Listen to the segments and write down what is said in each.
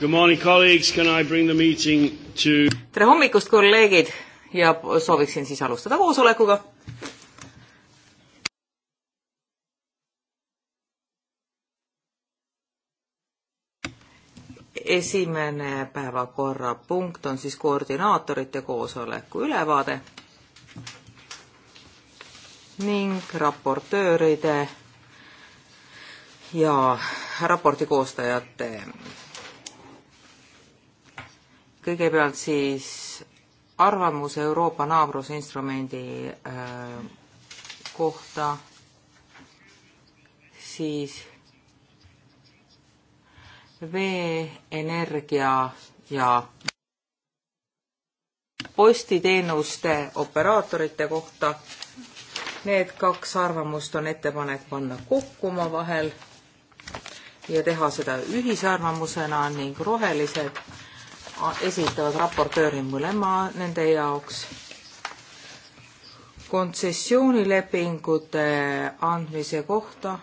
To... tere hommikust, kolleegid ja sooviksin siis alustada koosolekuga. esimene päevakorrapunkt on siis koordinaatorite koosoleku ülevaade ning raportööride ja raporti koostajate kõigepealt siis arvamus Euroopa naabrusinstrumendi äh, kohta, siis vee, energia ja postiteenuste operaatorite kohta. Need kaks arvamust on ettepanek panna kokku omavahel ja teha seda ühisarvamusena ning rohelised esitavad raportööri mõlema nende jaoks. kontsessioonilepingute andmise kohta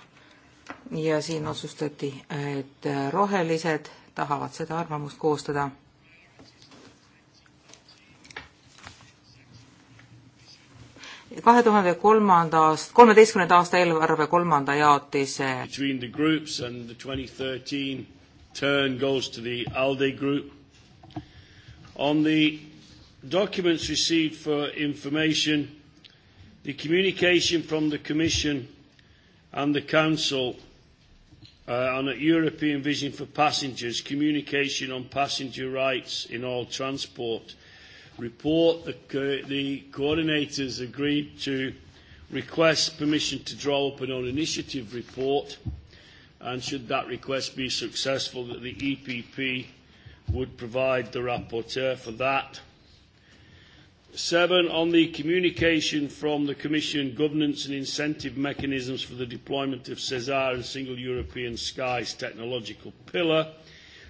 ja siin otsustati, et rohelised tahavad seda arvamust koostada. kahe tuhande kolmanda aasta, kolmeteistkümnenda aasta eelarve kolmanda jaotise Between the groups and the twenty thirteen turn goes to the ALDE group On the documents received for information, the communication from the Commission and the Council uh, on a European Vision for Passengers, Communication on Passenger Rights in All Transport report, the, co- the coordinators agreed to request permission to draw up an own initiative report, and should that request be successful, that the EPP would provide the rapporteur for that. Seven, on the communication from the Commission, governance and incentive mechanisms for the deployment of CESAR and Single European Skies technological pillar.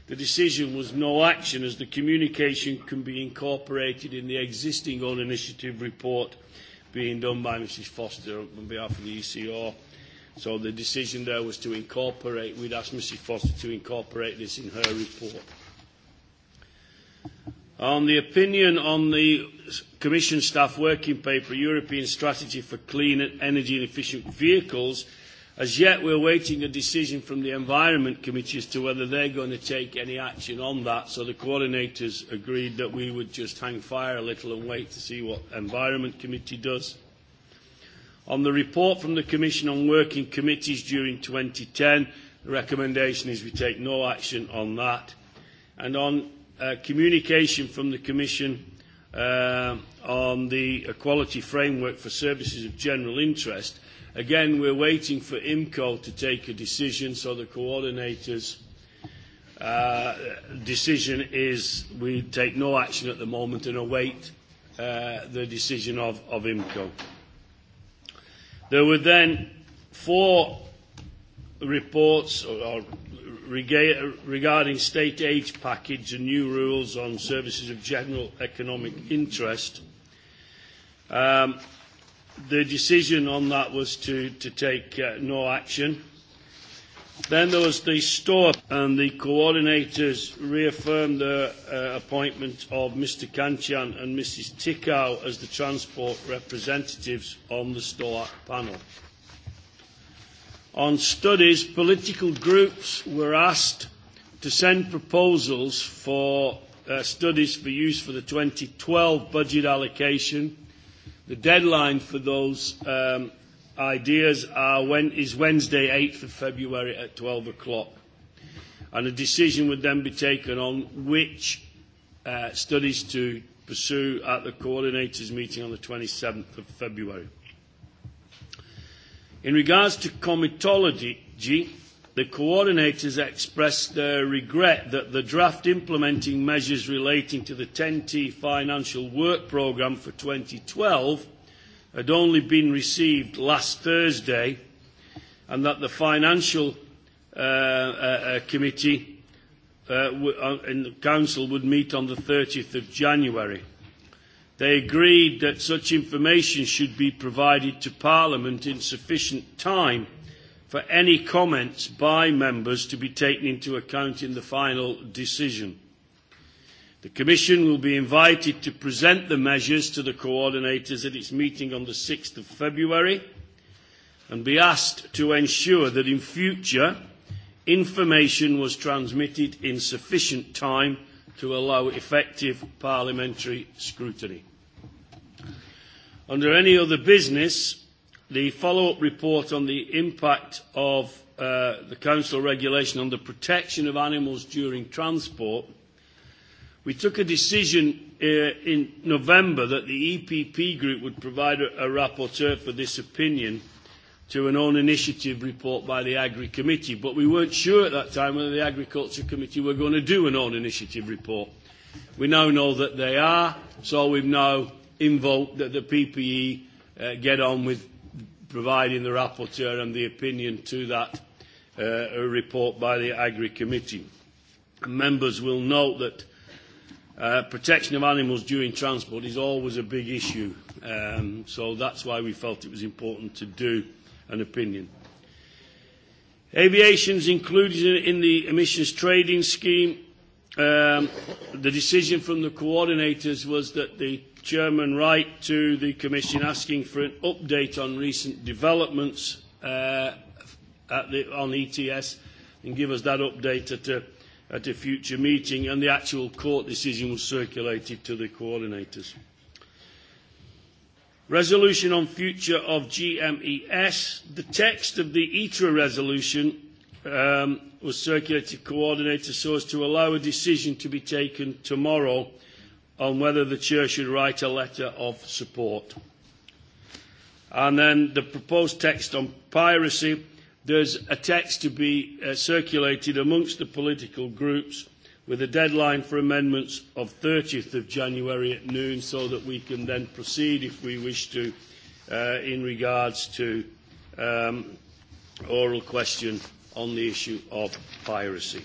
The decision was no action as the communication can be incorporated in the existing own initiative report being done by Mrs Foster on behalf of the ECR. So the decision there was to incorporate, we'd asked Mrs Foster to incorporate this in her report on the opinion on the Commission staff working paper, European Strategy for Clean and Energy and Efficient Vehicles, as yet we're waiting a decision from the Environment Committee as to whether they're going to take any action on that. So the coordinators agreed that we would just hang fire a little and wait to see what Environment Committee does. On the report from the Commission on Working Committees during 2010, the recommendation is we take no action on that. And on uh, communication from the Commission uh, on the equality framework for services of general interest. Again, we're waiting for IMCO to take a decision, so the coordinators' uh, decision is we take no action at the moment and await uh, the decision of, of IMCO. There were then four reports or, or regarding state aid package and new rules on services of general economic interest. Um, the decision on that was to, to take uh, no action. Then there was the store, and the coordinators reaffirmed the uh, appointment of Mr. Kanchan and Mrs. Tikau as the transport representatives on the store panel on studies, political groups were asked to send proposals for uh, studies for use for the 2012 budget allocation. The deadline for those um, ideas are when, is Wednesday, 8th of February at 12 o'clock. And a decision would then be taken on which uh, studies to pursue at the coordinators meeting on the 27th of February. In regards to comitology, the coordinators expressed their regret that the draft implementing measures relating to the 10T financial work programme for 2012 had only been received last Thursday and that the financial uh, uh, uh, committee uh, w- uh, in the council would meet on the 30th of January. They agreed that such information should be provided to Parliament in sufficient time for any comments by members to be taken into account in the final decision. The Commission will be invited to present the measures to the coordinators at its meeting on the 6th of February and be asked to ensure that in future information was transmitted in sufficient time to allow effective parliamentary scrutiny. Under any other business, the follow-up report on the impact of uh, the Council regulation on the protection of animals during transport, we took a decision uh, in November that the EPP group would provide a, a rapporteur for this opinion – to an own initiative report by the Agri Committee, but we weren't sure at that time whether the Agriculture Committee were going to do an own initiative report. We now know that they are, so we've now invoked that the PPE uh, get on with providing the rapporteur and the opinion to that uh, report by the Agri Committee. And members will note that uh, protection of animals during transport is always a big issue, um, so that's why we felt it was important to do an opinion. Aviation is included in the emissions trading scheme. Um, the decision from the coordinators was that the chairman write to the commission asking for an update on recent developments uh, at the, on ETS and give us that update at a, at a future meeting and the actual court decision was circulated to the coordinators. Resolution on future of GMES. The text of the ITRA e resolution um, was circulated to coordinators so as to allow a decision to be taken tomorrow on whether the chair should write a letter of support. And then the proposed text on piracy, there's a text to be uh, circulated amongst the political groups with a deadline for amendments of 30th of January at noon so that we can then proceed if we wish to uh, in regards to um, oral question on the issue of piracy.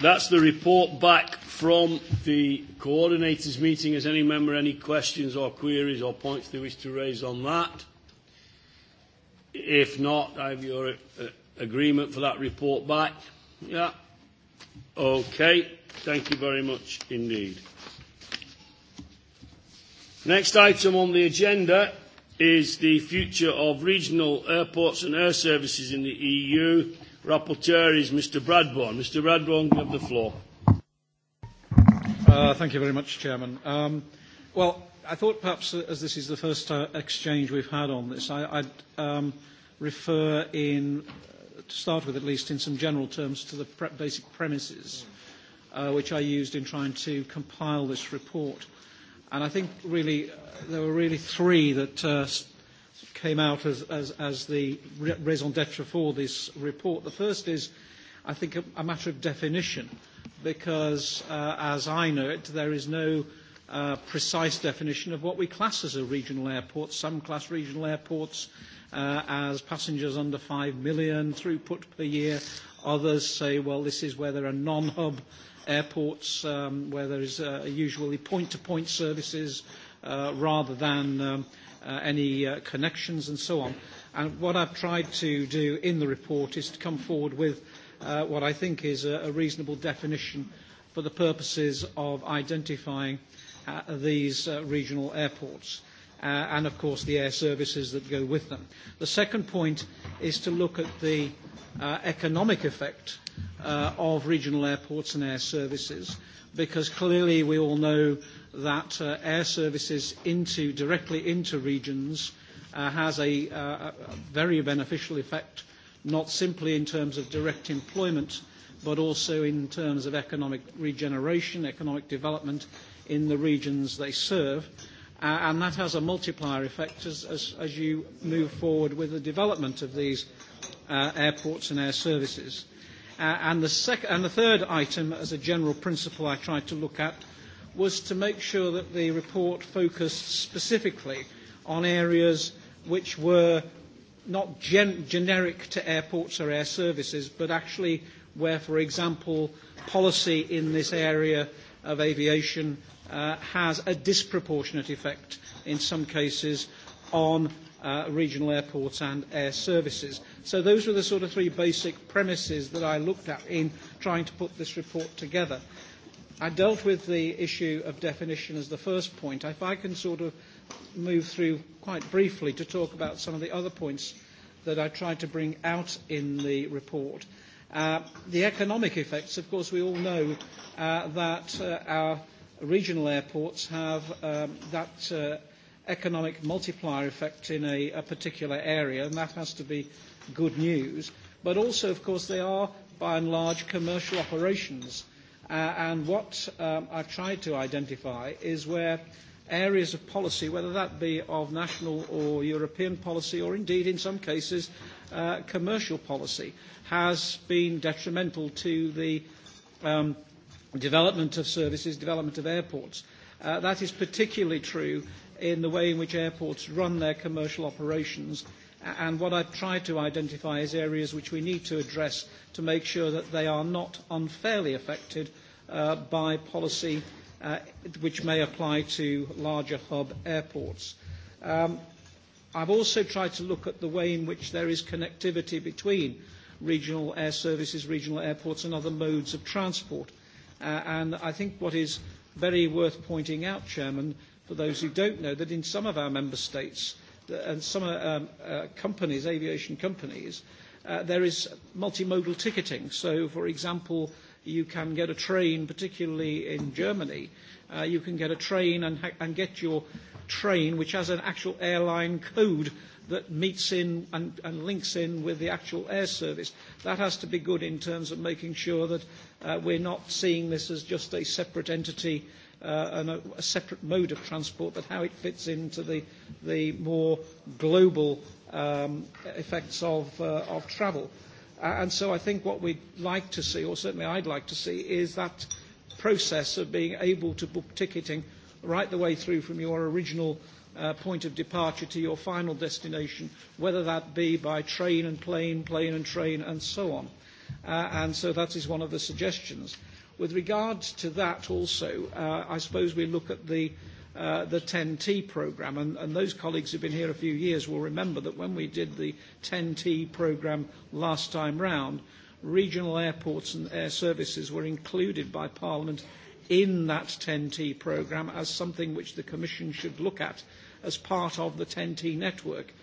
That's the report back from the coordinators meeting. Has any member any questions or queries or points they wish to raise on that? If not, I have your uh, agreement for that report back? Yeah? Okay. Thank you very much indeed. Next item on the agenda is the future of regional airports and air services in the EU. Rapporteur is Mr. Bradbourne. Mr. Bradbourne, you have the floor. Uh, thank you very much, Chairman. Um, well, I thought perhaps as this is the first uh, exchange we've had on this, I, I'd um, refer in to start with at least in some general terms, to the pre- basic premises uh, which I used in trying to compile this report. And I think really uh, there were really three that uh, came out as, as, as the raison d'etre for this report. The first is, I think, a, a matter of definition, because uh, as I know it, there is no uh, precise definition of what we class as a regional airport. Some class regional airports uh, as passengers under 5 million throughput per year. Others say, well, this is where there are non-hub airports, um, where there is uh, usually point-to-point -point services uh, rather than um, uh, any uh, connections and so on. And what I've tried to do in the report is to come forward with uh, what I think is a, a reasonable definition for the purposes of identifying uh, these uh, regional airports. Uh, uh, and of course the air services that go with them. The second point is to look at the uh, economic effect uh, of regional airports and air services because clearly we all know that uh, air services into, directly into regions uh, has a, uh, a very beneficial effect, not simply in terms of direct employment, but also in terms of economic regeneration, economic development in the regions they serve. Uh, uh, and that has a multiplier effect as, as, as you move forward with the development of these uh, airports and air services. Uh, and, the sec- and the third item, as a general principle I tried to look at, was to make sure that the report focused specifically on areas which were not gen- generic to airports or air services, but actually where, for example, policy in this area of aviation uh, has a disproportionate effect in some cases on uh, regional airports and air services. So those were the sort of three basic premises that I looked at in trying to put this report together. I dealt with the issue of definition as the first point. If I can sort of move through quite briefly to talk about some of the other points that I tried to bring out in the report. Uh, the economic effects, of course, we all know uh, that uh, our regional airports have um, that uh, economic multiplier effect in a, a particular area, and that has to be good news. But also, of course, they are, by and large, commercial operations. Uh, and what um, I've tried to identify is where areas of policy, whether that be of national or European policy, or indeed in some cases uh, commercial policy, has been detrimental to the um, development of services, development of airports. Uh, that is particularly true in the way in which airports run their commercial operations. And what I've tried to identify is areas which we need to address to make sure that they are not unfairly affected uh, by policy uh, which may apply to larger hub airports. Um, I've also tried to look at the way in which there is connectivity between regional air services, regional airports and other modes of transport. Uh, Uh, and I think what is very worth pointing out, Chairman, for those who don't know, that in some of our member states and some uh, um, uh, companies, aviation companies, uh, there is multimodal ticketing. So, for example, you can get a train, particularly in Germany, uh, you can get a train and, ha- and get your train which has an actual airline code that meets in and, and links in with the actual air service. That has to be good in terms of making sure that uh, we're not seeing this as just a separate entity uh, and a, a separate mode of transport, but how it fits into the, the more global um, effects of, uh, of travel. Uh, and so I think what we'd like to see, or certainly I'd like to see, is that process of being able to book ticketing – right the way through from your original uh, point of departure to your final destination, whether that be by train and plane, plane and train, and so on. Uh, and so that is one of the suggestions. With regards to that also, uh, I suppose we look at the, uh, the 10T programme, and, and those colleagues who have been here a few years will remember that when we did the 10T programme last time round, regional airports and air services were included by Parliament in that 10T programme as something which the Commission should look at as part of the 10T network.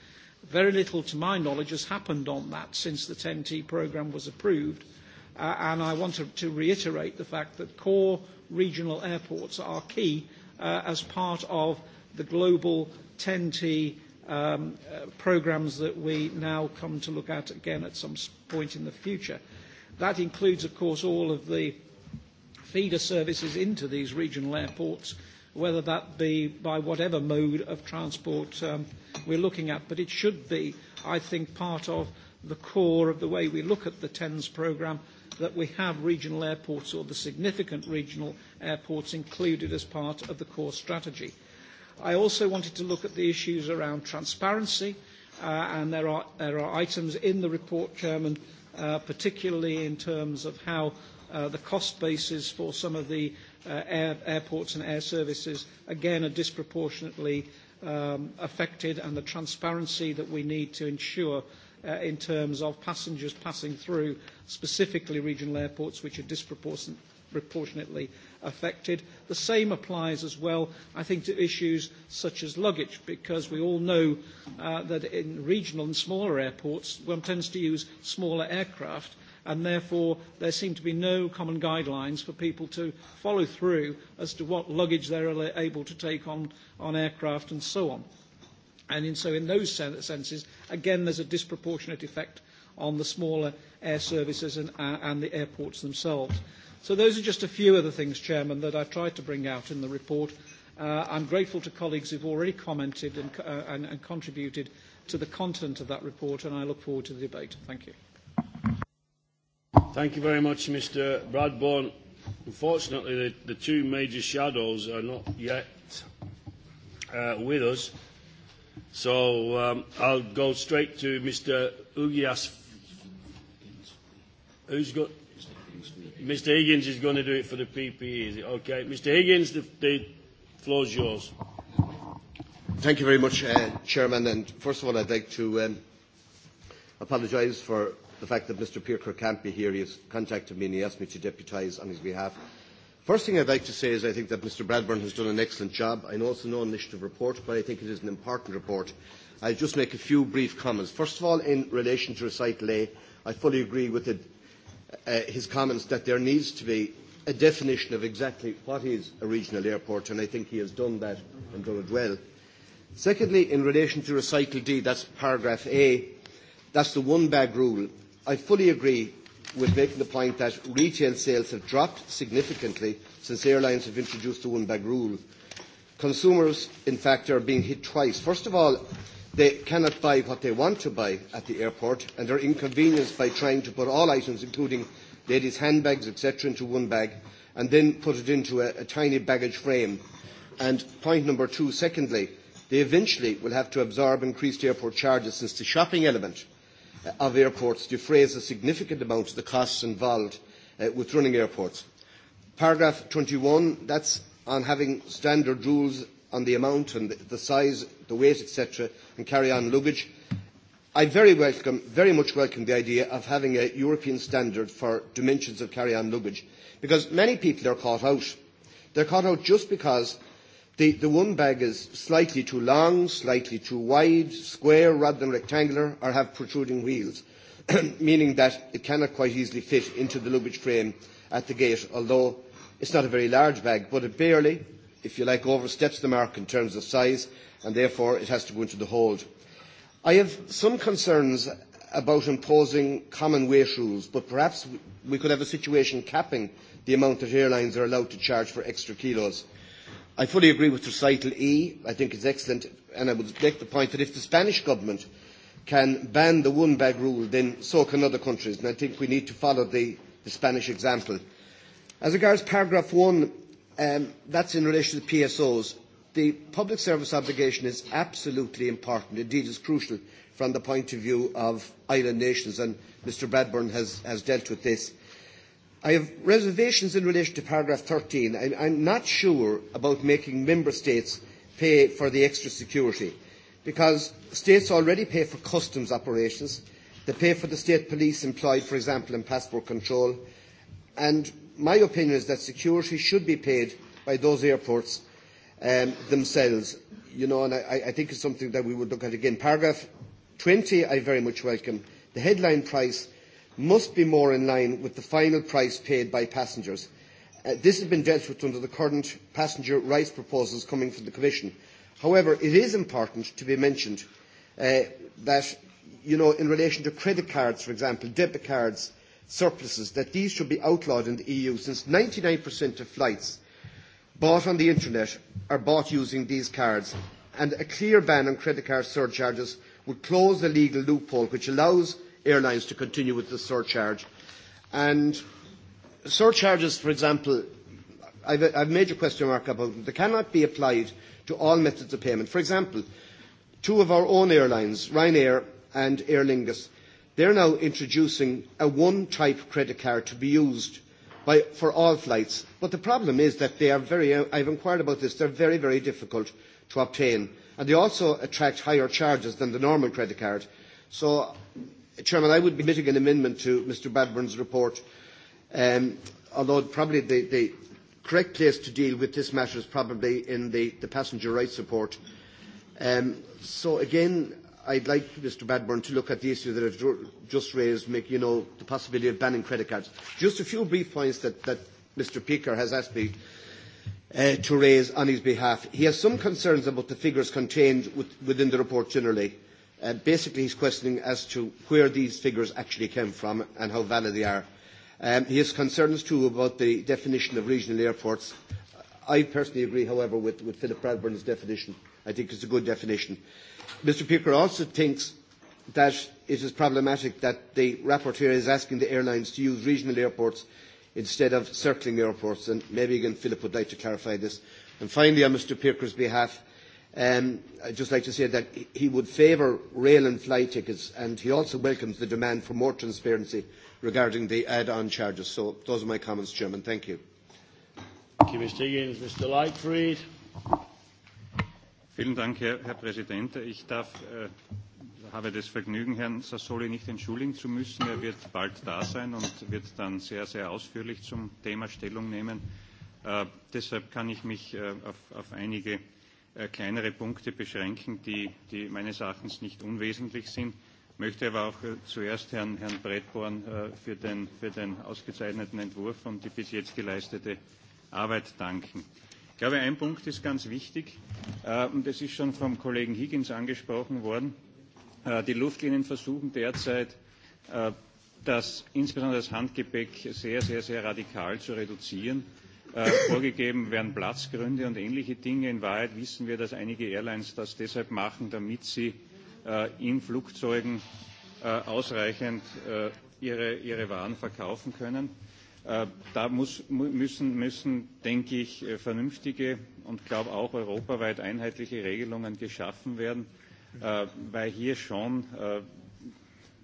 Very little, to my knowledge, has happened on that since the 10T programme was approved. Uh, and I want to, to reiterate the fact that core regional airports are key uh, as part of the global 10T um, uh, programs that we now come to look at again at some point in the future. That includes, of course, all of the feeder services into these regional airports, whether that be by whatever mode of transport um, we're looking at. But it should be, I think, part of the core of the way we look at the TENS programme that we have regional airports or the significant regional airports included as part of the core strategy. I also wanted to look at the issues around transparency, uh, and there are, there are items in the report, Chairman, uh, particularly in terms of how uh, the cost bases for some of the uh, air, airports and air services, again, are disproportionately um, affected, and the transparency that we need to ensure uh, in terms of passengers passing through, specifically regional airports, which are disproportionately proportionately affected. The same applies as well, I think, to issues such as luggage, because we all know uh, that in regional and smaller airports, one tends to use smaller aircraft, and therefore there seem to be no common guidelines for people to follow through as to what luggage they're able to take on, on aircraft and so on. And in, so in those sen- senses, again, there's a disproportionate effect on the smaller air services and, uh, and the airports themselves. So those are just a few of the things, Chairman, that I've tried to bring out in the report. Uh, I'm grateful to colleagues who've already commented and, uh, and, and contributed to the content of that report, and I look forward to the debate. Thank you. Thank you very much, Mr. Bradbourne. Unfortunately, the, the two major shadows are not yet uh, with us, so um, I'll go straight to Mr. Ugias. Who's got? Mr. Higgins is going to do it for the PPE, is it? Okay. Mr. Higgins, the, the floor is yours. Thank you very much, uh, Chairman. And first of all, I'd like to um, apologise for the fact that Mr Pirker can't be here. He has contacted me and he asked me to deputise on his behalf. First thing I'd like to say is I think that Mr Bradburn has done an excellent job. I know it's a non-initiative report, but I think it is an important report. I'll just make a few brief comments. First of all, in relation to recital A, I fully agree with the, uh, his comments that there needs to be a definition of exactly what is a regional airport, and I think he has done that and done it well. Secondly, in relation to recital D, that's paragraph A, that's the one bag rule. I fully agree with making the point that retail sales have dropped significantly since airlines have introduced the one-bag rule. Consumers, in fact, are being hit twice. First of all, they cannot buy what they want to buy at the airport and are inconvenienced by trying to put all items, including ladies' handbags, etc., into one bag and then put it into a, a tiny baggage frame. And point number two, secondly, they eventually will have to absorb increased airport charges since the shopping element – of airports defrays a significant amount of the costs involved uh, with running airports. Paragraph 21, that's on having standard rules on the amount and the size, the weight, etc., and carry-on luggage. I very, welcome, very much welcome the idea of having a European standard for dimensions of carry-on luggage, because many people are caught out. They're caught out just because The, the one bag is slightly too long, slightly too wide, square rather than rectangular, or have protruding wheels, meaning that it cannot quite easily fit into the luggage frame at the gate, although it's not a very large bag, but it barely, if you like, oversteps the mark in terms of size, and therefore it has to go into the hold. I have some concerns about imposing common weight rules, but perhaps we could have a situation capping the amount that airlines are allowed to charge for extra kilos. Uh, I fully agree with recital E. I think it's excellent, and I would make the point that if the Spanish government can ban the one bag rule, then so can other countries, and I think we need to follow the, the Spanish example. As regards paragraph one, um, that's in relation to PSOs. The public service obligation is absolutely important, indeed is crucial from the point of view of island nations, and Mr Bradburn has, has dealt with this. I have reservations in relation to paragraph 13. I'm, I'm not sure about making member states pay for the extra security because states already pay for customs operations. They pay for the state police employed, for example, in passport control. And my opinion is that security should be paid by those airports um, themselves. You know, and I, I think it's something that we would look at again. Paragraph 20, I very much welcome. The headline price must be more in line with the final price paid by passengers. Uh, this has been dealt with under the current passenger rights proposals coming from the Commission. However, it is important to be mentioned uh, that, you know, in relation to credit cards, for example, debit cards, surpluses, that these should be outlawed in the EU since 99% of flights bought on the internet are bought using these cards and a clear ban on credit card surcharges would close the legal loophole which allows airlines to continue with the surcharge. And surcharges, for example, I've a, I've a major question mark about them. They cannot be applied to all methods of payment. For example, two of our own airlines, Ryanair and Aer Lingus, they're now introducing a one-type credit card to be used by, for all flights. But the problem is that they are very, I've inquired about this, they're very, very difficult to obtain. And they also attract higher charges than the normal credit card. So Chairman, I would be submitting an amendment to Mr Bradburn's report, um, although probably the, the correct place to deal with this matter is probably in the, the passenger rights report. Um, so again, I'd like Mr Bradburn to look at the issue that I've just raised, make, you know, the possibility of banning credit cards. Just a few brief points that, that Mr Peaker has asked me uh, to raise on his behalf. He has some concerns about the figures contained with, within the report generally. Uh, Uh, basically, he's questioning as to where these figures actually came from and how valid they are. Um, he has concerns too about the definition of regional airports. I personally agree, however, with, with Philip Bradburn's definition. I think it's a good definition. Mr. Picker also thinks that it is problematic that the rapporteur is asking the airlines to use regional airports instead of circling airports, and maybe again Philip would like to clarify this. And finally, on Mr. Pirker's behalf, Um, I'd just like to say that he would favour rail and fly tickets, and he also welcomes the demand for more transparency regarding the add-on charges. So those are my comments, Chairman. Thank you. Thank you, Mr. Higgins. Mr. Lightfried. Vielen Dank, Herr, Herr Präsident. Ich darf, äh, habe das Vergnügen, Herrn Sassoli nicht entschuldigen zu müssen. Er wird bald da sein und wird dann sehr, sehr ausführlich zum Thema Stellung nehmen. Äh, deshalb kann ich mich äh, auf, auf einige äh, Äh, kleinere Punkte beschränken, die, die meines Erachtens nicht unwesentlich sind. Ich möchte aber auch äh, zuerst Herrn, Herrn Bredborn äh, für den, für den ausgezeichneten Entwurf und die bis jetzt geleistete Arbeit danken. Ich glaube, ein Punkt ist ganz wichtig, und das ist schon vom Kollegen Higgins angesprochen worden. Die Luftlinien versuchen derzeit, das, insbesondere das Handgepäck sehr, sehr, sehr radikal zu reduzieren äh, vorgegeben werden Platzgründe und ähnliche Dinge. In Wahrheit wissen wir, dass einige Airlines das deshalb machen, damit sie äh, in Flugzeugen äh, ausreichend äh, ihre, ihre Waren verkaufen können. Äh, da muss, müssen, müssen, denke ich, äh, vernünftige und glaube auch europaweit einheitliche Regelungen geschaffen werden, äh, weil hier schon, äh,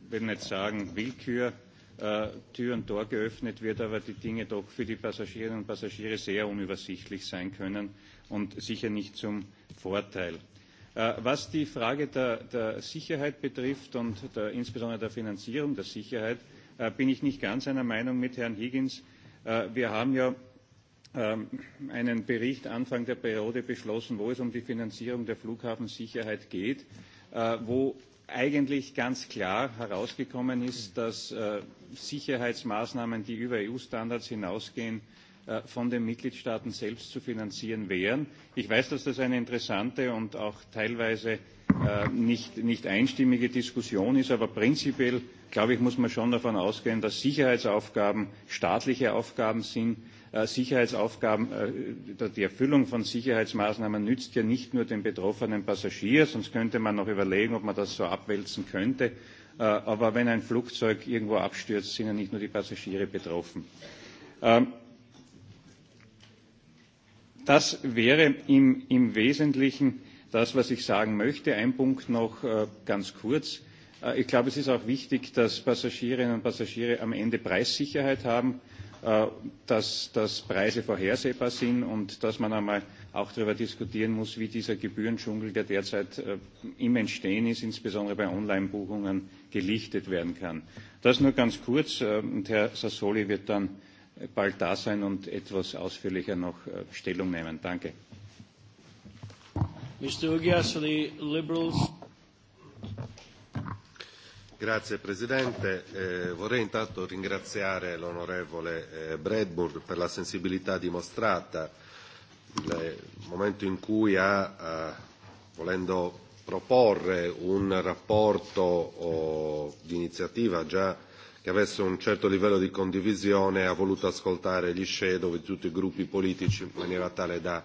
will nicht sagen Willkür, äh, Tür und Tor geöffnet wird, aber die Dinge doch für die Passagierinnen und Passagiere sehr unübersichtlich sein können und sicher nicht zum Vorteil. Äh, was die Frage der, der Sicherheit betrifft und der, insbesondere der Finanzierung der Sicherheit, äh, bin ich nicht ganz einer Meinung mit Herrn Higgins. Äh, wir haben ja ähm, einen Bericht Anfang der Periode beschlossen, wo es um die Finanzierung der Flughafensicherheit geht, äh, wo eigentlich ganz klar herausgekommen ist, mhm. dass äh, Sicherheitsmaßnahmen, die über EU-Standards hinausgehen, äh, von den Mitgliedstaaten selbst zu finanzieren wären. Ich weiß, dass das eine interessante und auch teilweise äh, nicht, nicht einstimmige Diskussion ist, aber prinzipiell, glaube ich, muss man schon davon ausgehen, dass Sicherheitsaufgaben staatliche Aufgaben sind Äh, Sicherheitsaufgaben, äh, die Erfüllung von Sicherheitsmaßnahmen nützt ja nicht nur dem betroffenen Passagier, sonst könnte man noch überlegen, ob man das so abwälzen könnte. Äh, aber wenn ein Flugzeug irgendwo abstürzt, sind ja nicht nur die Passagiere betroffen. Ähm, das wäre im, im Wesentlichen das, was ich sagen möchte. Ein Punkt noch äh, ganz kurz. Äh, ich glaube, es ist auch wichtig, dass Passagierinnen und Passagiere am Ende Preissicherheit haben äh, dass, dass Preise vorhersehbar sind und dass man einmal auch darüber diskutieren muss, wie dieser Gebührendschungel, der derzeit äh, im Entstehen ist, insbesondere bei Online-Buchungen, gelichtet werden kann. Das nur ganz kurz äh, und Herr Sassoli wird dann bald da sein und etwas ausführlicher noch äh, Stellung nehmen. Danke. Mr. Ugias for the Liberals. Grazie Presidente, eh, vorrei intanto ringraziare l'onorevole eh, Bradburn per la sensibilità dimostrata nel momento in cui ha, eh, volendo proporre un rapporto o, oh, di iniziativa già che avesse un certo livello di condivisione, ha voluto ascoltare gli shadow di tutti i gruppi politici in maniera tale da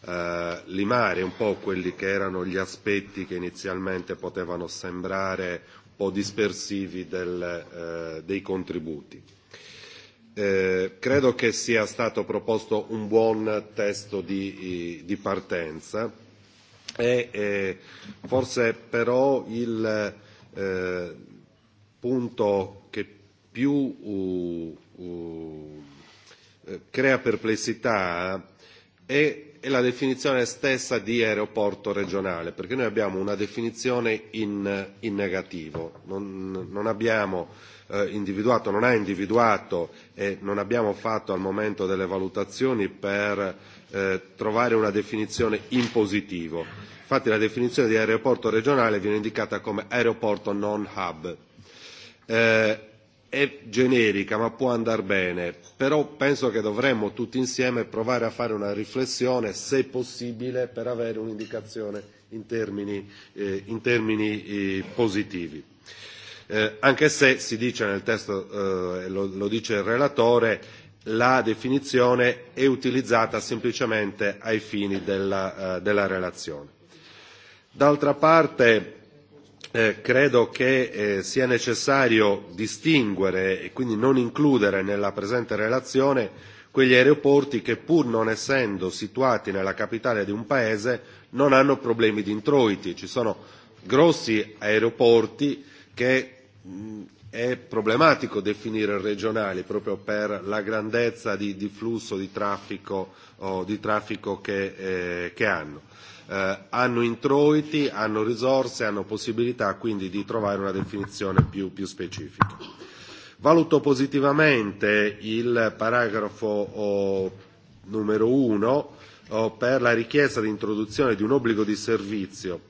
eh, limare un po' quelli che erano gli aspetti che inizialmente potevano sembrare po' dispersivi del, eh, dei contributi. Eh, credo che sia stato proposto un buon testo di, di partenza e eh, forse però il eh, punto che più uh, uh, crea perplessità è è la definizione stessa di aeroporto regionale, perché noi abbiamo una definizione in, in negativo, non, non abbiamo eh, individuato, non ha individuato e non abbiamo fatto al momento delle valutazioni per eh, trovare una definizione in positivo. Infatti la definizione di aeroporto regionale viene indicata come aeroporto non hub. Eh, è generica ma può andar bene, però penso che dovremmo tutti insieme provare a fare una riflessione, se possibile, per avere un'indicazione in termini, eh, in termini eh, positivi. Eh, anche se si dice nel testo, eh, e lo, lo dice il relatore, la definizione è utilizzata semplicemente ai fini della, eh, della relazione. D'altra parte, eh, credo che eh, sia necessario distinguere e quindi non includere nella presente relazione quegli aeroporti che pur non essendo situati nella capitale di un paese non hanno problemi di introiti. Ci sono grossi aeroporti che mh, mm, è problematico definire regionali proprio per la grandezza di, di flusso di traffico, o di traffico che, eh, che hanno eh, hanno introiti, hanno risorse, hanno possibilità quindi di trovare una definizione più, più specifica. Valuto positivamente il paragrafo oh, numero 1 oh, per la richiesta di introduzione di un obbligo di servizio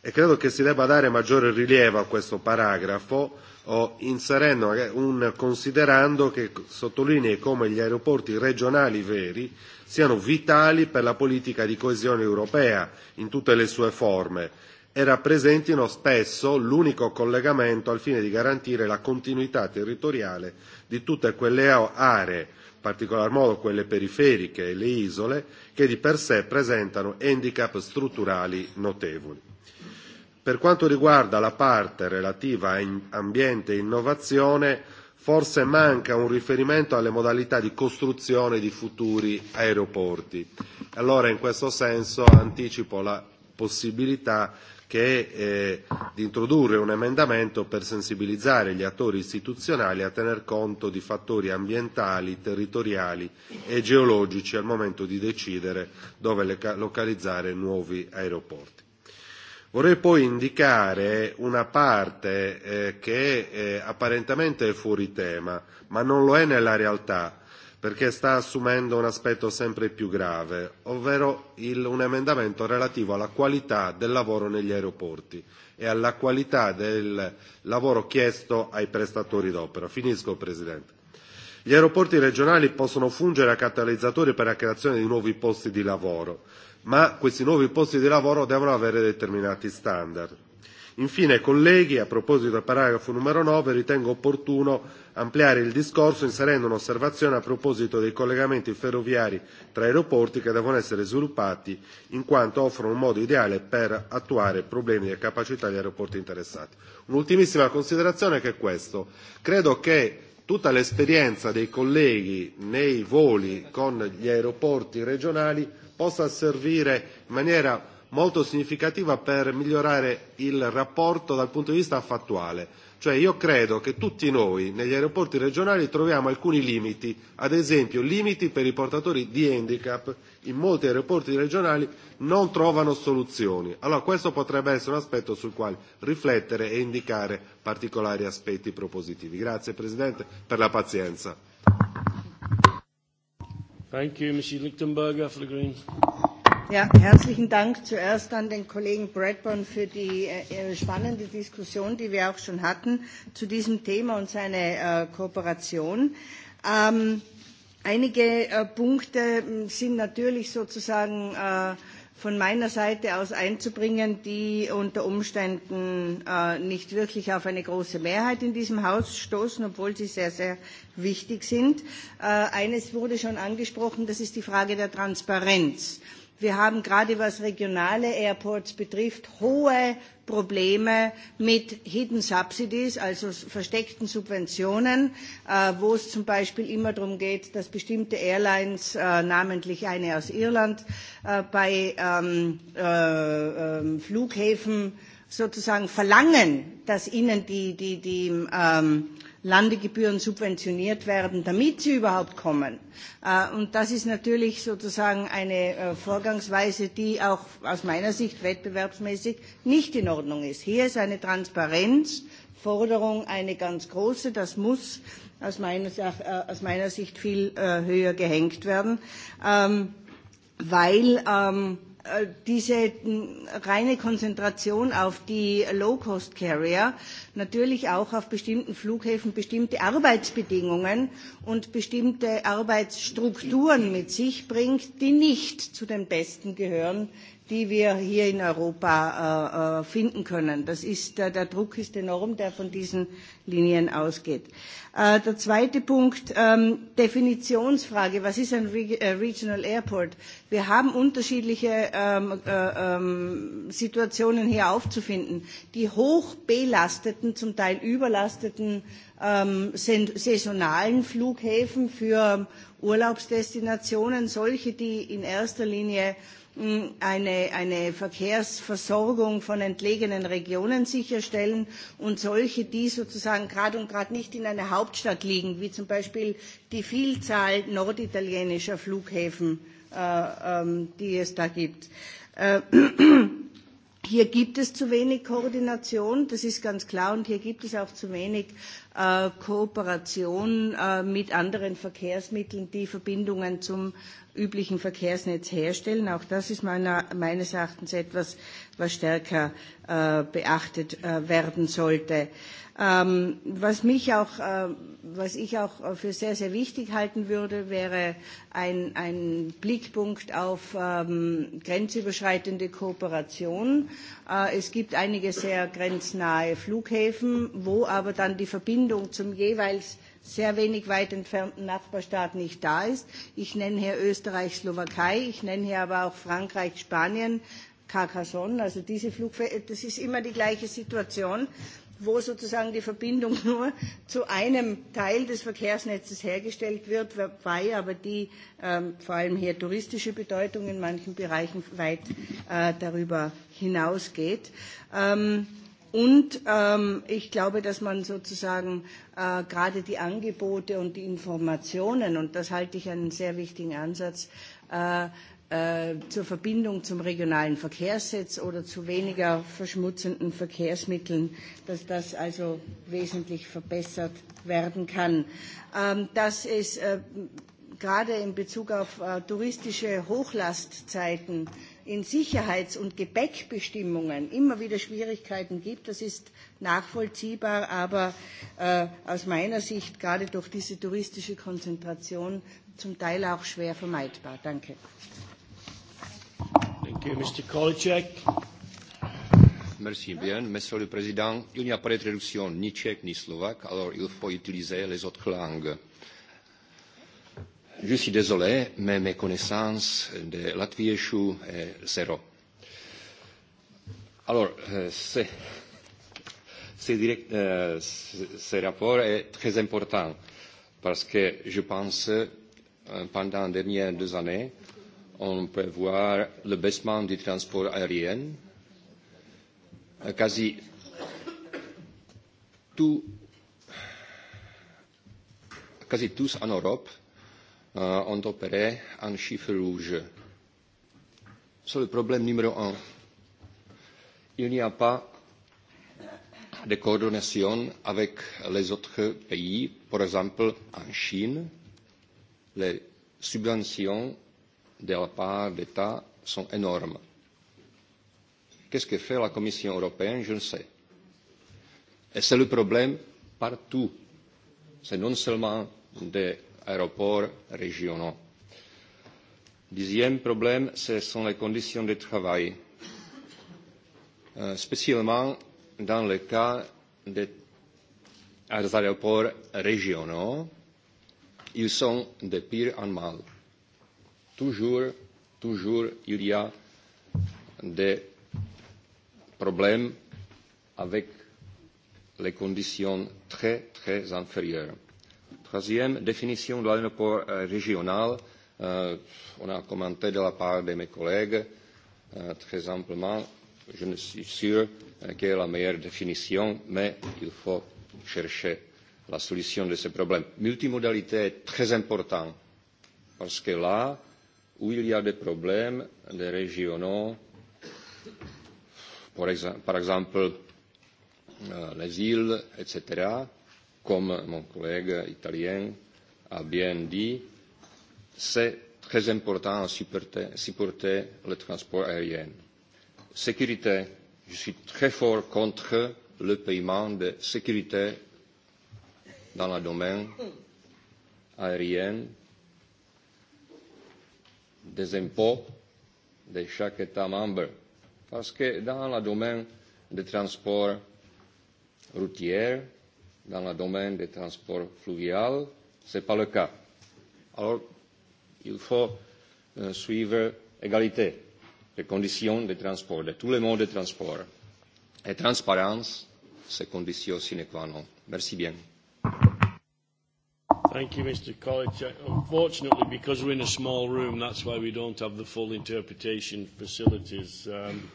e credo che si debba dare maggiore rilievo a questo paragrafo o oh, inserendo un considerando che sottolinei come gli aeroporti regionali veri siano vitali per la politica di coesione europea in tutte le sue forme e rappresentino spesso l'unico collegamento al fine di garantire la continuità territoriale di tutte quelle aree, in particolar modo quelle periferiche e le isole, che di per sé presentano handicap strutturali notevoli. Per quanto riguarda la parte relativa a ambiente e innovazione, forse manca un riferimento alle modalità di costruzione di futuri aeroporti. E allora in questo senso anticipo la possibilità che eh, di introdurre un emendamento per sensibilizzare gli attori istituzionali a tener conto di fattori ambientali, territoriali e geologici al momento di decidere dove localizzare nuovi aeroporti. Vorrei poi indicare una parte eh, che eh, apparentemente è fuori tema, ma non lo è nella realtà, perché sta assumendo un aspetto sempre più grave, ovvero il, un emendamento relativo alla qualità del lavoro negli aeroporti e alla qualità del lavoro chiesto ai prestatori d'opera. Finisco, Presidente. Gli aeroporti regionali possono fungere a catalizzatori per la creazione di nuovi posti di lavoro, ma questi nuovi posti di lavoro devono avere determinati standard. Infine, colleghi, a proposito del paragrafo numero 9, ritengo opportuno ampliare il discorso inserendo un'osservazione a proposito dei collegamenti ferroviari tra aeroporti che devono essere sviluppati in quanto offrono un modo ideale per attuare problemi e di capacità degli aeroporti interessati. Un'ultimissima considerazione che è questo. Credo che tutta l'esperienza dei colleghi nei voli con gli aeroporti regionali possa servire in maniera molto significativa per migliorare il rapporto dal punto di vista fattuale. Cioè io credo che tutti noi negli aeroporti regionali troviamo alcuni limiti, ad esempio limiti per i portatori di handicap in molti aeroporti regionali non trovano soluzioni. Allora questo potrebbe essere un aspetto sul quale riflettere e indicare particolari aspetti propositivi. Grazie Presidente per la pazienza. Thank you, Mrs. Lichtenberger for the Greens. Ja, herzlichen Dank zuerst an den Kollegen Bradburn für die äh, spannende Diskussion, die wir auch schon hatten zu diesem Thema und seine äh, Kooperation. Ähm, einige äh, Punkte hm, sind natürlich sozusagen äh, von meiner Seite aus einzubringen, die unter Umständen äh, nicht wirklich auf eine große Mehrheit in diesem Haus stoßen, obwohl sie sehr, sehr wichtig sind. Äh, eines wurde schon angesprochen, das ist die Frage der Transparenz. Wir haben gerade was regionale Airports betrifft hohe Probleme mit Hidden Subsidies, also versteckten Subventionen, äh, wo es zum Beispiel immer darum geht, dass bestimmte Airlines, äh, namentlich eine aus Irland, äh, bei ähm, äh, äh, Flughäfen sozusagen verlangen, dass ihnen die, die, die ähm, Landegebühren subventioniert werden, damit sie überhaupt kommen. Äh, und das ist natürlich sozusagen eine äh, Vorgangsweise, die auch aus meiner Sicht wettbewerbsmäßig nicht in Ordnung ist. Hier ist eine Transparenzforderung eine ganz große. Das muss aus meiner, äh, aus meiner Sicht viel höher gehängt werden, ähm, weil ähm, Äh, diese reine Konzentration auf die Low-Cost-Carrier natürlich auch auf bestimmten Flughäfen bestimmte Arbeitsbedingungen und bestimmte Arbeitsstrukturen mit sich bringt, die nicht zu den besten gehören, die wir hier in Europa äh, äh, finden können. Das ist, äh, der Druck ist enorm, der von diesen Linien ausgeht. Äh, der zweite Punkt, ähm, Definitionsfrage. Was ist ein Re äh, Regional Airport? Wir haben unterschiedliche ähm, äh, ähm, Situationen hier aufzufinden. Die hoch belasteten, zum Teil überlasteten ähm, saisonalen Flughäfen für Urlaubsdestinationen, solche, die in erster Linie eine, eine Verkehrsversorgung von entlegenen Regionen sicherstellen und solche, die sozusagen gerade und gerade nicht in einer Hauptstadt liegen, wie zum Beispiel die Vielzahl norditalienischer Flughäfen, äh, ähm, die es da gibt. Äh, Hier gibt es zu wenig Koordination, das ist ganz klar, und hier gibt es auch zu wenig äh, Kooperation äh, mit anderen Verkehrsmitteln, die Verbindungen zum üblichen Verkehrsnetz herstellen. Auch das ist meiner, meines Erachtens etwas, was stärker äh, beachtet äh, werden sollte. Ähm, was, mich auch, äh, was ich auch für sehr, sehr wichtig halten würde, wäre ein, ein Blickpunkt auf ähm, grenzüberschreitende Kooperation. Äh, es gibt einige sehr grenznahe Flughäfen, wo aber dann die Verbindung zum jeweils sehr wenig weit entfernten Nachbarstaat nicht da ist. Ich nenne hier Österreich, Slowakei, ich nenne hier aber auch Frankreich, Spanien, Carcassonne. Also diese Flugfläche, das ist immer die gleiche Situation, wo sozusagen die Verbindung nur zu einem Teil des Verkehrsnetzes hergestellt wird, wobei aber die ähm, vor allem hier touristische Bedeutung in manchen Bereichen weit äh, darüber hinausgeht. Ähm, Und ähm, ich glaube, dass man sozusagen äh, gerade die Angebote und die Informationen, und das halte ich einen sehr wichtigen Ansatz, äh, äh, zur Verbindung zum regionalen Verkehrssitz oder zu weniger verschmutzenden Verkehrsmitteln, dass das also wesentlich verbessert werden kann. Ähm, das ist äh, gerade in Bezug auf äh, touristische Hochlastzeiten äh, in Sicherheits- und Gepäckbestimmungen immer wieder Schwierigkeiten gibt. Das ist nachvollziehbar, aber äh, aus meiner Sicht gerade durch diese touristische Konzentration zum Teil auch schwer vermeidbar. Danke. Thank you, Mr. Kolczek. Merci bien, Monsieur le Président. Il n'y a pas de traduction ni tchèque ni slovaque, alors il faut utiliser les autres langues je suis désolé, mais mes connaissances de Latvie échouent euh, zéro. Alors, euh, c'est ce, direct, euh, ce, ce rapport est très important parce que je pense euh, pendant les dernières deux années, on peut voir le baissement du transport aérien. Euh, quasi tout, quasi tous en Europe euh, ont opéré en chiffre rouge. C'est le problème numéro un. Il n'y a pas de coordination avec les autres pays. Par exemple, en Chine, les subventions de la part d'État sont énormes. Qu'est-ce que fait la Commission européenne Je ne sais. Et c'est le problème partout. C'est non seulement des aéroports régionaux. Dixième problème, ce sont les conditions de travail, euh, spécialement dans le cas des aéroports régionaux. Ils sont de pire en mal. Toujours, toujours, il y a des problèmes avec les conditions très, très inférieures troisième, définition de l'aéroport euh, régional. Euh, on a commenté de la part de mes collègues euh, très amplement. Je ne suis sûr euh, quelle est la meilleure définition, mais il faut chercher la solution de ce problème. Multimodalité est très important parce que là où il y a des problèmes des régionaux, par exemple, par exemple euh, les îles, etc., comme mon collègue italien a bien dit, c'est très important à supporter, supporter le transport aérien. Sécurité, je suis très fort contre le paiement de sécurité dans le domaine aérien des impôts de chaque État membre. Parce que dans le domaine des transports routiers, dans le domaine des transports fluviaux. Ce n'est pas le cas. Alors, il faut euh, suivre égalité des conditions de transport, de tous les modes de transport. Et transparence, c'est condition sine qua non. Merci bien. Thank you, Mr. College. Unfortunately, because we're in a small room, that's why we don't have the full interpretation facilities. Um,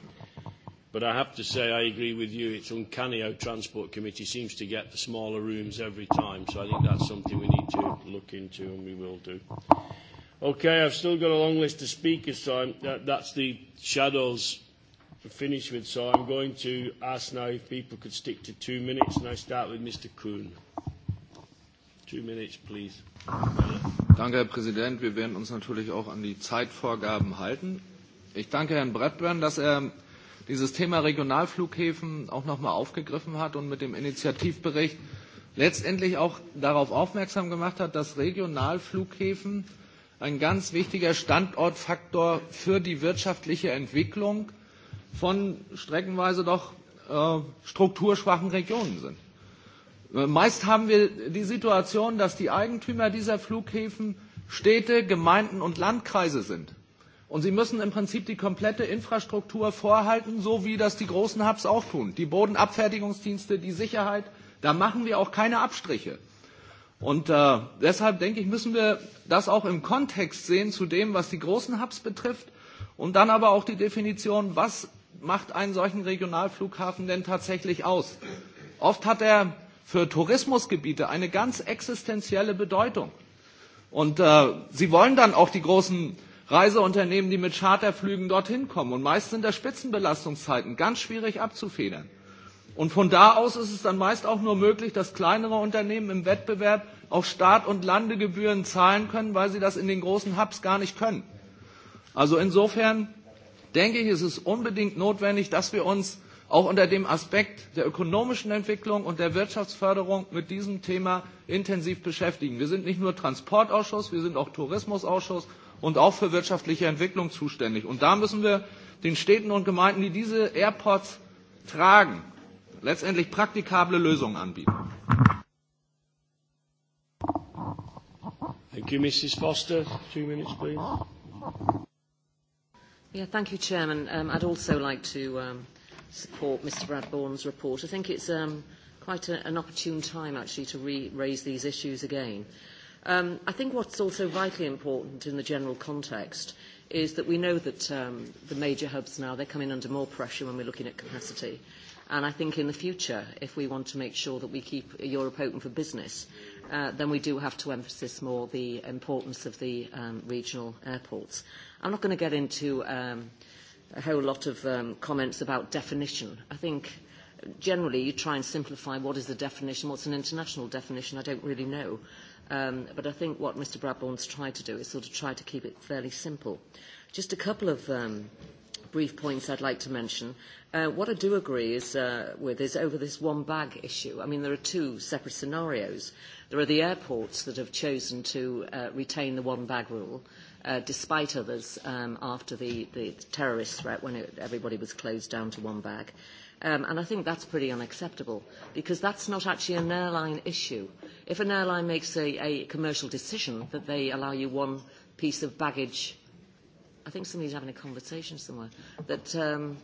But I have to say, I agree with you. It's uncanny how Transport Committee seems to get the smaller rooms every time. So I think that's something we need to look into, and we will do. Okay, I've still got a long list of speakers, so I'm, that, that's the shadows to finish with. So I'm going to ask now if people could stick to two minutes, and I start with Mr. Kuhn. Two minutes, please. Danke, Herr Präsident. Wir werden uns natürlich auch an die Zeitvorgaben halten. Ich danke Herrn Bradburn, dass er dieses Thema Regionalflughäfen auch nochmal aufgegriffen hat und mit dem Initiativbericht letztendlich auch darauf aufmerksam gemacht hat, dass Regionalflughäfen ein ganz wichtiger Standortfaktor für die wirtschaftliche Entwicklung von streckenweise doch äh, strukturschwachen Regionen sind. Äh, meist haben wir die Situation, dass die Eigentümer dieser Flughäfen Städte, Gemeinden und Landkreise sind. Und sie müssen im Prinzip die komplette Infrastruktur vorhalten, so wie das die großen Hubs auch tun. Die Bodenabfertigungsdienste, die Sicherheit, da machen wir auch keine Abstriche. Und äh, deshalb denke ich, müssen wir das auch im Kontext sehen zu dem, was die großen Hubs betrifft und dann aber auch die Definition, was macht einen solchen Regionalflughafen denn tatsächlich aus? Oft hat er für Tourismusgebiete eine ganz existenzielle Bedeutung. Und äh, sie wollen dann auch die großen Reiseunternehmen, die mit Charterflügen dorthin kommen. Und meist sind das Spitzenbelastungszeiten ganz schwierig abzufedern. Und von da aus ist es dann meist auch nur möglich, dass kleinere Unternehmen im Wettbewerb auch Start- und Landegebühren zahlen können, weil sie das in den großen Hubs gar nicht können. Also insofern denke ich, ist es unbedingt notwendig, dass wir uns auch unter dem Aspekt der ökonomischen Entwicklung und der Wirtschaftsförderung mit diesem Thema intensiv beschäftigen. Wir sind nicht nur Transportausschuss, wir sind auch Tourismusausschuss und auch für wirtschaftliche Entwicklung zuständig. Und da müssen wir den Städten und Gemeinden, die diese Airports tragen, letztendlich praktikable Lösungen anbieten. Thank you, Mrs. Foster. Two minutes, please. Yeah, thank you, Chairman. Um, I'd also like to um, support Mr. Bradbourne's report. I think it's um, quite a, an opportune time, actually, to re raise these issues again. Uh, Um, I think what's also vitally important in the general context is that we know that um, the major hubs now, they're coming under more pressure when we're looking at capacity. And I think in the future, if we want to make sure that we keep Europe open for business, uh, then we do have to emphasize more the importance of the um, regional airports. I'm not going to get into um, a whole lot of um, comments about definition. I think generally you try and simplify what is the definition, what's an international definition, I don't really know. Um, but I think what Mr Bradbourne's tried to do is sort of try to keep it fairly simple. Just a couple of um, brief points I'd like to mention. Uh, what I do agree is, uh, with is over this one bag issue. I mean, there are two separate scenarios. There are the airports that have chosen to uh, retain the one bag rule, uh, despite others um, after the, the terrorist threat when it, everybody was closed down to one bag. Uh, Um, and I think that's pretty unacceptable because that's not actually an airline issue. If an airline makes a, a commercial decision that they allow you one piece of baggage, I think somebody's having a conversation somewhere, that um,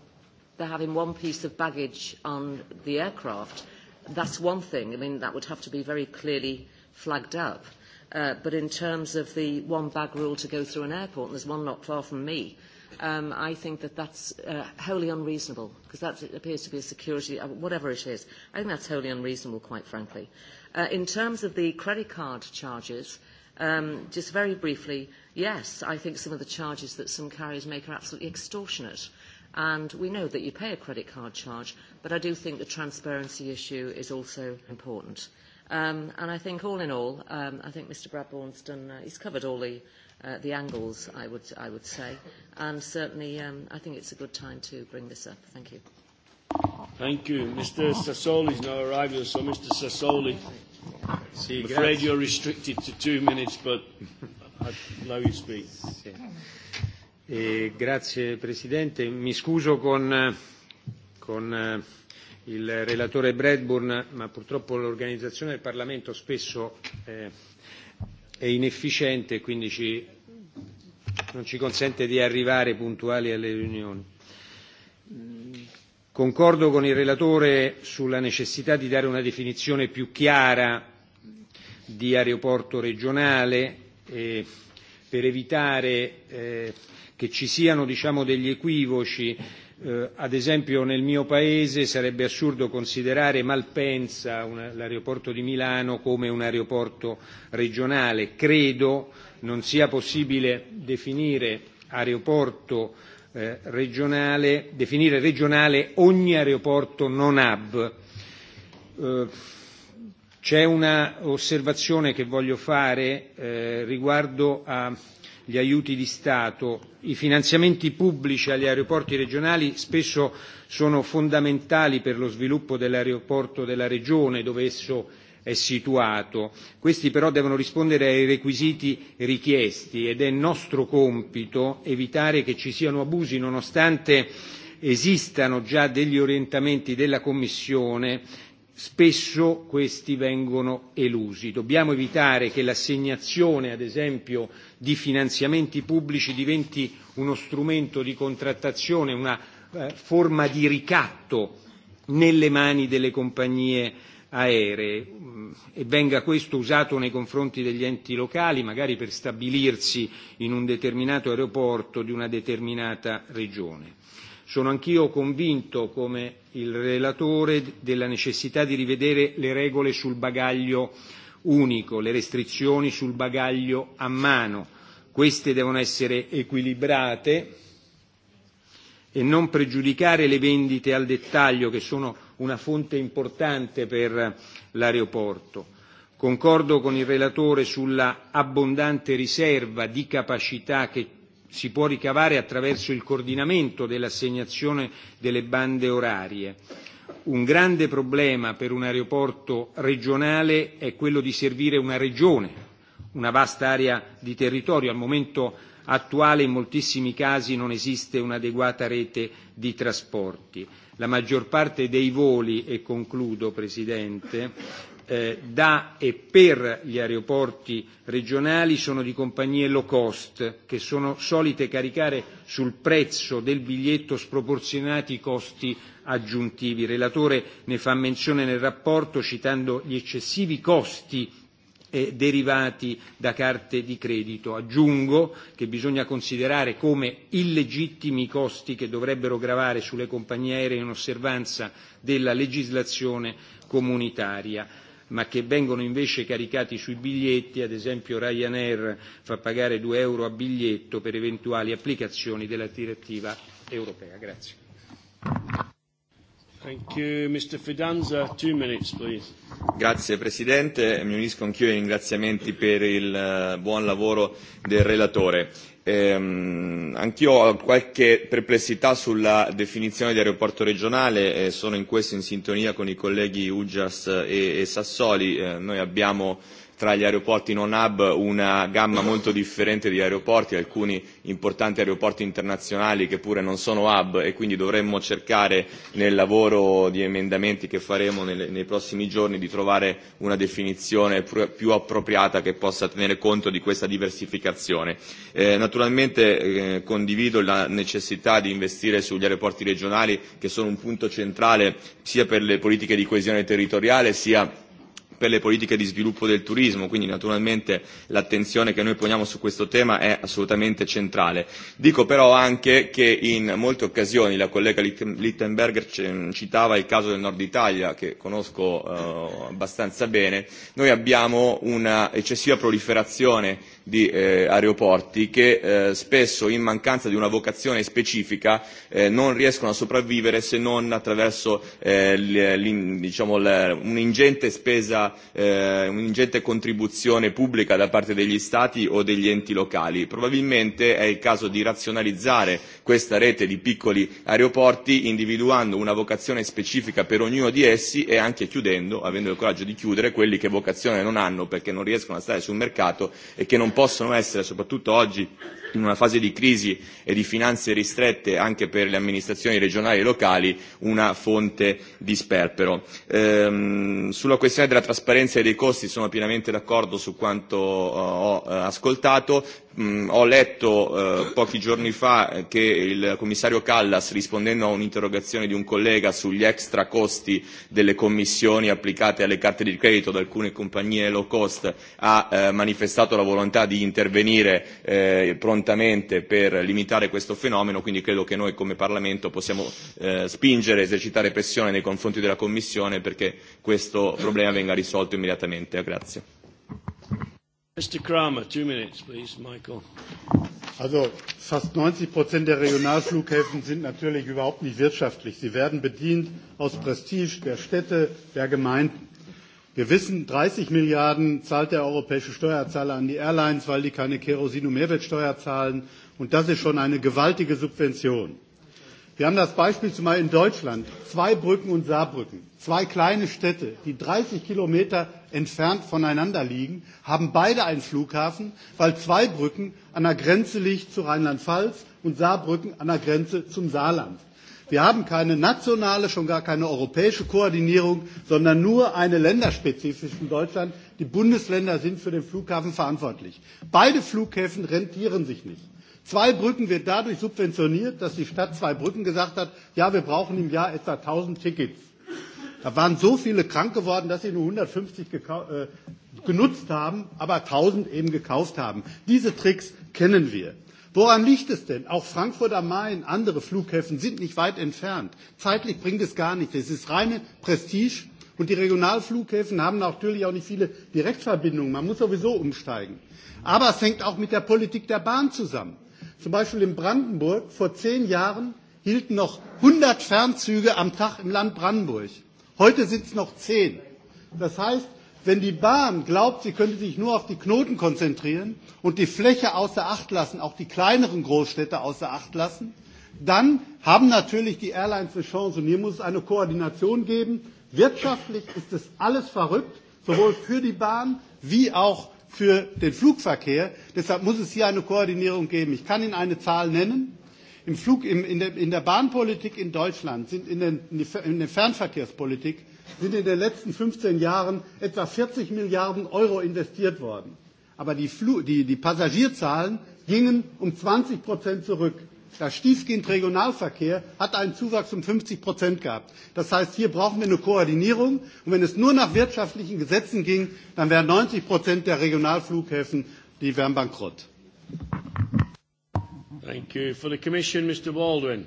they're having one piece of baggage on the aircraft, that's one thing. I mean, that would have to be very clearly flagged up. Uh, but in terms of the one bag rule to go through an airport, and there's one not far from me, uh, um, I think that that's uh, wholly unreasonable, because that appears to be a security, uh, whatever it is. I think that's wholly unreasonable, quite frankly. Uh, in terms of the credit card charges, um, just very briefly, yes, I think some of the charges that some carriers make are absolutely extortionate. And we know that you pay a credit card charge, but I do think the transparency issue is also important. Um, and I think all in all, um, I think Mr Bradbourne's done, uh, he's covered all the uh, the angles, I would, I would say. And certainly, um, I think it's a good time to bring this up. Thank you. Thank you. Mr. Sassoli's now arriving, so Mr. Sassoli, sì, I'm afraid you're restricted to two minutes, but I'd allow you to speak. Sì. Eh, grazie Presidente. Mi scuso con, con eh, il relatore Bradburn, ma purtroppo l'organizzazione del Parlamento spesso eh, è inefficiente e quindi ci, non ci consente di arrivare puntuali alle riunioni. Mm, concordo con il relatore sulla necessità di dare una definizione più chiara di aeroporto regionale eh, per evitare eh, che ci siano diciamo, degli equivoci Eh, ad esempio nel mio paese sarebbe assurdo considerare Malpensa, un, l'aeroporto di Milano, come un aeroporto regionale. Credo non sia possibile definire aeroporto eh, regionale, definire regionale ogni aeroporto non hub. Eh, c'è una osservazione che voglio fare eh, riguardo a gli aiuti di Stato. I finanziamenti pubblici agli aeroporti regionali spesso sono fondamentali per lo sviluppo dell'aeroporto della regione dove esso è situato. Questi però devono rispondere ai requisiti richiesti ed è nostro compito evitare che ci siano abusi nonostante esistano già degli orientamenti della Commissione spesso questi vengono elusi. Dobbiamo evitare che l'assegnazione, ad esempio, di finanziamenti pubblici diventi uno strumento di contrattazione, una eh, forma di ricatto nelle mani delle compagnie aeree mm, e venga questo usato nei confronti degli enti locali, magari per stabilirsi in un determinato aeroporto di una determinata regione. Sono anch'io convinto, come il relatore, della necessità di rivedere le regole sul bagaglio unico, le restrizioni sul bagaglio a mano, Queste devono essere equilibrate e non pregiudicare le vendite al dettaglio che sono una fonte importante per l'aeroporto. Concordo con il relatore sulla abbondante riserva di capacità che si può ricavare attraverso il coordinamento dell'assegnazione delle bande orarie. Un grande problema per un aeroporto regionale è quello di servire una regione una vasta area di territorio. Al momento attuale in moltissimi casi non esiste un'adeguata rete di trasporti. La maggior parte dei voli, e concludo Presidente, eh, da e per gli aeroporti regionali sono di compagnie low cost che sono solite caricare sul prezzo del biglietto sproporzionati costi aggiuntivi. Il relatore ne fa menzione nel rapporto citando gli eccessivi costi eh, derivati da carte di credito. Aggiungo che bisogna considerare come illegittimi i costi che dovrebbero gravare sulle compagnie aeree in osservanza della legislazione comunitaria ma che vengono invece caricati sui biglietti, ad esempio Ryanair fa pagare 2 euro a biglietto per eventuali applicazioni della direttiva europea. Grazie. Thank you, Mr. Fidanza. Two minutes, please. Grazie Presidente, mi unisco anch'io ai ringraziamenti per il eh, buon lavoro del relatore. Ehm, anch'io ho qualche perplessità sulla definizione di aeroporto regionale, eh, sono in questo in sintonia con i colleghi Uggias e, e Sassoli. Eh, noi abbiamo eh, tra gli aeroporti non hub una gamma molto differente di aeroporti, alcuni importanti aeroporti internazionali che pure non sono hub e quindi dovremmo cercare nel lavoro di emendamenti che faremo nelle, nei prossimi giorni di trovare una definizione pr- più appropriata che possa tenere conto di questa diversificazione. Eh, naturalmente eh, condivido la necessità di investire sugli aeroporti regionali che sono un punto centrale sia per le politiche di coesione territoriale sia per le politiche di sviluppo del turismo, quindi naturalmente l'attenzione che noi poniamo su questo tema è assolutamente centrale. Dico però anche che in molte occasioni la collega Littenberger citava il caso del nord Italia, che conosco eh, abbastanza bene, noi abbiamo una eccessiva proliferazione di eh, aeroporti che eh, spesso in mancanza di una vocazione specifica eh, non riescono a sopravvivere se non attraverso eh, l, diciamo, l, un'ingente spesa, eh, un'ingente contribuzione pubblica da parte degli Stati o degli enti locali. Probabilmente è il caso di razionalizzare questa rete di piccoli aeroporti individuando una vocazione specifica per ognuno di essi e anche chiudendo, avendo il coraggio di chiudere, quelli che vocazione non hanno perché non riescono a stare sul mercato e che non possono essere, soprattutto oggi, in una fase di crisi e di finanze ristrette anche per le amministrazioni regionali e locali una fonte di sperpero. Ehm, sulla questione della trasparenza e dei costi sono pienamente d'accordo su quanto eh, ho eh, ascoltato, mh, mm, ho letto eh, pochi giorni fa eh, che il commissario Callas, rispondendo a un'interrogazione di un collega sugli extra costi delle commissioni applicate alle carte di credito da alcune compagnie low cost, ha eh, manifestato la volontà di intervenire eh, prontamente convintamente per limitare questo fenomeno, quindi credo che noi come Parlamento possiamo eh, spingere, esercitare pressione nei confronti della Commissione perché questo problema venga risolto immediatamente. Grazie. Mr. Kramer, two minutes, please, Michael. Also fast 90 Prozent der Regionalflughäfen sind natürlich überhaupt nicht wirtschaftlich. Sie werden bedient aus Prestige der Städte, der Gemeinden. Wir wissen, 30 Milliarden zahlt der europäische Steuerzahler an die Airlines, weil die keine Kerosin- und Mehrwertsteuer zahlen. Und das ist schon eine gewaltige Subvention. Wir haben das Beispiel zumal in Deutschland. Zwei Brücken und Saarbrücken, zwei kleine Städte, die 30 Kilometer entfernt voneinander liegen, haben beide einen Flughafen, weil zwei Brücken an der Grenze liegt zu Rheinland-Pfalz und Saarbrücken an der Grenze zum Saarland. Wir haben keine nationale, schon gar keine europäische Koordinierung, sondern nur eine länderspezifische in Deutschland. Die Bundesländer sind für den Flughafen verantwortlich. Beide Flughäfen rentieren sich nicht. Zweibrücken wird dadurch subventioniert, dass die Stadt Zweibrücken gesagt hat, ja, wir brauchen im Jahr etwa 1000 Tickets. Da waren so viele krank geworden, dass sie nur 150 äh, genutzt haben, aber 1000 eben gekauft haben. Diese Tricks kennen wir. Woran liegt es denn? Auch Frankfurt am Main, andere Flughäfen sind nicht weit entfernt. Zeitlich bringt es gar nichts. Es ist reine Prestige. Und die Regionalflughäfen haben natürlich auch nicht viele Direktverbindungen. Man muss sowieso umsteigen. Aber es hängt auch mit der Politik der Bahn zusammen. Zum Beispiel in Brandenburg vor zehn Jahren hielten noch 100 Fernzüge am Tag im Land Brandenburg. Heute sind es noch zehn. Das heißt, Wenn die Bahn glaubt, sie könnte sich nur auf die Knoten konzentrieren und die Fläche außer Acht lassen, auch die kleineren Großstädte außer Acht lassen, dann haben natürlich die Airlines eine Chance. Und hier muss es eine Koordination geben. Wirtschaftlich ist das alles verrückt, sowohl für die Bahn wie auch für den Flugverkehr. Deshalb muss es hier eine Koordinierung geben. Ich kann Ihnen eine Zahl nennen. Im Flug, im, in, der, in der Bahnpolitik in Deutschland sind in, den, in der Fernverkehrspolitik sind in den letzten 15 Jahren etwa 40 Milliarden Euro investiert worden. Aber die, Flu die, die Passagierzahlen gingen um 20 Prozent zurück. Das stiefkind Regionalverkehr hat einen Zuwachs um 50 Prozent gehabt. Das heißt, hier brauchen wir eine Koordinierung. Und wenn es nur nach wirtschaftlichen Gesetzen ging, dann wären 90 Prozent der Regionalflughäfen, die wären bankrott. Thank you. For the Commission, Mr. Baldwin.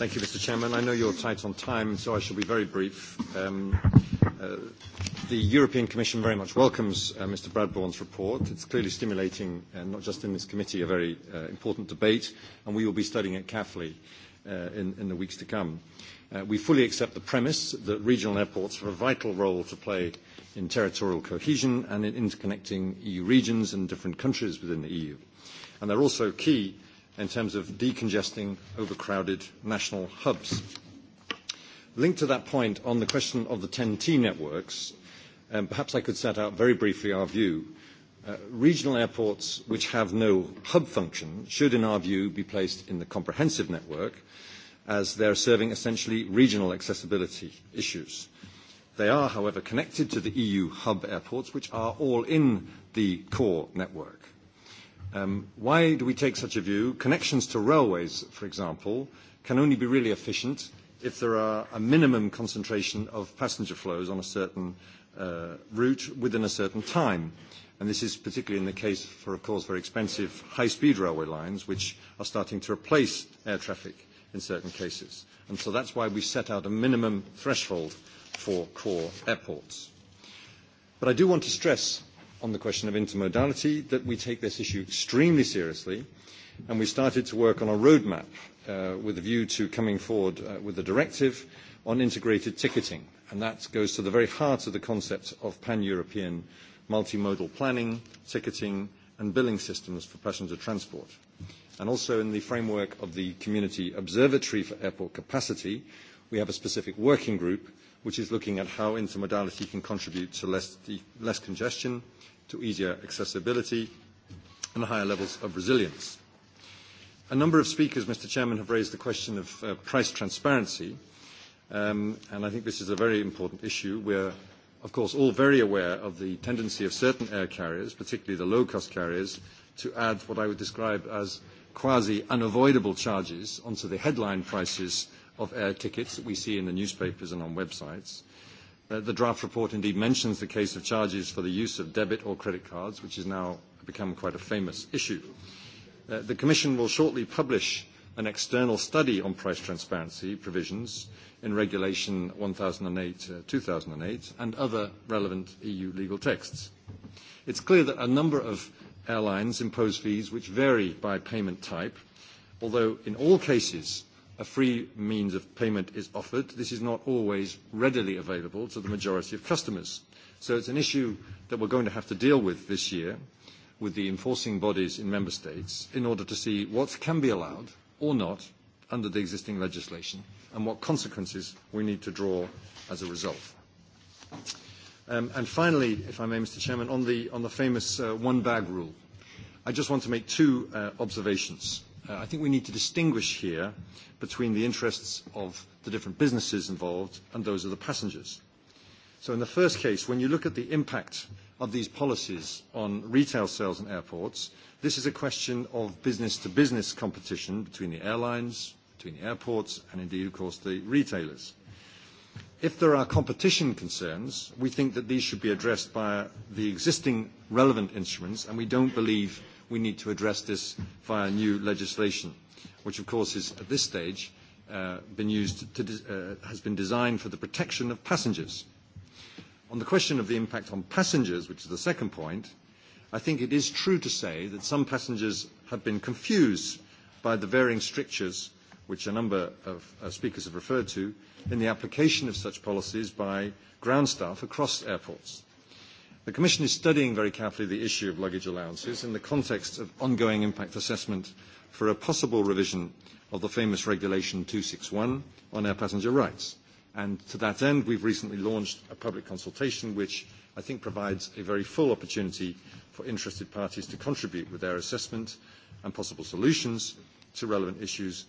Thank you, Mr. Chairman. I know you're tight on time, so I shall be very brief. Um, uh, the European Commission very much welcomes uh, Mr. Bradbourne's report. It's clearly stimulating, uh, not just in this committee, a very uh, important debate, and we will be studying it carefully uh, in, in the weeks to come. Uh, we fully accept the premise that regional airports have a vital role to play in territorial cohesion and in interconnecting EU regions and different countries within the EU. And they're also key uh, in terms of decongesting overcrowded national hubs. Linked to that point on the question of the 10T networks, um, perhaps I could set out very briefly our view. Uh, regional airports which have no hub function should, in our view, be placed in the comprehensive network as they're serving essentially regional accessibility issues. They are, however, connected to the EU hub airports, which are all in the core network. Um, why do we take such a view? Connections to railways, for example, can only be really efficient if there are a minimum concentration of passenger flows on a certain uh, route within a certain time. And this is particularly in the case for, of course, very expensive high-speed railway lines, which are starting to replace air traffic in certain cases. And so that's why we set out a minimum threshold for core airports. But I do want to stress on the question of intermodality that we take this issue extremely seriously, and we started to work on a roadmap uh, with a view to coming forward uh, with a directive on integrated ticketing. And that goes to the very heart of the concept of pan-European multimodal planning, ticketing, and billing systems for passenger transport. And also in the framework of the Community Observatory for Airport Capacity, we have a specific working group which is looking at how intermodality can contribute to less, less congestion, to easier accessibility, and higher levels of resilience. A number of speakers, Mr. Chairman, have raised the question of uh, price transparency, um, and I think this is a very important issue. We're, of course, all very aware of the tendency of certain air carriers, particularly the low-cost carriers, to add what I would describe as quasi-unavoidable charges onto the headline prices of air tickets that we see in the newspapers and on websites. Uh, the draft report indeed mentions the case of charges for the use of debit or credit cards, which has now become quite a famous issue. Uh, the Commission will shortly publish an external study on price transparency provisions in Regulation 1008-2008 uh, and other relevant EU legal texts. It's clear that a number of airlines impose fees which vary by payment type, although in all cases a free means of payment is offered, this is not always readily available to the majority of customers. So it's an issue that we're going to have to deal with this year with the enforcing bodies in member states in order to see what can be allowed or not under the existing legislation and what consequences we need to draw as a result. Um, and finally, if I may, Mr. Chairman, on the, on the famous uh, one-bag rule, I just want to make two uh, observations. Uh, I think we need to distinguish here between the interests of the different businesses involved and those of the passengers. So in the first case, when you look at the impact of these policies on retail sales in airports, this is a question of business-to-business -business competition between the airlines, between the airports, and indeed, of course, the retailers. If there are competition concerns, we think that these should be addressed by the existing relevant instruments, and we don't believe we need to address this via new legislation, which of course is at this stage uh, been used to, uh, has been designed for the protection of passengers. On the question of the impact on passengers, which is the second point, I think it is true to say that some passengers have been confused by the varying strictures, which a number of uh, speakers have referred to, in the application of such policies by ground staff across airports. The Commission is studying very carefully the issue of luggage allowances in the context of ongoing impact assessment for a possible revision of the famous Regulation 261 on air passenger rights. And to that end, we've recently launched a public consultation which I think provides a very full opportunity for interested parties to contribute with their assessment and possible solutions to relevant issues.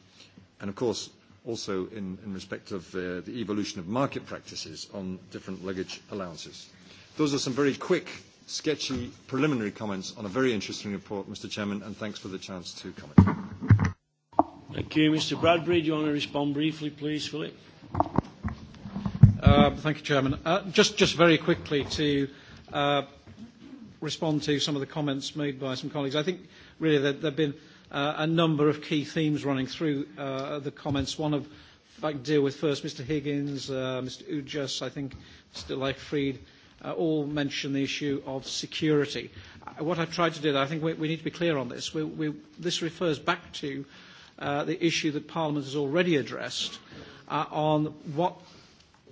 And of course, also in, in respect of uh, the evolution of market practices on different luggage allowances. Those are some very quick, sketchy, preliminary comments on a very interesting report, Mr. Chairman, and thanks for the chance to comment. Thank you. Mr. Bradbury, do you want to respond briefly, please, Philip? Uh, thank you, Chairman. Uh, just, just very quickly to uh, respond to some of the comments made by some colleagues. I think really that there have been uh, a number of key themes running through uh, the comments. One of, if I can deal with first, Mr. Higgins, uh, Mr. Ujas, I think Mr. Leichfried, uh, all mention the issue of security. Uh, what I've tried to do, I think we, we need to be clear on this. We, we, this refers back to uh, the issue that Parliament has already addressed uh, on what,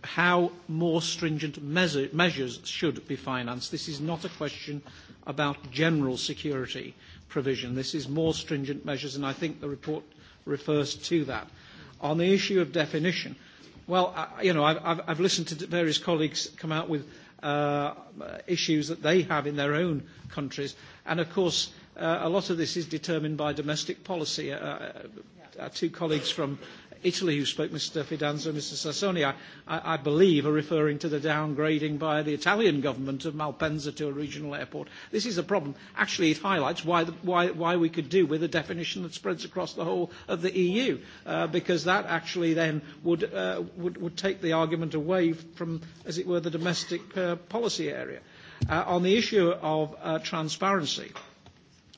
how more stringent measure, measures should be financed. This is not a question about general security provision. This is more stringent measures, and I think the report refers to that. On the issue of definition, well, I, uh, you know, I've, I've, I've listened to various colleagues come out with uh, issues that they have in their own countries. And of course, uh, a lot of this is determined by domestic policy. Uh, our uh, uh, two colleagues from Italy who spoke, Mr Fidanza, Mr Sassoni, I, I, I believe are referring to the downgrading by the Italian government of Malpensa to a regional airport. This is a problem. Actually, it highlights why, the, why, why we could do with a definition that spreads across the whole of the EU, uh, because that actually then would, uh, would, would take the argument away from, as it were, the domestic uh, policy area. Uh, on the issue of uh, transparency,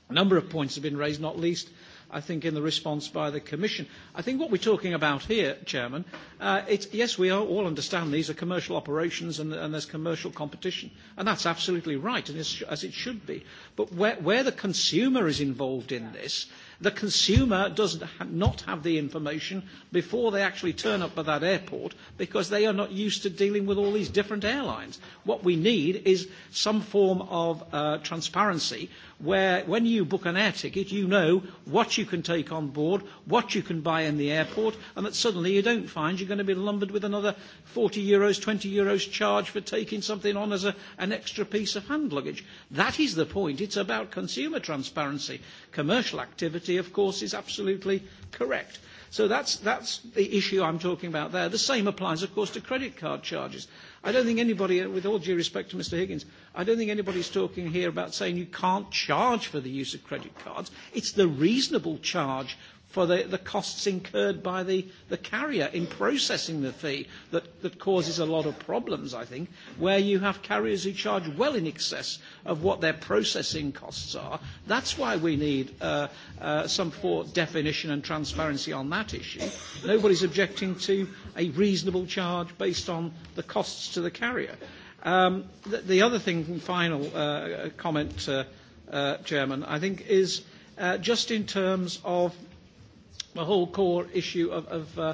a number of points have been raised, not least – I think, in the response by the Commission. I think what we're talking about here, Chairman, uh, it's, yes, we all understand these are commercial operations and, and there's commercial competition, and that's absolutely right, and as it should be. But where, where the consumer is involved in this, yeah The consumer does not have the information before they actually turn up at that airport because they are not used to dealing with all these different airlines. What we need is some form of uh, transparency where when you book an air ticket, you know what you can take on board, what you can buy in the airport, and that suddenly you don't find you're going to be lumbered with another 40 euros, 20 euros charge for taking something on as a, an extra piece of hand luggage. That is the point. It's about consumer transparency. Commercial activity electricity, of course, is absolutely correct. So that's, that's the issue I'm talking about there. The same applies, of course, to credit card charges. I don't think anybody, with all due respect to Mr. Higgins, I don't think anybody's talking here about saying you can't charge for the use of credit cards. It's the reasonable charge for the, the costs incurred by the, the carrier in processing the fee that, that causes a lot of problems, I think, where you have carriers who charge well in excess of what their processing costs are. That's why we need uh, uh, some for definition and transparency on that issue. Nobody's objecting to a reasonable charge based on the costs to the carrier. Um, the, the other thing, final uh, comment, uh, uh, Chairman, I think is uh, just in terms of – the whole core issue of, of, uh,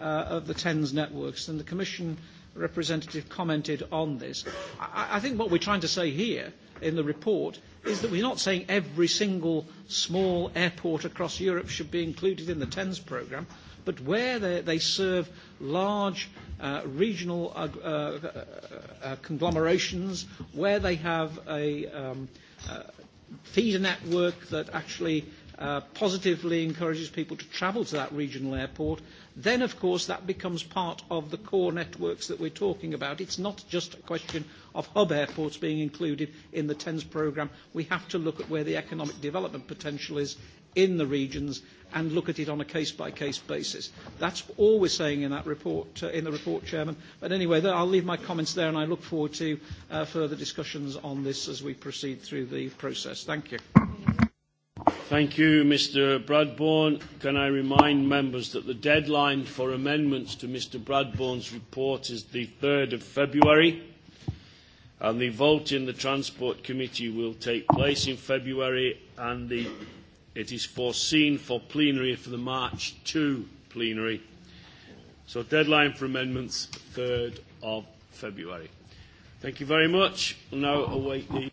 uh, of the TENS networks, and the Commission representative commented on this. I, I think what we're trying to say here in the report is that we're not saying every single small airport across Europe should be included in the TENS programme, but where they, they serve large uh, regional uh, uh, uh, uh, conglomerations, where they have a um, uh, feeder network that actually uh, positively encourages people to travel to that regional airport, then of course that becomes part of the core networks that we're talking about. It's not just a question of hub airports being included in the TENS programme. We have to look at where the economic development potential is in the regions and look at it on a case-by-case -case basis. That's all we're saying in that report, uh, in the report, Chairman. But anyway, there, I'll leave my comments there, and I look forward to uh, further discussions on this as we proceed through the process. Thank you. Thank you, Mr Bradbourne. Can I remind members that the deadline for amendments to Mr Bradbourne's report is the 3rd of February, and the vote in the Transport Committee will take place in February, and the, it is foreseen for plenary for the March 2 plenary. So deadline for amendments, 3rd of February. Thank you very much. We'll now await the...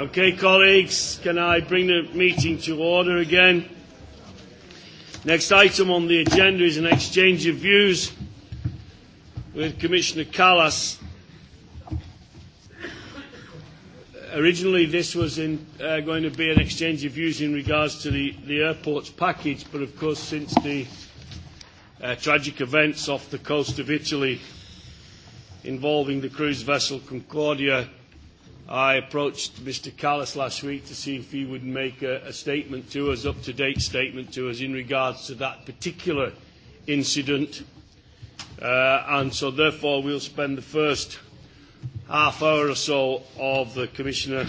Okay, colleagues, can I bring the meeting to order again? Next item on the agenda is an exchange of views with Commissioner Callas. Originally, this was in, uh, going to be an exchange of views in regards to the, the airports package, but of course, since the uh, tragic events off the coast of Italy involving the cruise vessel Concordia, I approached Mr. Callas last week to see if he would make a, a statement to us, up-to-date statement to us in regards to that particular incident. Uh, and so therefore we'll spend the first half hour or so of the Commissioner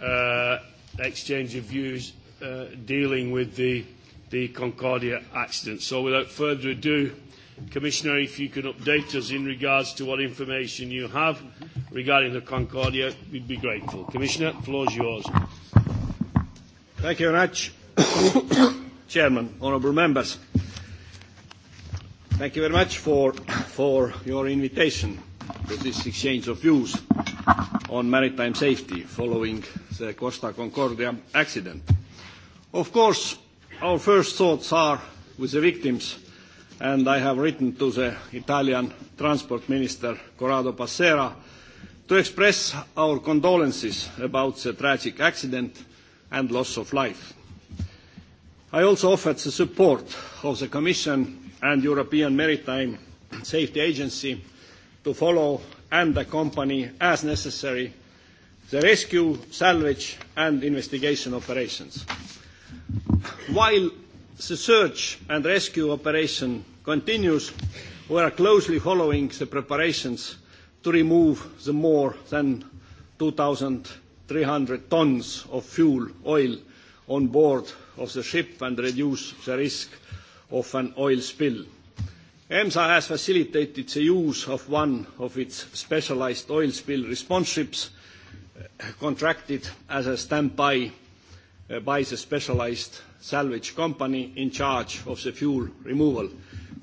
uh, exchange of views uh, dealing with the, the Concordia accident. So without further ado, Commissioner, if you can update us in regards to what information you have. Mm-hmm regarding the Concordia, we'd be grateful. Commissioner, floor is yours. Thank you very much, Chairman, honourable members. Thank you very much for, for your invitation to this exchange of views on maritime safety following the Costa Concordia accident. Of course, our first thoughts are with the victims, and I have written to the Italian Transport Minister, Corrado Passera, to express our condolences about the tragic accident and loss of life. I also offered the support of the Commission and European Maritime Safety Agency to follow and accompany, as necessary, the rescue, salvage and investigation operations. While the search and rescue operation continues, we are closely following the preparations to remove the more than 2,300 tons of fuel oil on board of the ship and reduce the risk of an oil spill. EMSA has facilitated the use of one of its specialized oil spill response ships uh, contracted as a standby uh, by the specialized salvage company in charge of the fuel removal.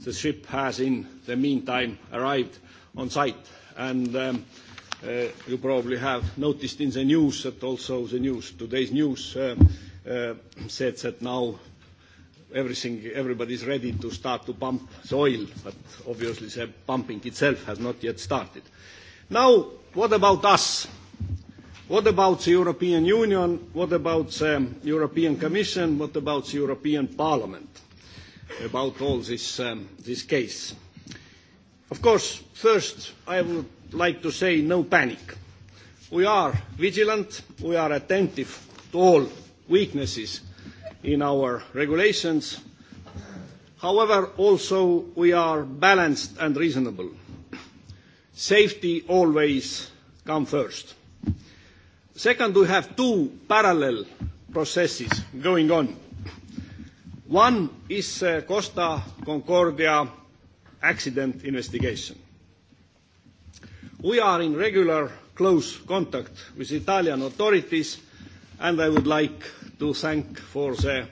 The ship has, in the meantime, arrived on site. And um, uh, you probably have noticed in the news that also the news, today's news, uh, uh, said that now everything, everybody's ready to start to pump the oil, but obviously the pumping itself has not yet started. Now, what about us? What about the European Union? What about the European Commission? What about the European Parliament about all this, um, this case? Of course, first, I would like to say no panic. We are vigilant, we are attentive to all weaknesses in our regulations. However, also, we are balanced and reasonable. Safety always come first. Second, we have two parallel processes going on. One is uh, Costa Concordia accident investigation. We are in regular close contact with Italian authorities, and I would like to thank for, the,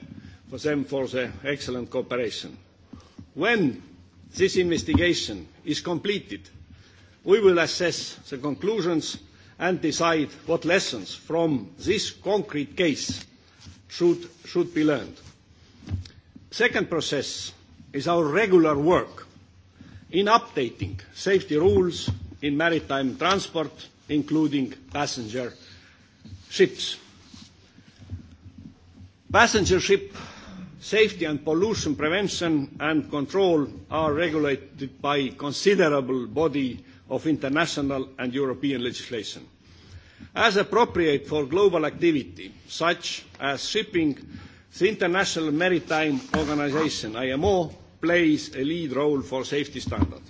for them for the excellent cooperation. When this investigation is completed, we will assess the conclusions and decide what lessons from this concrete case should, should be learned. Second process is our regular work in updating safety rules in maritime transport, including passenger ships. Passenger ship safety and pollution prevention and control are regulated by considerable body of international and European legislation. As appropriate for global activity, such as shipping, the International Maritime Organization, IMO, plays a lead role for safety standard.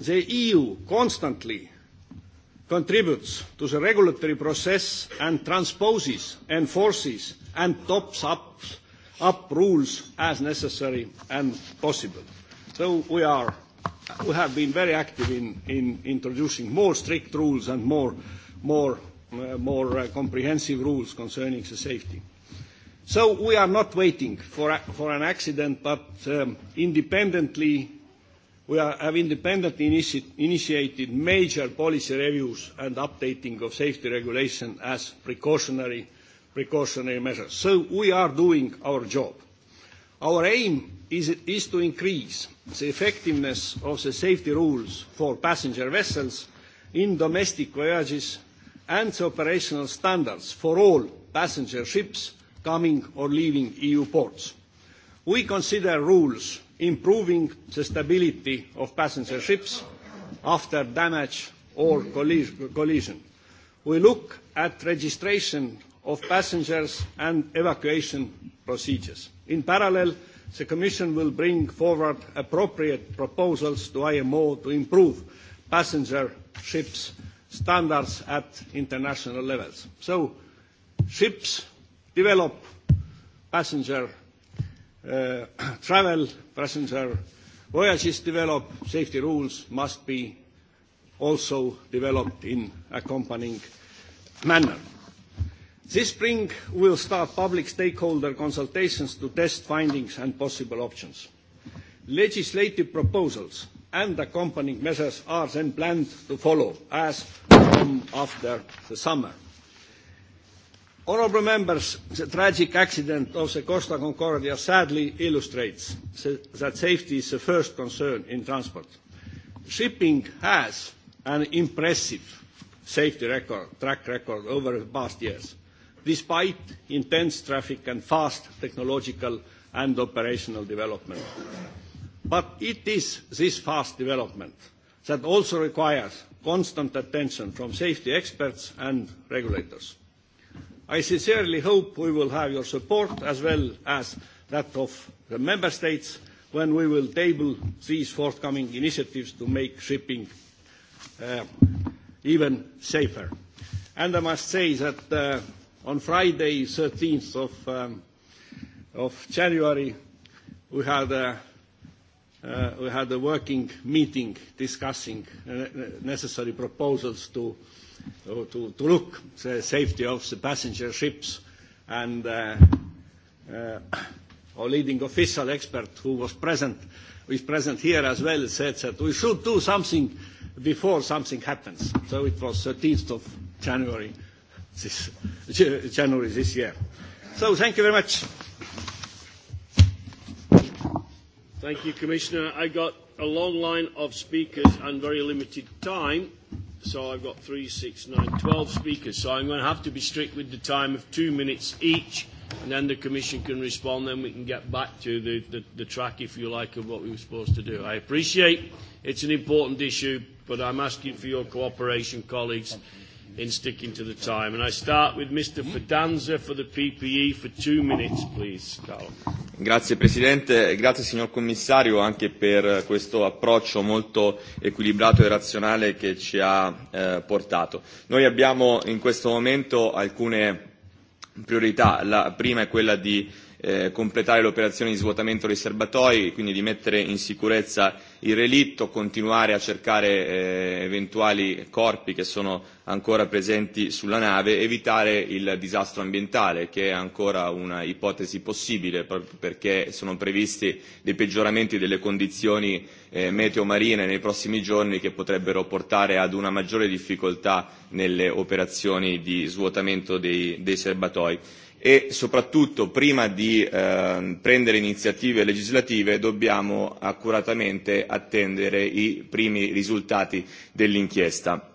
The EU constantly contributes to the regulatory process and transposes, enforces, and tops up, up rules as necessary and possible. So we, are, we have been very active in, in introducing more strict rules and more, more, uh, more uh, comprehensive rules concerning the safety. So we are not waiting for, a, for an accident, but um, independently, we are, have independently initi initiated major policy reviews and updating of safety regulation as precautionary, precautionary measures. So we are doing our job. Our aim is, is to increase the effectiveness of the safety rules for passenger vessels in domestic voyages and the operational standards for all passenger ships coming or leaving EU ports. We consider rules improving the stability of passenger ships after damage or collision. We look at registration of passengers and evacuation procedures. In parallel, the Commission will bring forward appropriate proposals to IMO to improve passenger ships' standards at international levels. So ships develop passenger uh, travel, passenger voyages develop, safety rules must be also developed in accompanying manner. This spring, we will start public stakeholder consultations to test findings and possible options. Legislative proposals and accompanying measures are then planned to follow as from after the summer. Honourable members, the tragic accident of the Costa Concordia sadly illustrates that safety is the first concern in transport. Shipping has an impressive safety record, track record over the past years, despite intense traffic and fast technological and operational development. But it is this fast development that also requires constant attention from safety experts and regulators. I sincerely hope we will have your support as well as that of the member states when we will table these forthcoming initiatives to make shipping uh, even safer. And I must say that uh, on Friday, 13th of, um, of January, we had a, uh, we had a working meeting discussing uh, necessary proposals to uh, to, to, to look the safety of the passenger ships and uh, uh, our leading official expert who was present, who is present here as well, said that we should do something before something happens. So it was 13th of January this, January this year. So thank you very much. Thank you, Commissioner. I got a long line of speakers and very limited time. So I've got three, six, nine, 12 speakers. So I'm going to have to be strict with the time of two minutes each, and then the Commission can respond, then we can get back to the, the, the track, if you like, of what we were supposed to do. I appreciate it's an important issue, but I'm asking for your cooperation, colleagues. Thank you in sticking to the time. And I start with Mr. Fidanza for the PPE for two minutes, please, Carlo. Grazie Presidente, e grazie signor Commissario anche per eh, questo approccio molto equilibrato e razionale che ci ha eh, portato. Noi abbiamo in questo momento alcune priorità. La prima è quella di eh, completare l'operazione di svuotamento dei serbatoi, quindi di mettere in sicurezza il relitto, continuare a cercare eh, eventuali corpi che sono ancora presenti sulla nave, evitare il disastro ambientale, che è ancora una ipotesi possibile, proprio perché sono previsti dei peggioramenti delle condizioni eh, meteo marine nei prossimi giorni che potrebbero portare ad una maggiore difficoltà nelle operazioni di svuotamento dei, dei serbatoi e soprattutto prima di eh, prendere iniziative legislative dobbiamo accuratamente attendere i primi risultati dell'inchiesta.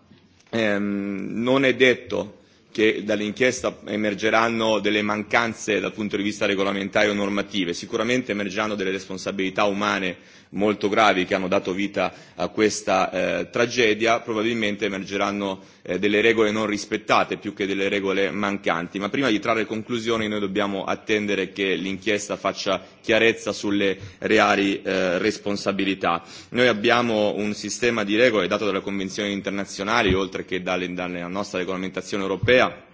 Ehm, non è detto che dall'inchiesta emergeranno delle mancanze dal punto di vista regolamentare o normative, sicuramente emergeranno delle responsabilità umane molto gravi che hanno dato vita a questa eh, tragedia, probabilmente emergeranno eh, delle regole non rispettate più che delle regole mancanti. Ma prima di trarre conclusioni noi dobbiamo attendere che l'inchiesta faccia chiarezza sulle reali eh, responsabilità. Noi abbiamo un sistema di regole dato dalle convenzioni internazionali, oltre che dalle, dalla nostra regolamentazione europea,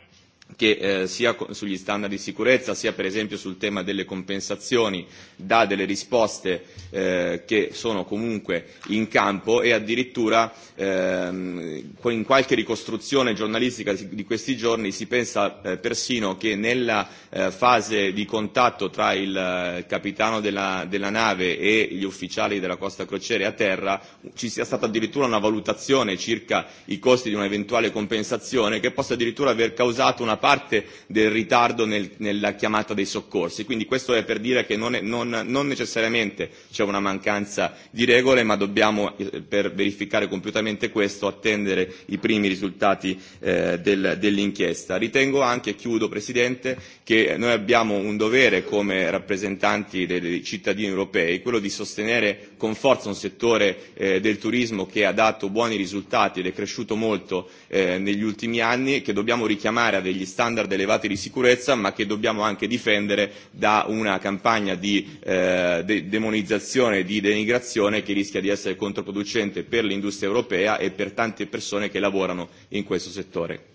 che eh, sia sugli standard di sicurezza sia per esempio sul tema delle compensazioni dà delle risposte eh, che sono comunque in campo e addirittura ehm, in qualche ricostruzione giornalistica di questi giorni si pensa eh, persino che nella eh, fase di contatto tra il, il eh, capitano della, della nave e gli ufficiali della Costa Crociere a terra ci sia stata addirittura una valutazione circa i costi di un'eventuale compensazione che possa addirittura aver causato una parte del ritardo nel, nella chiamata dei soccorsi. Quindi questo è per dire che non, è, non, non necessariamente c'è una mancanza di regole, ma dobbiamo, eh, per verificare compiutamente questo, attendere i primi risultati eh, del, dell'inchiesta. Ritengo anche, e chiudo Presidente, che noi abbiamo un dovere come rappresentanti dei, dei cittadini europei, quello di sostenere con forza un settore eh, del turismo che ha dato buoni risultati ed è cresciuto molto eh, negli ultimi anni e che dobbiamo richiamare a degli standard elevati di sicurezza, ma che dobbiamo anche difendere da una campagna di eh, de- demonizzazione e di denigrazione che rischia di essere controproducente per l'industria europea e per tante persone che lavorano in questo settore.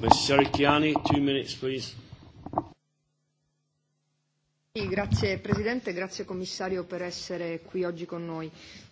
Mr. Chiani, two minutes, please. Grazie Presidente, grazie Commissario per essere qui oggi con noi.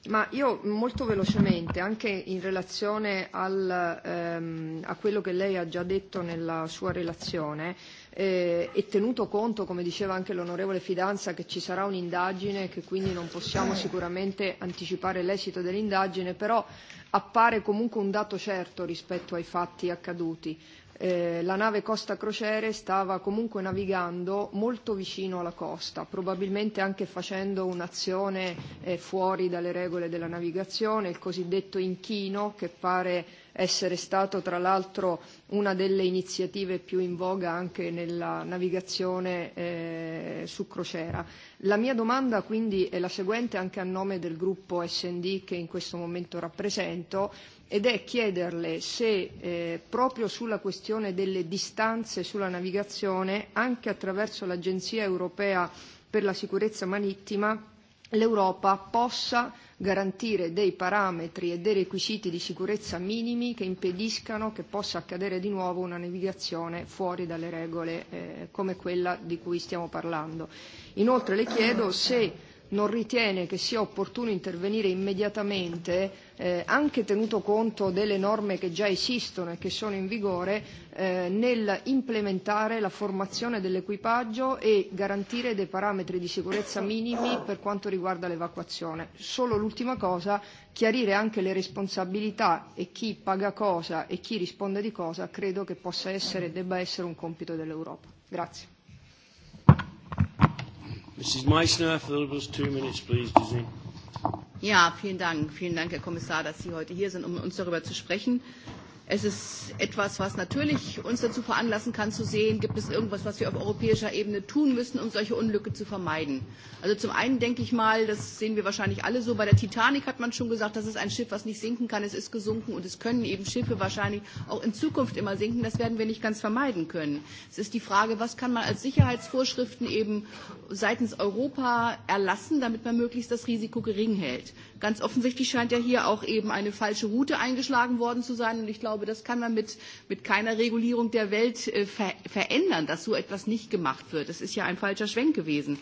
Ma io molto velocemente, anche in relazione al, ehm, a quello che lei ha già detto nella sua relazione, eh, e tenuto conto, come diceva anche l'onorevole Fidanza, che ci sarà un'indagine, che quindi non possiamo sicuramente anticipare l'esito dell'indagine, però appare comunque un dato certo rispetto ai fatti accaduti eh, la nave Costa Crociere stava comunque navigando molto vicino alla costa, probabilmente anche facendo un'azione eh, fuori dalle regole della navigazione, il cosiddetto inchino che pare essere stato tra l'altro una delle iniziative più in voga anche nella navigazione eh, su crociera. La mia domanda quindi è la seguente anche a nome del gruppo SD che in questo momento rappresento ed è chiederle se eh, proprio sulla questione delle distanze sulla navigazione, anche attraverso l'Agenzia europea per la sicurezza marittima, l'Europa possa garantire dei parametri e dei requisiti di sicurezza minimi che impediscano che possa accadere di nuovo una navigazione fuori dalle regole eh, come quella di cui stiamo parlando. Inoltre le chiedo se non ritiene che sia opportuno intervenire immediatamente, eh, anche tenuto conto delle norme che già esistono e che sono in vigore, eh, nel implementare la formazione dell'equipaggio e garantire dei parametri di sicurezza minimi per quanto riguarda l'evacuazione. Solo l'ultima cosa, chiarire anche le responsabilità e chi paga cosa e chi risponde di cosa, credo che possa essere e debba essere un compito dell'Europa. Grazie. Mrs. Meissner, for those two minutes, please, Disney. Ja, vielen Dank. Vielen Dank, Herr Kommissar, dass Sie heute hier sind, um uns darüber zu sprechen. Es ist etwas, was natürlich uns dazu veranlassen kann zu sehen, gibt es irgendwas, was wir auf europäischer Ebene tun müssen, um solche Unglücke zu vermeiden. Also zum einen denke ich mal, das sehen wir wahrscheinlich alle so, bei der Titanic hat man schon gesagt, das ist ein Schiff, was nicht sinken kann, es ist gesunken und es können eben Schiffe wahrscheinlich auch in Zukunft immer sinken, das werden wir nicht ganz vermeiden können. Es ist die Frage, was kann man als Sicherheitsvorschriften eben seitens Europa erlassen, damit man möglichst das Risiko gering hält. Ganz offensichtlich scheint ja hier auch eben eine falsche Route eingeschlagen worden zu sein. Und ich glaube, das kann man mit, mit keiner Regulierung der Welt äh, ver verändern, dass so etwas nicht gemacht wird. Das ist ja ein falscher Schwenk gewesen.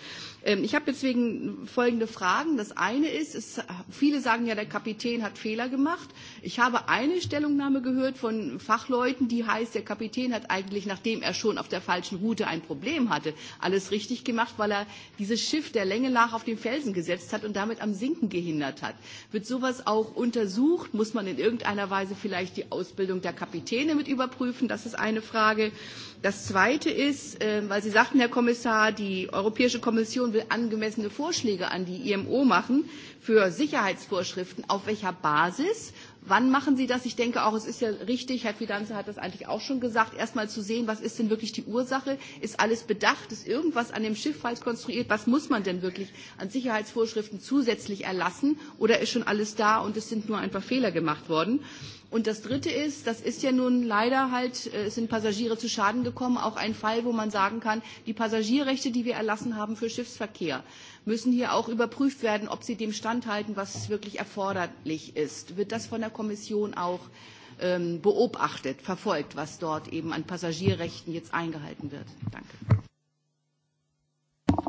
Ähm, ich habe deswegen folgende Fragen. Das eine ist, es, viele sagen ja, der Kapitän hat Fehler gemacht. Ich habe eine Stellungnahme gehört von Fachleuten, die heißt, der Kapitän hat eigentlich, nachdem er schon auf der falschen Route ein Problem hatte, alles richtig gemacht, weil er dieses Schiff der Länge nach auf den Felsen gesetzt hat und damit am Sinken gehindert hat. Wird sowas auch untersucht? Muss man in irgendeiner Weise vielleicht die Ausbildung der Kapitäne mit überprüfen? Das ist eine Frage. Das Zweite ist, äh, weil Sie sagten, Herr Kommissar, die Europäische Kommission will angemessene Vorschläge an die IMO machen für Sicherheitsvorschriften. Auf welcher Basis? Wann machen Sie das? Ich denke auch, es ist ja richtig, Herr Fidanza hat das eigentlich auch schon gesagt, erstmal zu sehen, was ist denn wirklich die Ursache? Ist alles bedacht? Ist irgendwas an dem Schiff falsch konstruiert? Was muss man denn wirklich an Sicherheitsvorschriften zusätzlich erlassen? Oder ist schon alles da und es sind nur ein paar Fehler gemacht worden? Äh, Und das Dritte ist, das ist ja nun leider halt, äh, es sind Passagiere zu Schaden gekommen, auch ein Fall, wo man sagen kann, die Passagierrechte, die wir erlassen haben für Schiffsverkehr, müssen hier auch überprüft werden, ob sie dem standhalten, was wirklich erforderlich ist. Wird das von der Kommission auch ähm, beobachtet, verfolgt, was dort eben an Passagierrechten jetzt eingehalten wird? Danke.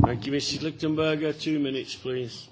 Thank you, Mrs. Lichtenberger. Two minutes, please.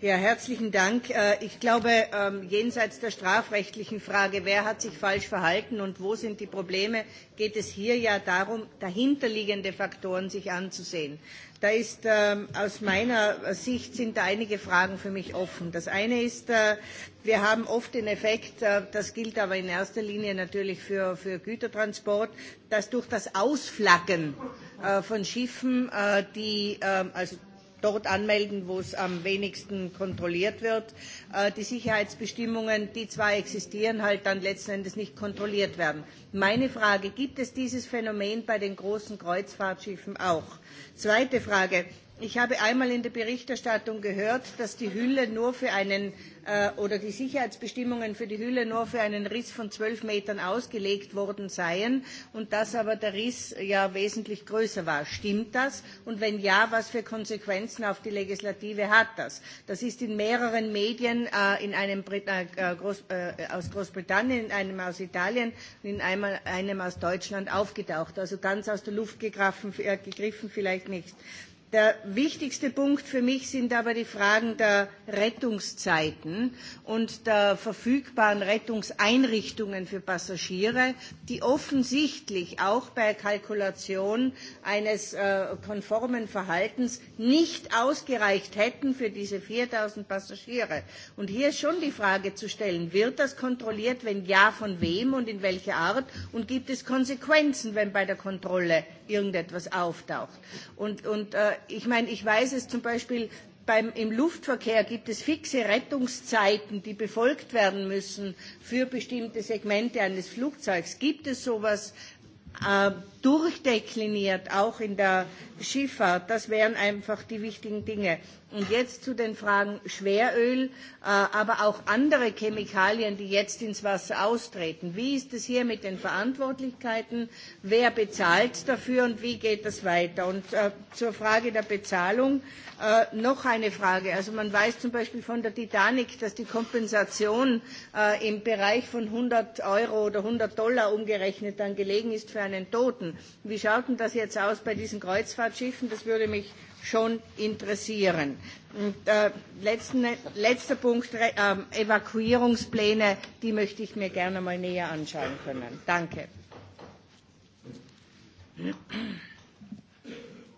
Ja, herzlichen Dank. Äh, ich glaube, ähm, jenseits der strafrechtlichen Frage, wer hat sich falsch verhalten und wo sind die Probleme, geht es hier ja darum, dahinterliegende Faktoren sich anzusehen. Da ist ähm, aus meiner Sicht sind da einige Fragen für mich offen. Das eine ist, äh, wir haben oft den Effekt, äh, das gilt aber in erster Linie natürlich für, für Gütertransport, dass durch das Ausflaggen äh, von Schiffen, äh, die, äh, also dort anmelden, wo es am wenigsten kontrolliert wird. Äh, die Sicherheitsbestimmungen, die zwar existieren, halt dann letzten Endes nicht kontrolliert werden. Meine Frage, gibt es dieses Phänomen bei den großen Kreuzfahrtschiffen auch? Zweite Frage, Ich habe einmal in der Berichterstattung gehört, dass die Hülle nur für einen äh, oder die Sicherheitsbestimmungen für die Hülle nur für einen Riss von zwölf Metern ausgelegt worden seien und dass aber der Riss ja wesentlich größer war. Stimmt das? Und wenn ja, was für Konsequenzen auf die Legislative hat das? Das ist in mehreren Medien äh, in einem Brit äh, Groß, äh, aus Großbritannien, in einem aus Italien und in einem, einem aus Deutschland aufgetaucht. Also ganz aus der Luft gegriffen, äh, gegriffen vielleicht nicht. Der wichtigste Punkt für mich sind aber die Fragen der Rettungszeiten und der verfügbaren Rettungseinrichtungen für Passagiere, die offensichtlich auch bei Kalkulation eines äh, konformen Verhaltens nicht ausgereicht hätten für diese 4000 Passagiere. Und hier ist schon die Frage zu stellen, wird das kontrolliert? Wenn ja, von wem und in welcher Art? Und gibt es Konsequenzen, wenn bei der Kontrolle irgendetwas auftaucht. Und, und äh, ich meine, ich weiß es zum Beispiel, beim, im Luftverkehr gibt es fixe Rettungszeiten, die befolgt werden müssen für bestimmte Segmente eines Flugzeugs. Gibt es sowas? Äh, durchdekliniert, auch in der Schifffahrt. Das wären einfach die wichtigen Dinge. Und jetzt zu den Fragen Schweröl, äh, aber auch andere Chemikalien, die jetzt ins Wasser austreten. Wie ist es hier mit den Verantwortlichkeiten? Wer bezahlt dafür und wie geht das weiter? Und äh, zur Frage der Bezahlung äh, noch eine Frage. Also man weiß zum Beispiel von der Titanic, dass die Kompensation äh, im Bereich von 100 Euro oder 100 Dollar umgerechnet dann gelegen ist für einen Toten. Flughafen. Wie schaut denn das jetzt aus bei diesen Kreuzfahrtschiffen? Das würde mich schon interessieren. Und, äh, letzten, letzter Punkt, äh, Evakuierungspläne, die möchte ich mir gerne mal näher anschauen können. Danke.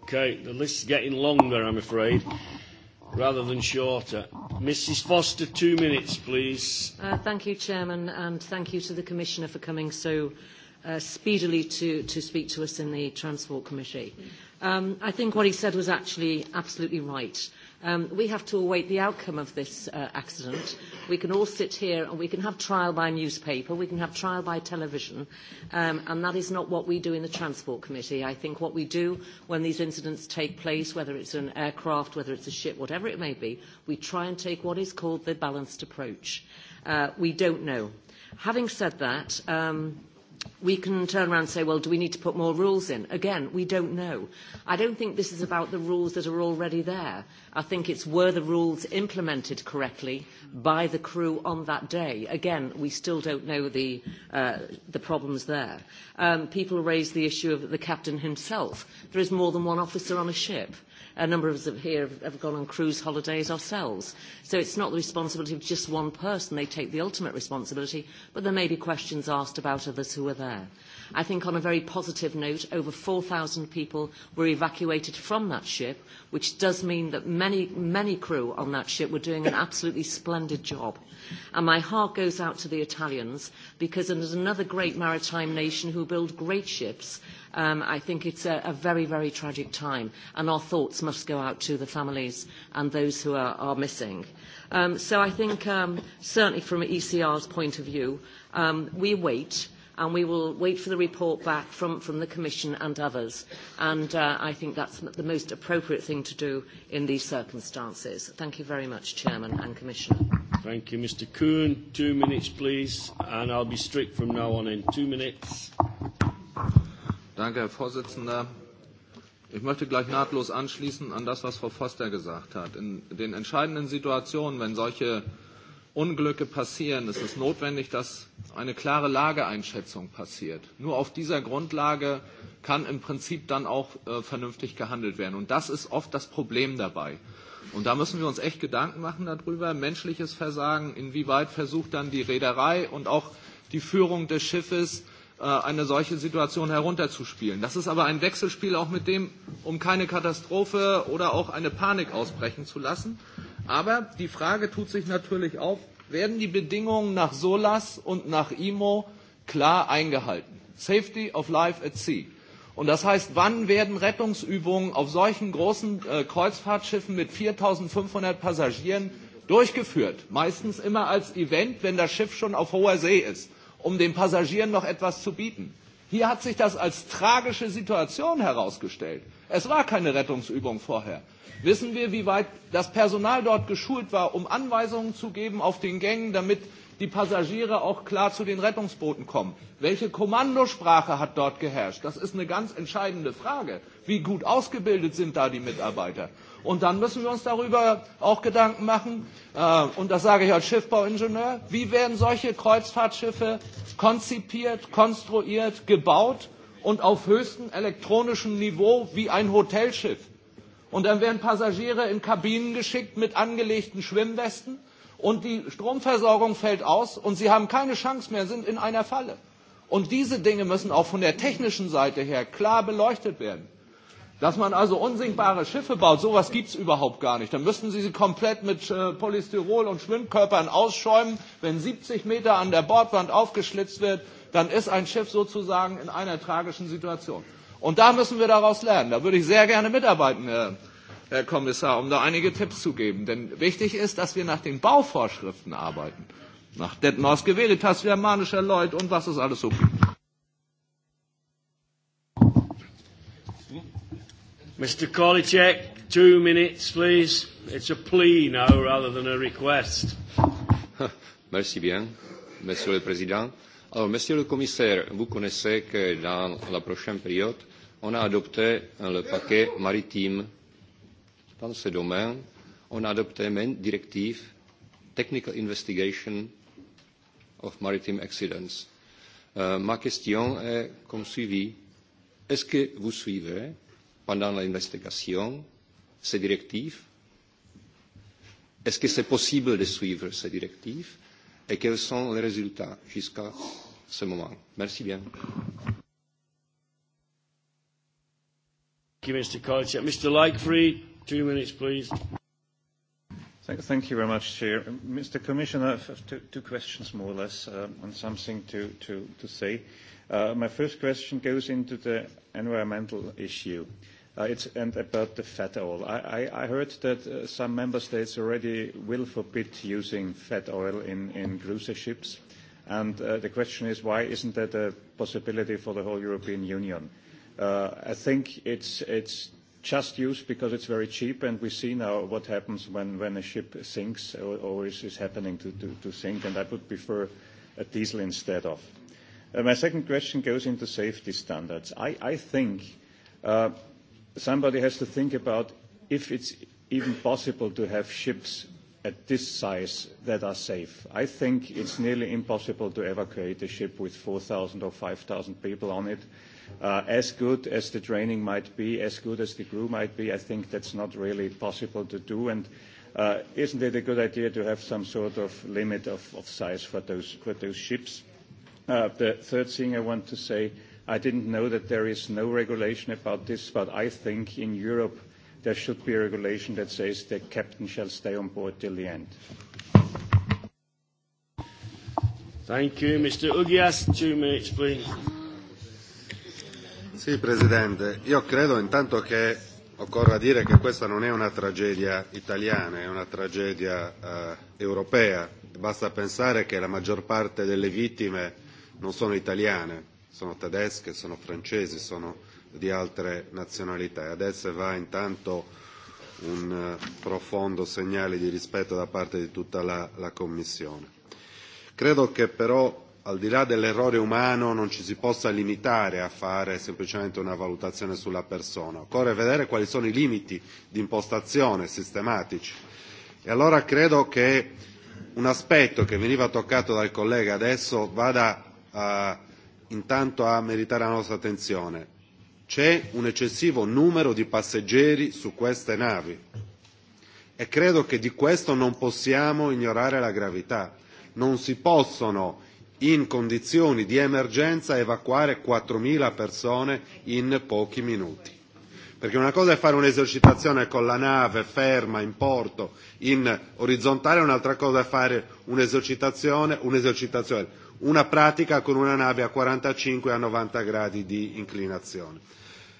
Okay, the list's getting longer, I'm afraid, rather than shorter. Mrs Foster, two minutes, please. Uh, thank you, Chairman, and thank you to the Commissioner for coming so uh, speedily to, to speak to us in the Transport Committee. Um, I think what he said was actually absolutely right. Um, we have to await the outcome of this uh, accident. We can all sit here and we can have trial by newspaper, we can have trial by television, um, and that is not what we do in the Transport Committee. I think what we do when these incidents take place, whether it's an aircraft, whether it's a ship, whatever it may be, we try and take what is called the balanced approach. Uh, we don't know. Having said that, um, we can turn around and say, well, do we need to put more rules in? Again, we don't know. I don't think this is about the rules that are already there. I think it's were the rules implemented correctly by the crew on that day. Again, we still don't know the, uh, the problems there. Um, people raised the issue of the captain himself. There is more than one officer on a ship a number of us here have, have gone on cruise holidays ourselves. So it's not the responsibility of just one person. They take the ultimate responsibility, but there may be questions asked about others who were there. I think on a very positive note, over 4,000 people were evacuated from that ship, which does mean that many, many crew on that ship were doing an absolutely splendid job. And my heart goes out to the Italians because it is another great maritime nation who build great ships Um, I think it's a, a very, very tragic time, and our thoughts must go out to the families and those who are, are missing. Um, so I think, um, certainly from ECR's point of view, um, we wait and we will wait for the report back from, from the Commission and others. And uh, I think that's the most appropriate thing to do in these circumstances. Thank you very much, Chairman and Commissioner. Thank you, Mr Kuhn. Two minutes, please, and I'll be strict from now on in. Two minutes. Danke, Herr Vorsitzender. Ich möchte gleich nahtlos anschließen an das, was Frau Foster gesagt hat. In den entscheidenden Situationen, wenn solche Unglücke passieren, ist es notwendig, dass eine klare Lageeinschätzung passiert. Nur auf dieser Grundlage kann im Prinzip dann auch äh, vernünftig gehandelt werden. Und das ist oft das Problem dabei. Und da müssen wir uns echt Gedanken machen darüber. Menschliches Versagen, inwieweit versucht dann die Reederei und auch die Führung des Schiffes, Äh, eine solche Situation herunterzuspielen. Das ist aber ein Wechselspiel auch mit dem, um keine Katastrophe oder auch eine Panik ausbrechen zu lassen. Aber die Frage tut sich natürlich auf, werden die Bedingungen nach SOLAS und nach IMO klar eingehalten? Safety of Life at Sea. Und das heißt, wann werden Rettungsübungen auf solchen großen äh, Kreuzfahrtschiffen mit 4.500 Passagieren durchgeführt? Meistens immer als Event, wenn das Schiff schon auf hoher See ist um den Passagieren noch etwas zu bieten. Hier hat sich das als tragische Situation herausgestellt. Es war keine Rettungsübung vorher. Wissen wir, wie weit das Personal dort geschult war, um Anweisungen zu geben auf den Gängen, damit die Passagiere auch klar zu den Rettungsbooten kommen. Welche Kommandosprache hat dort geherrscht? Das ist eine ganz entscheidende Frage. Wie gut ausgebildet sind da die Mitarbeiter? Und dann müssen wir uns darüber auch Gedanken machen, äh, und das sage ich als Schiffbauingenieur, wie werden solche Kreuzfahrtschiffe konzipiert, konstruiert, gebaut und auf höchstem elektronischem Niveau wie ein Hotelschiff. Und dann werden Passagiere in Kabinen geschickt mit angelegten Schwimmwesten und die Stromversorgung fällt aus und sie haben keine Chance mehr, sind in einer Falle. Und diese Dinge müssen auch von der technischen Seite her klar beleuchtet werden. Dass man also unsinkbare Schiffe baut, sowas gibt es überhaupt gar nicht. Dann müssten Sie sie komplett mit äh, Polystyrol und Schwimmkörpern ausschäumen. Wenn 70 Meter an der Bordwand aufgeschlitzt wird, dann ist ein Schiff sozusagen in einer tragischen Situation. Und da müssen wir daraus lernen. Da würde ich sehr gerne mitarbeiten, Herr, Herr Kommissar, um da einige Tipps zu geben. Denn wichtig ist, dass wir nach den Bauvorschriften arbeiten. Nach Detmers Veritas, Germanischer Lloyd und was es alles so gibt. Mr. Kolicek, two minutes, please. It's a plea now rather than a request. Merci bien, Monsieur le Président. Alors, Monsieur le Commissaire, vous connaissez que dans la prochaine période, on a adopté le paquet maritime. Dans ce domaine, on a adopté même directive Technical Investigation of Maritime Accidents. Euh, ma question est comme suivit. Est-ce que vous suivez pendant l'investigation, ces directives Est-ce que c'est possible de suivre ces directives et quels sont les résultats jusqu'à ce moment Merci bien. Thank you, Mr. Kolicek. Mr. Lightfried, two minutes, please. Thank, thank you very much, Chair. Mr. Commissioner, I have two, two questions more or less um, and something to, to, to say. Uh, my first question goes into the environmental issue. Uh, Uh, it's, and about the fat oil. I, I, I heard that uh, some member states already will forbid using fat oil in, in cruiser ships. And uh, the question is, why isn't that a possibility for the whole European Union? Uh, I think it's, it's just used because it's very cheap, and we see now what happens when, when a ship sinks or, or is, is happening to, to, to sink, and I would prefer a diesel instead of. Uh, my second question goes into safety standards. I, I think uh, somebody has to think about if it's even possible to have ships at this size that are safe. I think it's nearly impossible to evacuate a ship with 4,000 or 5,000 people on it. Uh, as good as the training might be, as good as the crew might be, I think that's not really possible to do. And uh, isn't it a good idea to have some sort of limit of, of size for those, for those ships? Uh, the third thing I want to say I didn't know that there is no regulation about this, but I think in Europe there should be a regulation that says the captain shall stay on board till the end. Thank you. Mr. Ugias, two minutes, please. Sì, Presidente, io credo intanto che occorra dire che questa non è una tragedia italiana, è una tragedia eh, europea. Basta pensare che la maggior parte delle vittime non sono italiane sono tedesche, sono francesi, sono di altre nazionalità. E adesso va intanto un eh, profondo segnale di rispetto da parte di tutta la, la Commissione. Credo che però al di là dell'errore umano non ci si possa limitare a fare semplicemente una valutazione sulla persona, occorre vedere quali sono i limiti di impostazione sistematici. E allora credo che un aspetto che veniva toccato dal collega adesso vada a intanto a meritare la nostra attenzione. C'è un eccessivo numero di passeggeri su queste navi e credo che di questo non possiamo ignorare la gravità. Non si possono in condizioni di emergenza evacuare 4.000 persone in pochi minuti. Perché una cosa è fare un'esercitazione con la nave ferma in porto in orizzontale, un'altra cosa è fare un'esercitazione, un'esercitazione una pratica con una nave a 45 a 90 gradi di inclinazione.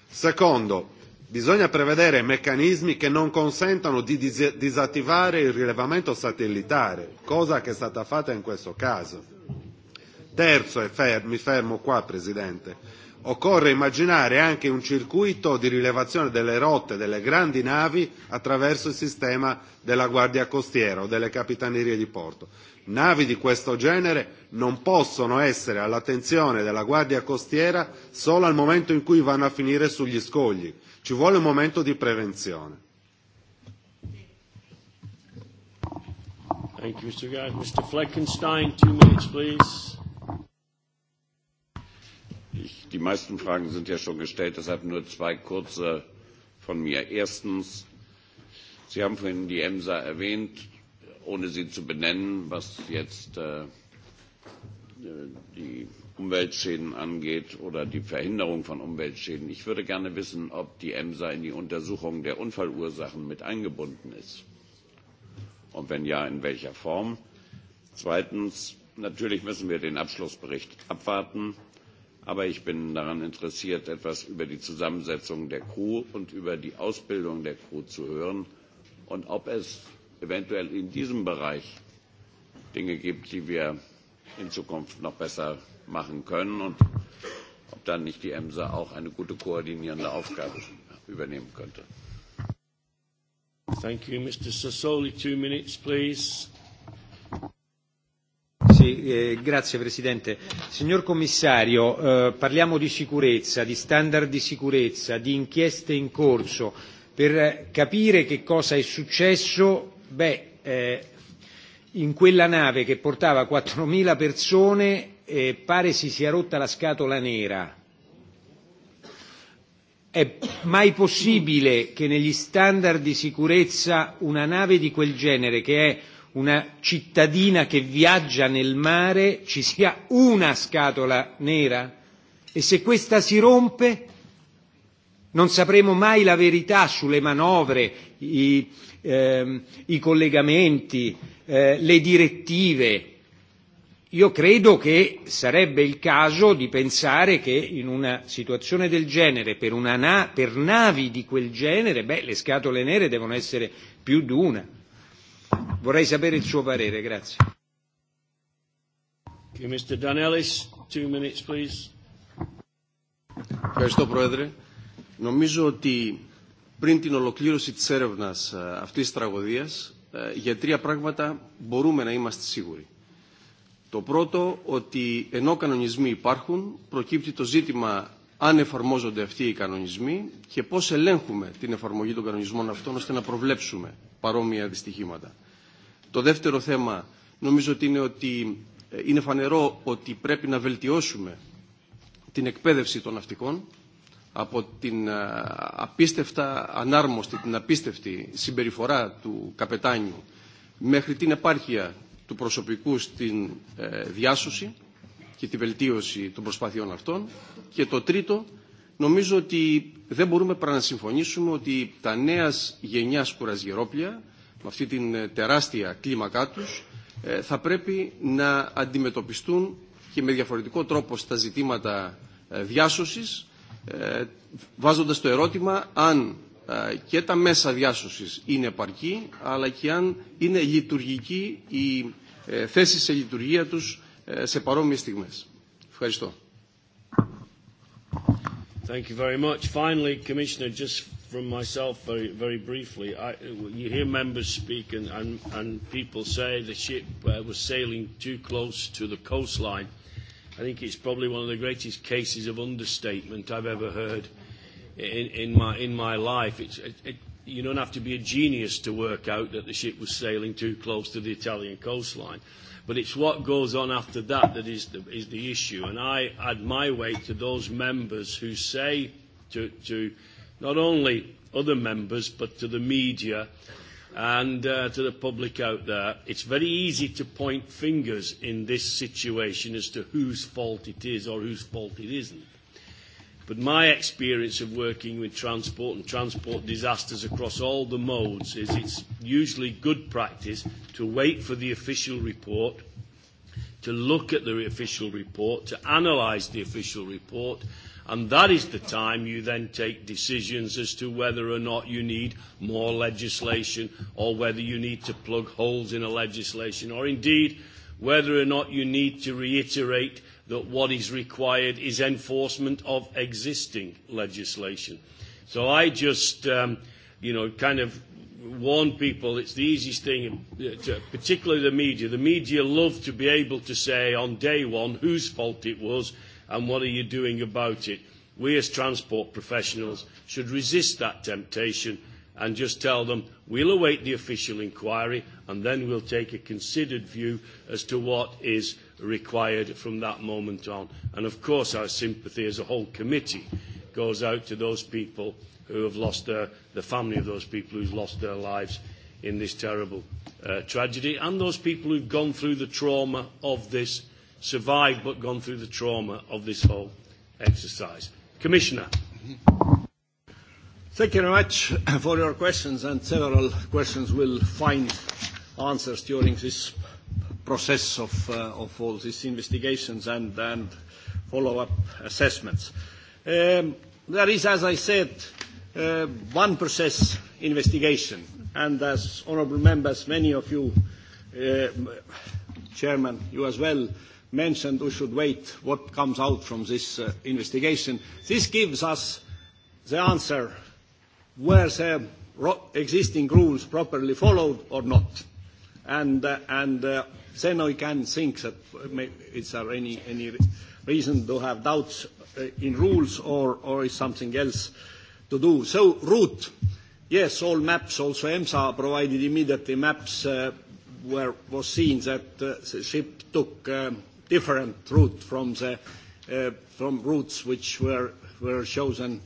Secondo, bisogna prevedere meccanismi che non consentano di dis- disattivare il rilevamento satellitare, cosa che è stata fatta in questo caso. Terzo, e fer- mi fermo qua Presidente, occorre immaginare anche un circuito di rilevazione delle rotte delle grandi navi attraverso il sistema della Guardia Costiera o delle Capitanerie di Porto Navi di questo genere non possono essere all'attenzione della Guardia Costiera solo al momento in cui vanno a finire sugli scogli. Ci vuole un momento di prevenzione. Thank you, Mr. Guy. Mr. Fleckenstein, two minutes, please. Ich, die meisten Fragen sind ja schon gestellt, deshalb nur zwei kurze von mir. Erstens, Sie haben vorhin die EMSA erwähnt ohne sie zu benennen, was jetzt äh, die Umweltschäden angeht oder die Verhinderung von Umweltschäden. Ich würde gerne wissen, ob die EMSA in die Untersuchung der Unfallursachen mit eingebunden ist. Und wenn ja, in welcher Form? Zweitens, natürlich müssen wir den Abschlussbericht abwarten. Aber ich bin daran interessiert, etwas über die Zusammensetzung der Crew und über die Ausbildung der Crew zu hören und ob es eventuell in diesem Bereich Dinge gibt, die wir in Zukunft noch besser machen können und ob dann nicht die EMSA auch eine gute koordinierende Aufgabe übernehmen könnte. Thank you, Mr. Sassoli. Two minutes, please. Sì, eh, grazie Presidente. Signor Commissario, eh, parliamo di sicurezza, di standard di sicurezza, di inchieste in corso per capire che cosa è successo Beh, eh, in quella nave che portava 4.000 persone eh, pare si sia rotta la scatola nera. È mai possibile che negli standard di sicurezza una nave di quel genere, che è una cittadina che viaggia nel mare, ci sia una scatola nera? E se questa si rompe, Non sapremo mai la verità sulle manovre, i, ehm, i collegamenti, eh, le direttive. Io credo che sarebbe il caso di pensare che in una situazione del genere, per, una na- per navi di quel genere, beh, le scatole nere devono essere più di una. Vorrei sapere il suo parere, grazie. Okay, Mr. Danellis, two minutes, please. Ευχαριστώ, Πρόεδρε. Νομίζω ότι πριν την ολοκλήρωση της έρευνας αυτής της τραγωδίας, για τρία πράγματα μπορούμε να είμαστε σίγουροι. Το πρώτο, ότι ενώ κανονισμοί υπάρχουν, προκύπτει το ζήτημα αν εφαρμόζονται αυτοί οι κανονισμοί και πώς ελέγχουμε την εφαρμογή των κανονισμών αυτών ώστε να προβλέψουμε παρόμοια δυστυχήματα. Το δεύτερο θέμα νομίζω ότι είναι ότι είναι φανερό ότι πρέπει να βελτιώσουμε την εκπαίδευση των ναυτικών από την απίστευτα ανάρμοστη, την απίστευτη συμπεριφορά του καπετάνιου μέχρι την επάρκεια του προσωπικού στην ε, διάσωση και τη βελτίωση των προσπάθειών αυτών. Και το τρίτο, νομίζω ότι δεν μπορούμε παρά να συμφωνήσουμε ότι τα νέα γενιά κουραζιερόπλια, με αυτή την τεράστια κλίμακά τους, ε, θα πρέπει να αντιμετωπιστούν και με διαφορετικό τρόπο στα ζητήματα ε, διάσωσης, βάζοντας το ερώτημα αν και τα μέσα διάσωσης είναι επαρκή, αλλά και αν είναι λειτουργική η θέση σε λειτουργία τους σε παρόμοιες στιγμές. Ευχαριστώ. Thank you very much. Finally, Commissioner, just from myself very, very briefly, I, you hear members speak and, and, and people say the ship uh, was sailing too close to the coastline. I think it's probably one of the greatest cases of understatement I've ever heard in, in, my, in my life. It's, it, it, you don't have to be a genius to work out that the ship was sailing too close to the Italian coastline. But it's what goes on after that that is the, is the issue. And I add my weight to those members who say to, to not only other members but to the media and uh, to the public out there, it's very easy to point fingers in this situation as to whose fault it is or whose fault it isn't. But my experience of working with transport and transport disasters across all the modes is it's usually good practice to wait for the official report, to look at the official report, to analyse the official report, And that is the time you then take decisions as to whether or not you need more legislation or whether you need to plug holes in a legislation or indeed whether or not you need to reiterate that what is required is enforcement of existing legislation. So I just, um, you know, kind of warn people it's the easiest thing, uh, to, particularly the media. The media love to be able to say on day one whose fault it was and what are you doing about it? We as transport professionals should resist that temptation and just tell them we'll await the official inquiry and then we'll take a considered view as to what is required from that moment on. And of course our sympathy as a whole committee goes out to those people who have lost their, the family of those people who've lost their lives in this terrible uh, tragedy and those people who've gone through the trauma of this survived but gone through the trauma of this whole exercise. Commissioner. Thank you very much for your questions, and several questions will find answers during this process of, uh, of all these investigations and, and follow-up assessments. Um, there is, as I said, uh, one process investigation, and as honorable members, many of you, uh, Chairman, you as well, mentioned, we should wait what comes out from this uh, investigation. This gives us the answer were the existing rules properly followed or not. And, uh, and uh, then we can think that is there any, any reason to have doubts uh, in rules or, or is something else to do. So route, yes, all maps, also EMSA provided immediately maps uh, where was seen that uh, the ship took um, different route from the uh, from routes which were were chosen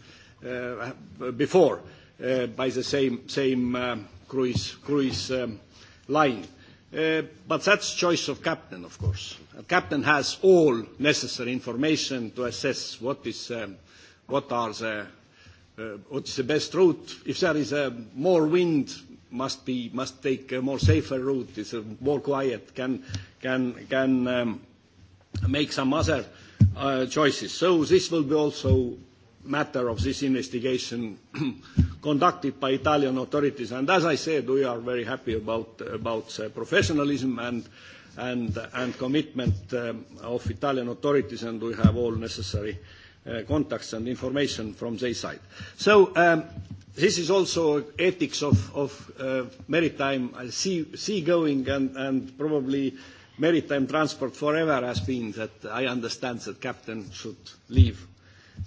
uh, before uh, by the same same um, cruise cruise um, line. Uh, but that's choice of captain, of course. A captain has all necessary information to assess what is um, what are the uh, what is the best route. If there is a um, uh, more wind, must be must take a more safer route. Is a more quiet can can can. Um, make some other uh, choices. So this will be also matter of this investigation conducted by Italian authorities. And as I said, we are very happy about, about uh, professionalism and, and, and commitment um, of Italian authorities, and we have all necessary uh, contacts and information from their side. So um, this is also ethics of, of uh, maritime uh, sea, seagoing and, and probably uh, maritime transport forever has been that I understand that captain should leave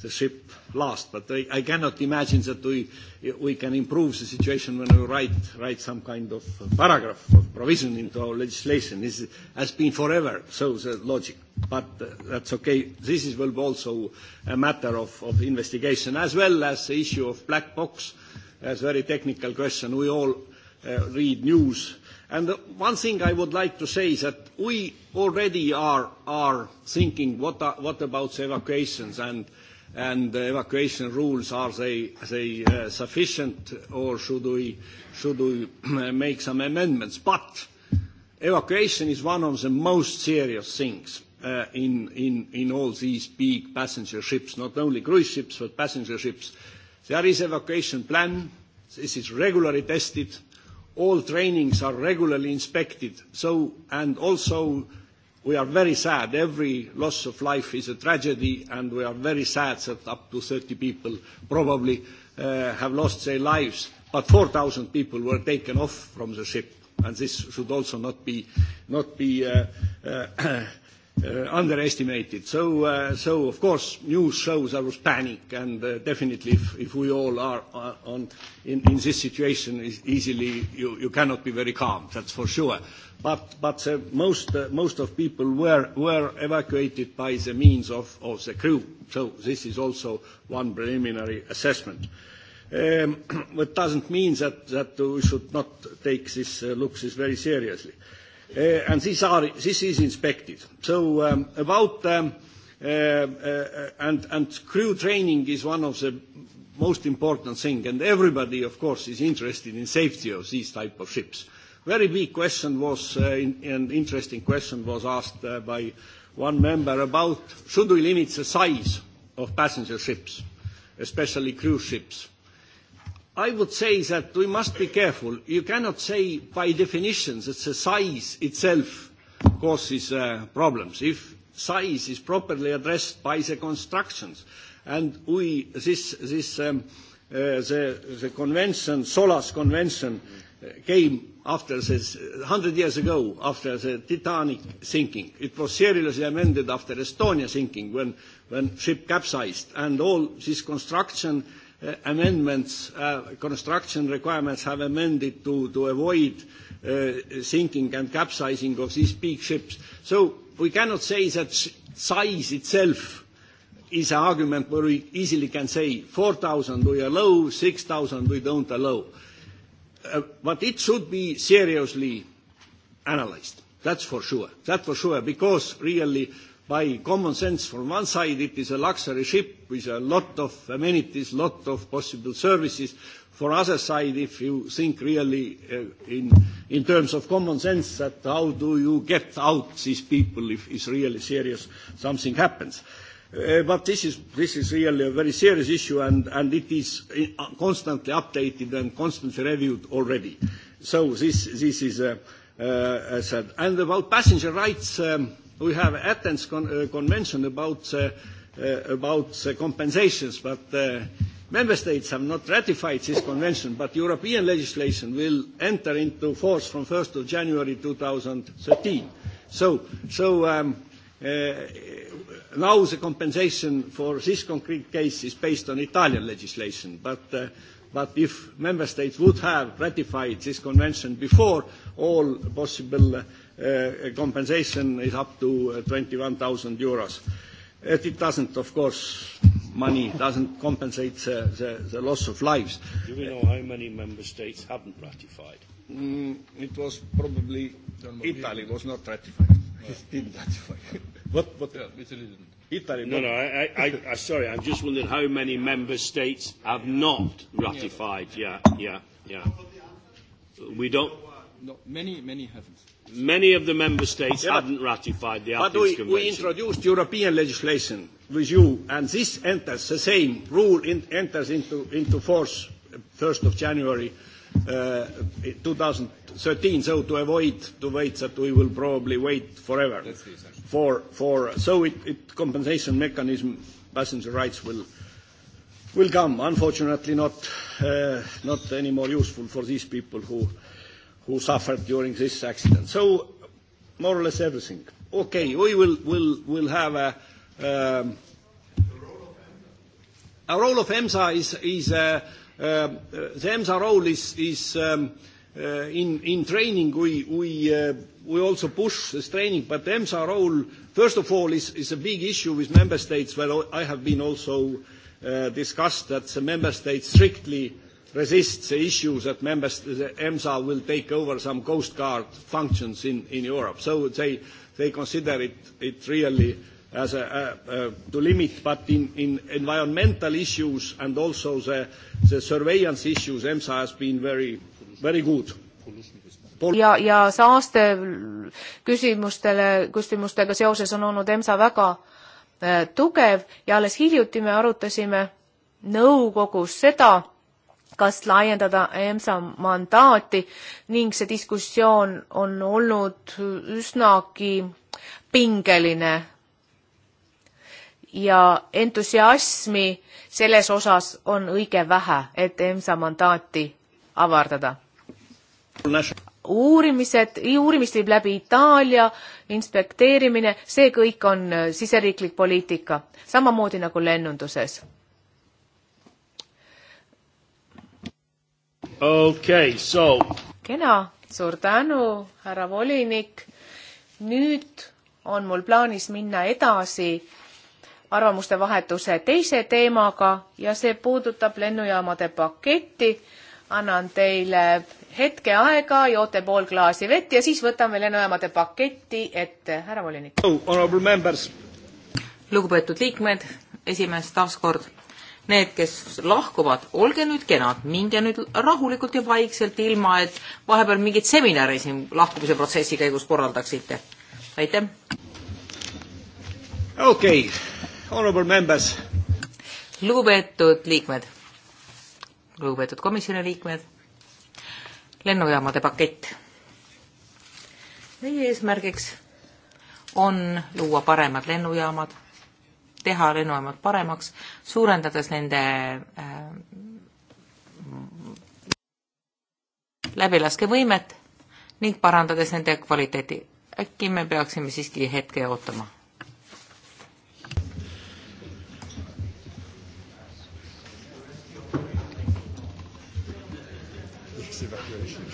the ship last, but I, I cannot imagine that we, we can improve the situation when we write, write some kind of paragraph or provision into our legislation. This has been forever, so the logic. But uh, that's okay. This is well also a matter of, of investigation, as well as the issue of black box, as very technical question. We all uh, read news uh, And one thing I would like to say is that we already are, are thinking what, are, uh, what about evacuations and, and the evacuation rules, are they, they uh, sufficient or should we, should we make some amendments? But evacuation is one of the most serious things uh, in, in, in all these big passenger ships, not only cruise ships, but passenger ships. There is evacuation plan. This is regularly tested all trainings are regularly inspected. So, and also we are very sad. Every loss of life is a tragedy, and we are very sad that up to 30 people probably uh, have lost their lives. But 4,000 people were taken off from the ship, and this should also not be, not be uh, uh, uh, underestimated. So, uh, so of course, news shows there was panic, and uh, definitely, if, if we all are uh, on in, in this situation, is easily you, you cannot be very calm. That's for sure. But but uh, most uh, most of people were were evacuated by the means of, of the crew. So this is also one preliminary assessment. Um, it doesn't mean that, that we should not take this uh, look this very seriously. Uh, uh, and these are this is inspected. So um, about um, uh, uh, and and crew training is one of the most important thing, and everybody, of course, is interested in safety of these type of ships. Very big question was, uh, in, an interesting question was asked uh, by one member about should we limit the size of passenger ships, especially cruise ships. I would say that we must be careful. You cannot say by definition that the size itself causes uh, problems. If size is properly addressed by the constructions, and we, this, this, um, uh, the, the convention, SOLAS convention, uh, came after this, 100 uh, years ago, after the Titanic sinking. It was seriously amended after Estonia sinking, when, when ship capsized, and all this construction uh, uh, amendments, uh, construction requirements have amended to, to avoid uh, sinking and capsizing of these big ships. So we cannot say that size itself is an argument where we easily can say 4,000 we allow, 6,000 we don't allow. Uh, but it should be seriously analyzed. That's for sure. That's for sure, because really by common sense from one side it is a luxury ship with a lot of amenities, lot of possible services. For other side, if you think really uh, in, in terms of common sense that how do you get out these people if it's really serious something happens. Uh, but this is, this is really a very serious issue and, and it is uh, constantly updated and constantly reviewed already. So this, this is a, uh, uh, said. And about passenger rights, um, We have Athens con- uh, Convention about, uh, uh, about uh, compensations, but uh, Member States have not ratified this convention, but European legislation will enter into force from 1st of January 2013. So, so um, uh, now the compensation for this concrete case is based on Italian legislation, but uh, But if member states would have ratified this convention before, all possible uh, uh, compensation is up to uh, 21,000 euros. It doesn't, of course, money doesn't compensate the, uh, the, the loss of lives. Do we know how many member states haven't ratified? Mm, it was probably Italy was not ratified. Right. It didn't ratify. what? What? Yeah, uh, Italy didn't. Italy. No, no, I, I, I, sorry, I'm just wondering how many member states have not ratified. Yeah, yeah, yeah. We don't. No, many, many haven't. Many of the member states yeah, haven't ratified the Athens but we, Convention. we introduced European legislation with you, and this enters the same rule in, enters into, into force 1st of January 2015 2013. Uh, so to avoid to wait that we will probably wait forever for. for so it, it compensation mechanism, passenger rights will will come. Unfortunately, not uh, not any more useful for these people who who suffered during this accident. So more or less everything. Okay, we will will will have a. Um, a role of EMSA is, is uh, um, the EMSA role is, is um, uh, in, in training. We, we, uh, we also push this training, but the EMSA role, first of all, is, is a big issue with member states where I have been also uh, discussed that the member states strictly resist the issue that member the EMSA will take over some coast guard functions in, in Europe. So they, they consider it, it really uh, as a, a, a, to limit, but in, in environmental issues and also the, the surveillance issues, EMSA has been very, very good. ja, ja saaste küsimustele, küsimustega seoses on olnud EMSA väga äh, tugev ja alles hiljuti me arutasime nõukogus seda, kas laiendada EMSA mandaati ning see diskussioon on olnud üsnagi pingeline ja entusiasmi selles osas on õige vähe, et EMSA mandaati avardada. uurimised, uurimist viib läbi Itaalia, inspekteerimine, see kõik on äh, siseriiklik poliitika, samamoodi nagu lennunduses. okei okay,, so. kena, suur tänu, härra volinik. nüüd on mul plaanis minna edasi arvamuste vahetuse teise teemaga ja see puudutab lennujaamade paketti. annan teile hetke aega, joote pool klaasi vett ja siis võtame lennujaamade paketi ette. härra volinik oh,. lugupeetud liikmed, esimees taaskord. Need, kes lahkuvad, olge nüüd kenad, minge nüüd rahulikult ja vaikselt, ilma et vahepeal mingit seminari siin lahkumise protsessi käigus korraldaksite. aitäh! okei okay., Honorable members. lugupeetud liikmed, lugupeetud komisjoni liikmed, lennujaamade pakett. meie eesmärgiks on luua paremad lennujaamad, teha lennujaamad paremaks, suurendades nende äh, läbilaskevõimet ning parandades nende kvaliteeti. äkki me peaksime siiski hetke ootama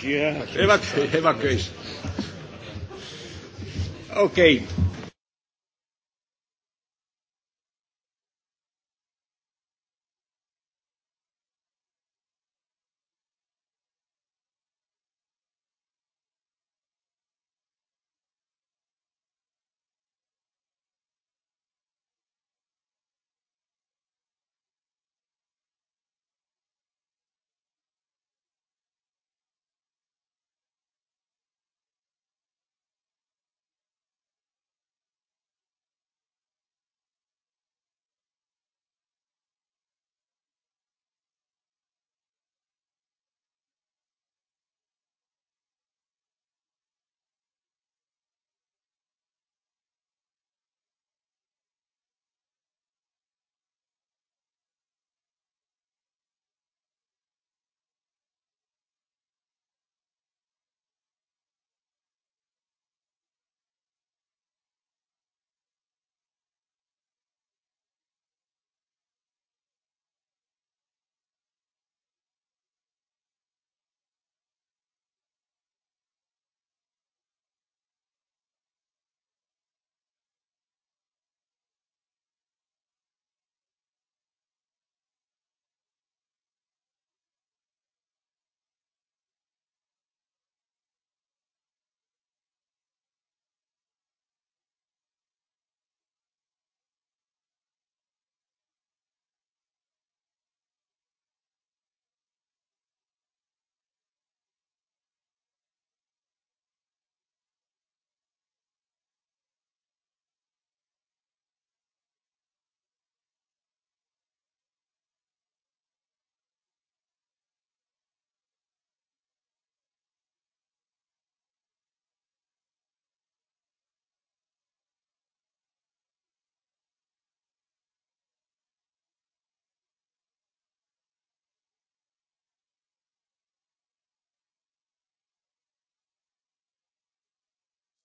Yeah, evacuation. Okay.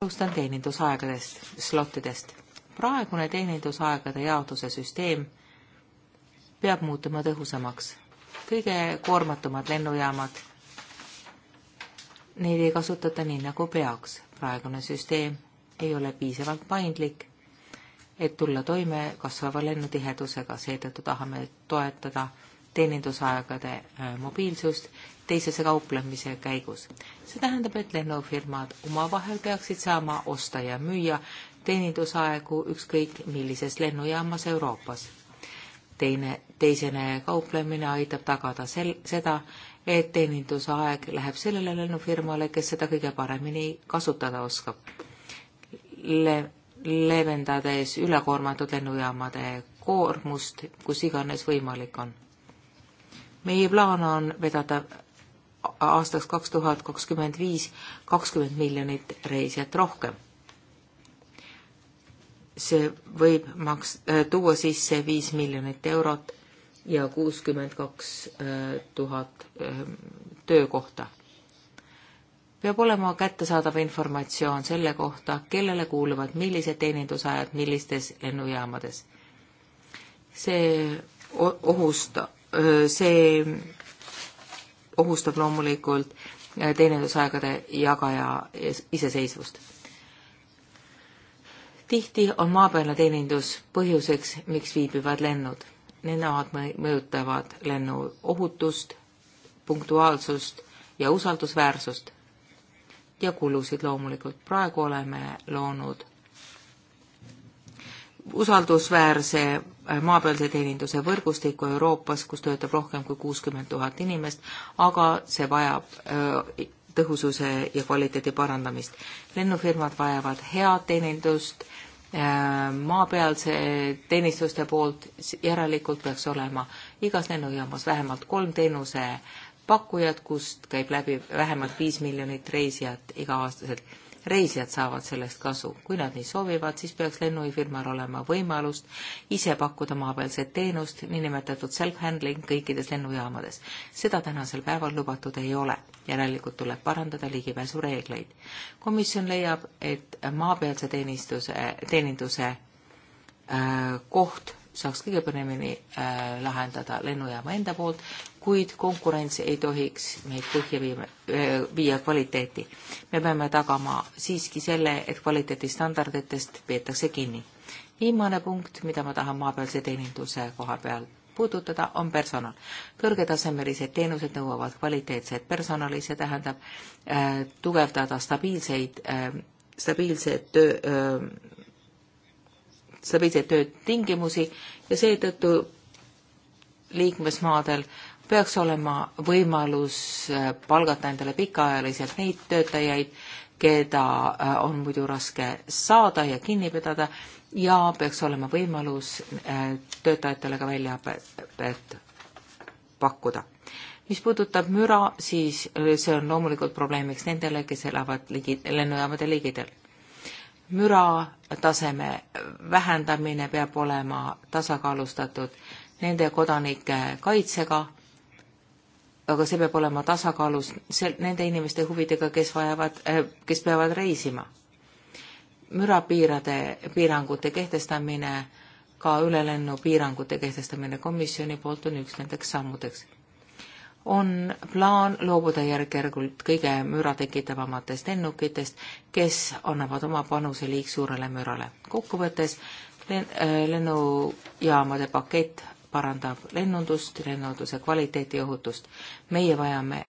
alustan teenindusaegadest, slottidest. praegune teenindusaegade jaotuse süsteem peab muutuma tõhusamaks. kõige koormatumad lennujaamad, neid ei kasutata nii, nagu peaks. praegune süsteem ei ole piisavalt paindlik, et tulla toime kasvava lennutihedusega, seetõttu tahame toetada teenindusaegade äh, mobiilsust teisese kauplemise käigus. see tähendab, et lennufirmad omavahel peaksid saama osta ja müüa teenindusaegu ükskõik millises lennujaamas Euroopas. teine, teisene kauplemine aitab tagada sel-, seda, et teenindusaeg läheb sellele lennufirmale, kes seda kõige paremini kasutada oskab Le. leevendades ülekoormatud lennujaamade koormust, kus iganes võimalik on meie plaan on vedada aastaks kaks tuhat kakskümmend viis kakskümmend miljonit reisijat rohkem. see võib maks-, äh, tuua sisse viis miljonit eurot ja kuuskümmend kaks äh, tuhat äh, töökohta. peab olema kättesaadav informatsioon selle kohta, kellele kuuluvad millised teenindusajad millistes lennujaamades. see ohustab see ohustab loomulikult äh, teenindusaegade jagaja iseseisvust. tihti on maapealne teenindus põhjuseks, miks viibivad lennud. Nemad mõjutavad lennu ohutust, punktuaalsust ja usaldusväärsust ja kulusid loomulikult. praegu oleme loonud usaldusväärse äh, maapealse teeninduse võrgustiku Euroopas, kus töötab rohkem kui kuuskümmend tuhat inimest, aga see vajab äh, tõhususe ja kvaliteedi parandamist. lennufirmad vajavad head teenindust äh, maapealse teenistuste poolt, järelikult peaks olema igas lennujaamas vähemalt kolm teenusepakkujat, kust käib läbi vähemalt viis miljonit reisijat iga-aastaselt reisijad saavad sellest kasu. kui nad nii soovivad, siis peaks lennufirmal olema võimalust ise pakkuda maapealset teenust, niinimetatud self-handling kõikides lennujaamades. seda tänasel päeval lubatud ei ole, järelikult tuleb parandada ligipääsureegleid. komisjon leiab, et maapealse teenistuse, teeninduse äh, koht saaks kõige paremini äh, lahendada lennujaama enda poolt, kuid konkurents ei tohiks meid põhja viima, äh, viia kvaliteeti. me peame tagama siiski selle, et kvaliteedistandarditest peetakse kinni. viimane punkt, mida ma tahan maapealse teeninduse koha peal puudutada, on personal. kõrgetasemelised teenused nõuavad kvaliteetset personali, see tähendab äh, tugevdada stabiilseid äh,, stabiilset töö äh,, stabiilseid töötingimusi ja seetõttu liikmesmaadel äh, peaks olema võimalus äh, palgata endale pikaajaliselt neid töötajaid, keda äh, on muidu raske saada ja kinni pidada ja peaks olema võimalus äh, töötajatele ka väljaõpet pakkuda. mis puudutab müra, siis see on loomulikult probleemiks nendele, kes elavad ligi, lennujaamade ligidal müra taseme vähendamine peab olema tasakaalustatud nende kodanike kaitsega, aga see peab olema tasakaalus sel-, nende inimeste huvidega, kes vajavad, eh, kes peavad reisima. mürapiirade, piirangute kehtestamine, ka ülelennupiirangute kehtestamine komisjoni poolt on üks nendeks sammudeks. on plaan loobuda järk-järgult kõige müra tekitavamatest lennukitest, kes annavad oma panuse liigsuurele mürale. kokkuvõttes eh, lennujaamade pakett parandab lennundust, lennunduse kvaliteeti ja ohutust. meie vajame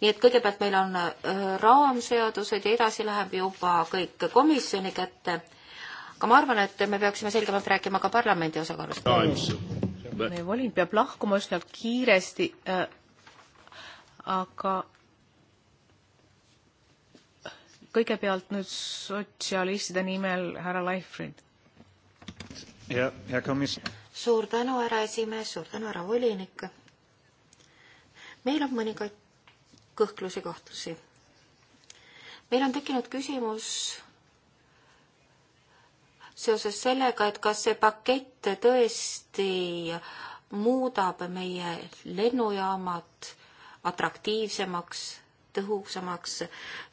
nii et kõigepealt meil on äh, raamseadused ja edasi läheb juba kõik komisjoni kätte. aga ma arvan, et me peaksime selgemalt rääkima ka parlamendi osakaalust. meie volin peab lahkuma üsna kiiresti äh,, aga kõigepealt nüüd sotsialistide nimel härra Leifrid. ja, ja komis-. suur tänu, härra esimees, suur tänu, härra volinik. meil on mõningaid kõhklusi, kahtlusi. meil on tekkinud küsimus seoses sellega, et kas see pakett tõesti muudab meie lennujaamad atraktiivsemaks tõhusamaks.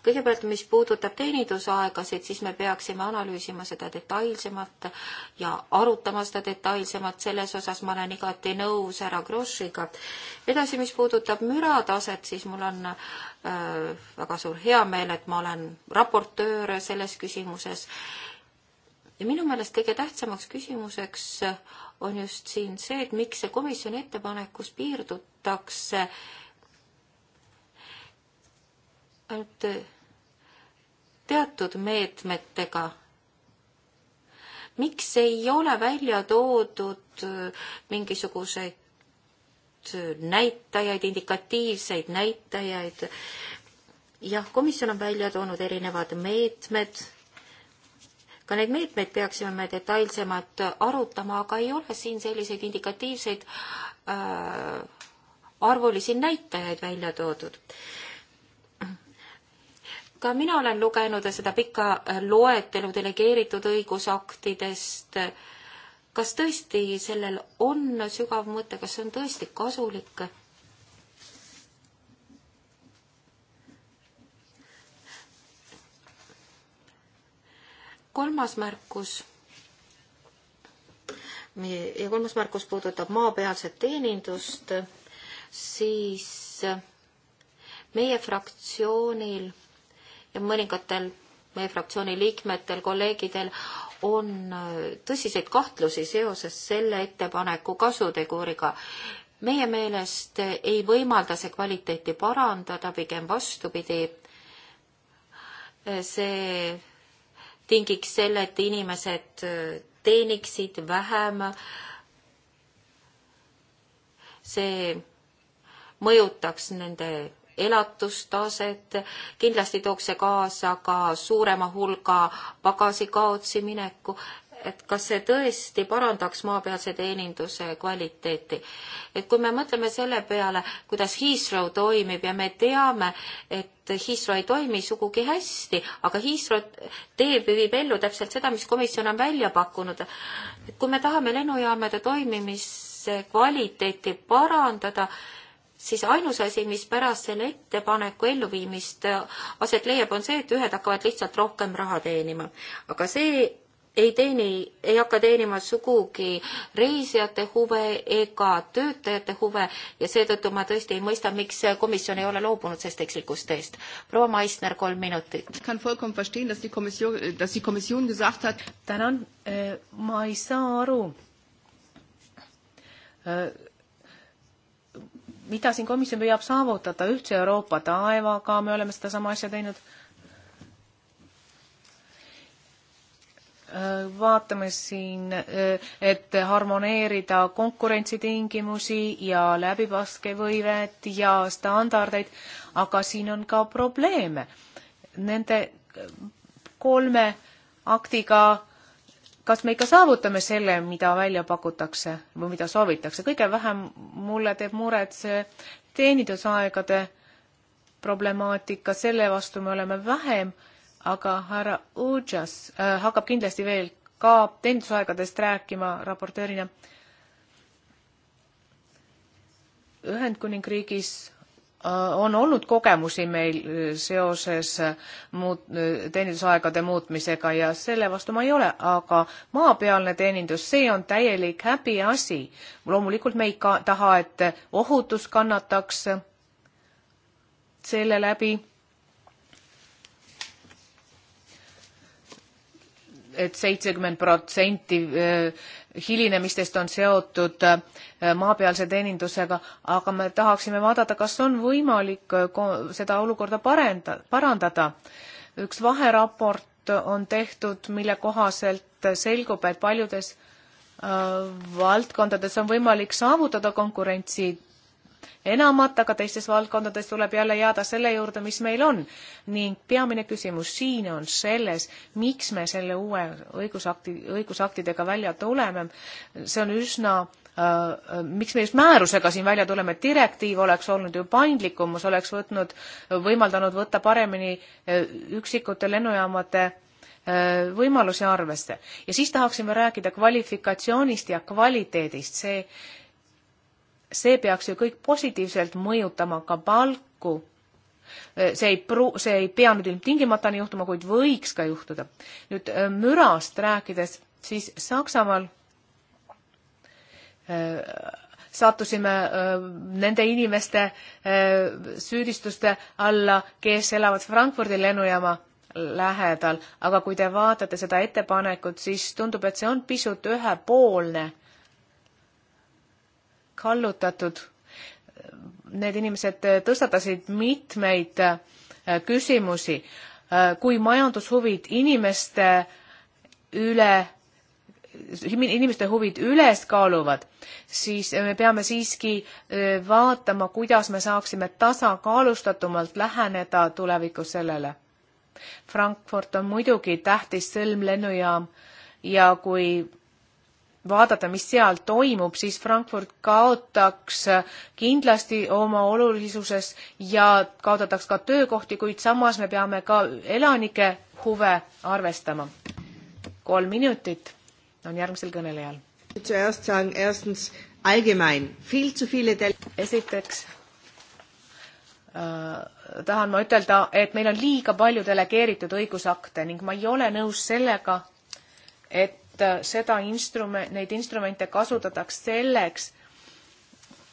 kõigepealt, mis puudutab teenindusaegasid, siis me peaksime analüüsima seda detailsemalt ja arutama seda detailsemalt, selles osas ma olen igati nõus härra Groschiga. edasi, mis puudutab mürataset, siis mul on äh, väga suur heameel, et ma olen raportöör selles küsimuses ja minu meelest kõige tähtsamaks küsimuseks on just siin see, et miks see komisjoni ettepanekus piirdutakse äh, ainult teatud meetmetega. miks ei ole välja toodud äh, mingisuguseid äh, näitajaid, indikatiivseid näitajaid? jah, komisjon on välja toonud erinevad meetmed, ka neid meetmeid peaksime me detailsemalt arutama, aga ei ole siin selliseid indikatiivseid äh, arvulisi näitajaid välja toodud äh, ka mina olen lugenud seda pikka äh, loetelu delegeeritud õigusaktidest. kas tõesti sellel on sügav mõte, kas see on tõesti kasulik? kolmas märkus ja kolmas märkus puudutab maapealset teenindust, siis äh, meie fraktsioonil ja mõningatel meie fraktsiooni liikmetel, kolleegidel on äh, tõsiseid kahtlusi seoses selle ettepaneku kasuteguriga. meie meelest ei võimalda see kvaliteeti parandada, pigem vastupidi. Äh, see tingiks selle, et inimesed äh, teeniksid vähem. see mõjutaks nende elatustaset, kindlasti tooks see kaasa ka suurema hulga pagasi kaotsi mineku, et kas see tõesti parandaks maapealse teeninduse kvaliteeti. et kui me mõtleme selle peale, kuidas Heathrow toimib ja me teame, et Heathrow ei toimi sugugi hästi, aga Heathrow teeb ja viib ellu täpselt seda, mis komisjon on välja pakkunud. kui me tahame lennujaamade toimimise kvaliteeti parandada, siis ainus asi, mis pärast selle ettepaneku elluviimist äh, aset leiab, on see, et ühed hakkavad lihtsalt rohkem raha teenima. aga see ei teeni, ei hakka teenima sugugi reisijate huve ega töötajate huve ja seetõttu ma tõesti ei mõista, miks komisjon ei ole loobunud sellest ekslikust teest. proua Maisner, kolm minutit. tänan, äh, ma ei saa aru äh, mida siin komisjon püüab saavutada ühtse Euroopa taevaga, me oleme sedasama asja teinud. vaatame siin, et harmoneerida konkurentsitingimusi ja läbipaskevõivet ja standardeid, aga siin on ka probleeme. Nende kolme aktiga kas me ikka saavutame selle, mida välja pakutakse või mida soovitakse, kõige vähem mulle teeb muret see teenindusaegade problemaatika, selle vastu me oleme vähem, aga härra Udžas äh, hakkab kindlasti veel ka teenindusaegadest rääkima raportöörina. Ühendkuningriigis Äh, on olnud kogemusi meil äh, seoses äh, muut-, teenindusaegade muutmisega ja selle vastu ma ei ole, aga maapealne teenindus, see on täielik häbiasi. loomulikult me ei ka-, taha, et ohutus kannataks selle läbi et seitsekümmend protsenti äh, hilinemistest on seotud äh, maapealse teenindusega, aga me tahaksime vaadata, kas on võimalik äh, seda olukorda parenda, parandada. üks vaheraport on tehtud, mille kohaselt selgub, et paljudes valdkondades on võimalik saavutada konkurentsi enamat, aga teistes valdkondades tuleb jälle jääda selle juurde, mis meil on. ning peamine küsimus siin on selles, miks me selle uue õigusakti, õigusaktidega välja tuleme. see on üsna äh, miks me just määrusega siin välja tuleme, direktiiv oleks olnud ju paindlikum, see oleks võtnud, võimaldanud võtta paremini äh, üksikute lennujaamade äh, võimalusi arvesse. ja siis tahaksime rääkida kvalifikatsioonist ja kvaliteedist, see see peaks ju kõik positiivselt mõjutama ka palku. Äh, see ei pru-, see ei pea nüüd ilmtingimata nii juhtuma, kuid võiks ka juhtuda. nüüd äh, mürast rääkides, siis Saksamaal äh, sattusime nende inimeste süüdistuste alla, kes elavad Frankfurdi lennujaama lähedal, aga kui te vaatate seda ettepanekut, siis tundub, et see on pisut ühepoolne kallutatud. Need inimesed äh, tõstatasid mitmeid äh, küsimusi, äh, kui majandushuvid inimeste üle, inimeste huvid üles kaaluvad, siis me peame siiski vaatama, kuidas me saaksime tasakaalustatumalt läheneda tulevikus sellele. Frankfurt on muidugi tähtis sõlmlennujaam ja kui vaadata, mis seal toimub, siis Frankfurt kaotaks kindlasti oma olulisuses ja kaotataks ka töökohti, kuid samas me peame ka elanike huve arvestama. kolm minutit on järgmisel kõnelejal. esiteks äh, tahan ma ütelda, et meil on liiga palju delegeeritud õigusakte ning ma ei ole nõus sellega, et Äh, seda instrument, neid instrumente kasutataks selleks,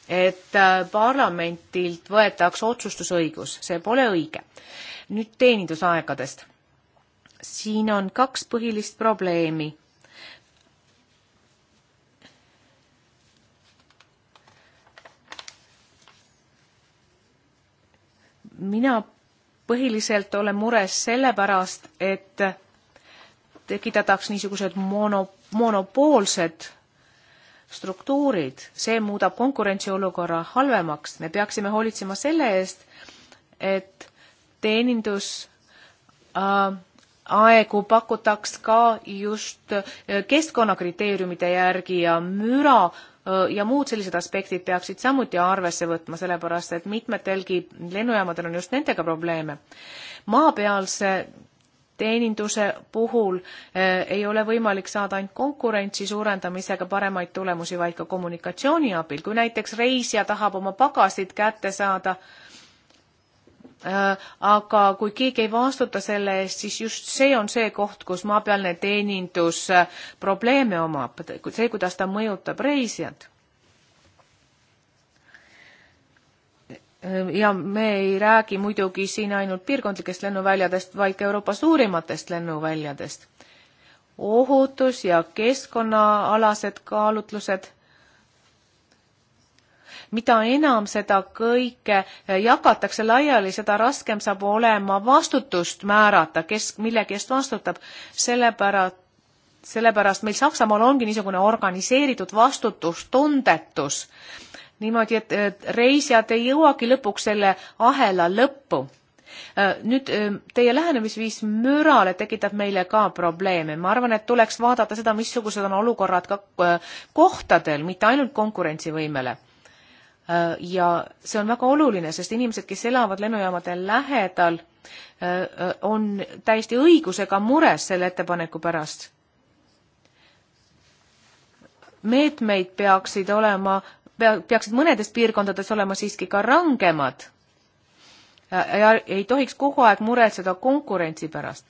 et äh, parlamentilt võetaks otsustusõigus, see pole õige. nüüd teenindusaegadest. siin on kaks põhilist probleemi. mina põhiliselt olen mures sellepärast, et tekitataks niisugused mono, monopoolsed struktuurid, see muudab konkurentsiolukorra halvemaks. me peaksime hoolitsema selle eest, et teenindus äh, aegu pakutaks ka just äh, keskkonnakriteeriumide järgi ja müra äh, ja muud sellised aspektid peaksid samuti arvesse võtma, sellepärast et mitmetelgi lennujaamadel on just nendega probleeme. maapealse teeninduse puhul eh, ei ole võimalik saada ainult konkurentsi suurendamisega paremaid tulemusi, vaid ka kommunikatsiooni abil. kui näiteks reisija tahab oma pagasid kätte saada, eh, aga kui keegi ei vastuta selle eest, siis just see on see koht, kus maapealne teenindus eh, probleeme omab, see, kuidas ta mõjutab reisijat ja me ei räägi muidugi siin ainult piirkondlikest lennuväljadest, vaid ka Euroopa suurimatest lennuväljadest. ohutus ja keskkonnaalased kaalutlused. mida enam seda kõike jagatakse laiali, seda raskem saab olema vastutust määrata, kes millegi eest vastutab, sellepärast sellepärast meil Saksamaal ongi niisugune organiseeritud vastutustundetus niimoodi, et reisijad ei jõuagi lõpuks selle ahela lõppu. Äh, nüüd äh, teie lähenemisviis mürale tekitab meile ka probleeme. ma arvan, et tuleks vaadata seda, missugused on olukorrad ka äh, kohtadel, mitte ainult konkurentsivõimele ja see on väga oluline, sest inimesed, kes elavad lennujaamade lähedal, on täiesti õigusega mures selle ettepaneku pärast. meetmeid peaksid olema peaksid mõnedes piirkondades olema siiski ka rangemad ja ei tohiks kogu aeg muretseda konkurentsi pärast.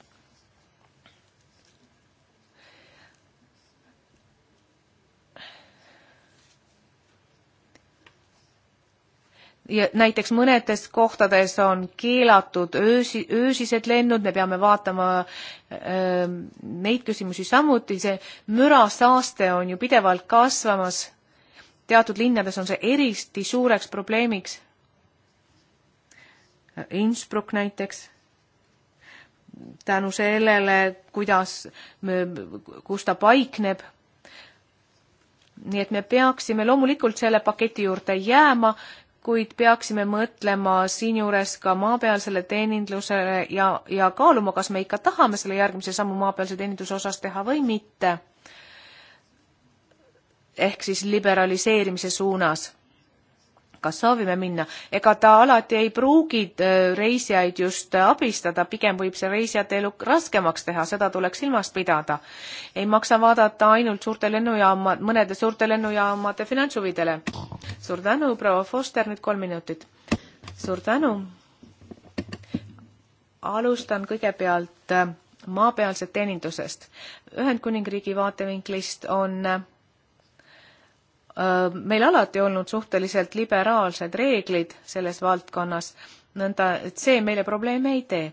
ja näiteks mõnedes kohtades on keelatud öösi, öösised lennud, me peame vaatama öö, ähm, neid küsimusi samuti, see mürasaaste on ju pidevalt kasvamas teatud linnades on see eriti suureks probleemiks. Innsbruck näiteks, tänu sellele, kuidas, kus ta paikneb. nii et me peaksime loomulikult selle paketi juurde jääma, kuid peaksime mõtlema siinjuures ka maapealsele teenindlusele ja, ja kaaluma, kas me ikka tahame selle järgmise sammu maapealse teeninduse osas teha või mitte ehk siis liberaliseerimise suunas kas soovime minna, ega ta alati ei pruugi äh, reisijaid just abistada, pigem võib see reisijate elu raskemaks teha, seda tuleks silmas pidada. ei maksa vaadata ainult suurte lennujaama, mõnede suurte lennujaamade finantshuvidele. suur tänu, proua Foster, nüüd kolm minutit. suur tänu. alustan kõigepealt äh, maapealset teenindusest. Ühendkuningriigi vaatevinklist on äh, Äh, meil alati olnud suhteliselt liberaalsed reeglid selles valdkonnas, nõnda et see meile probleeme ei tee.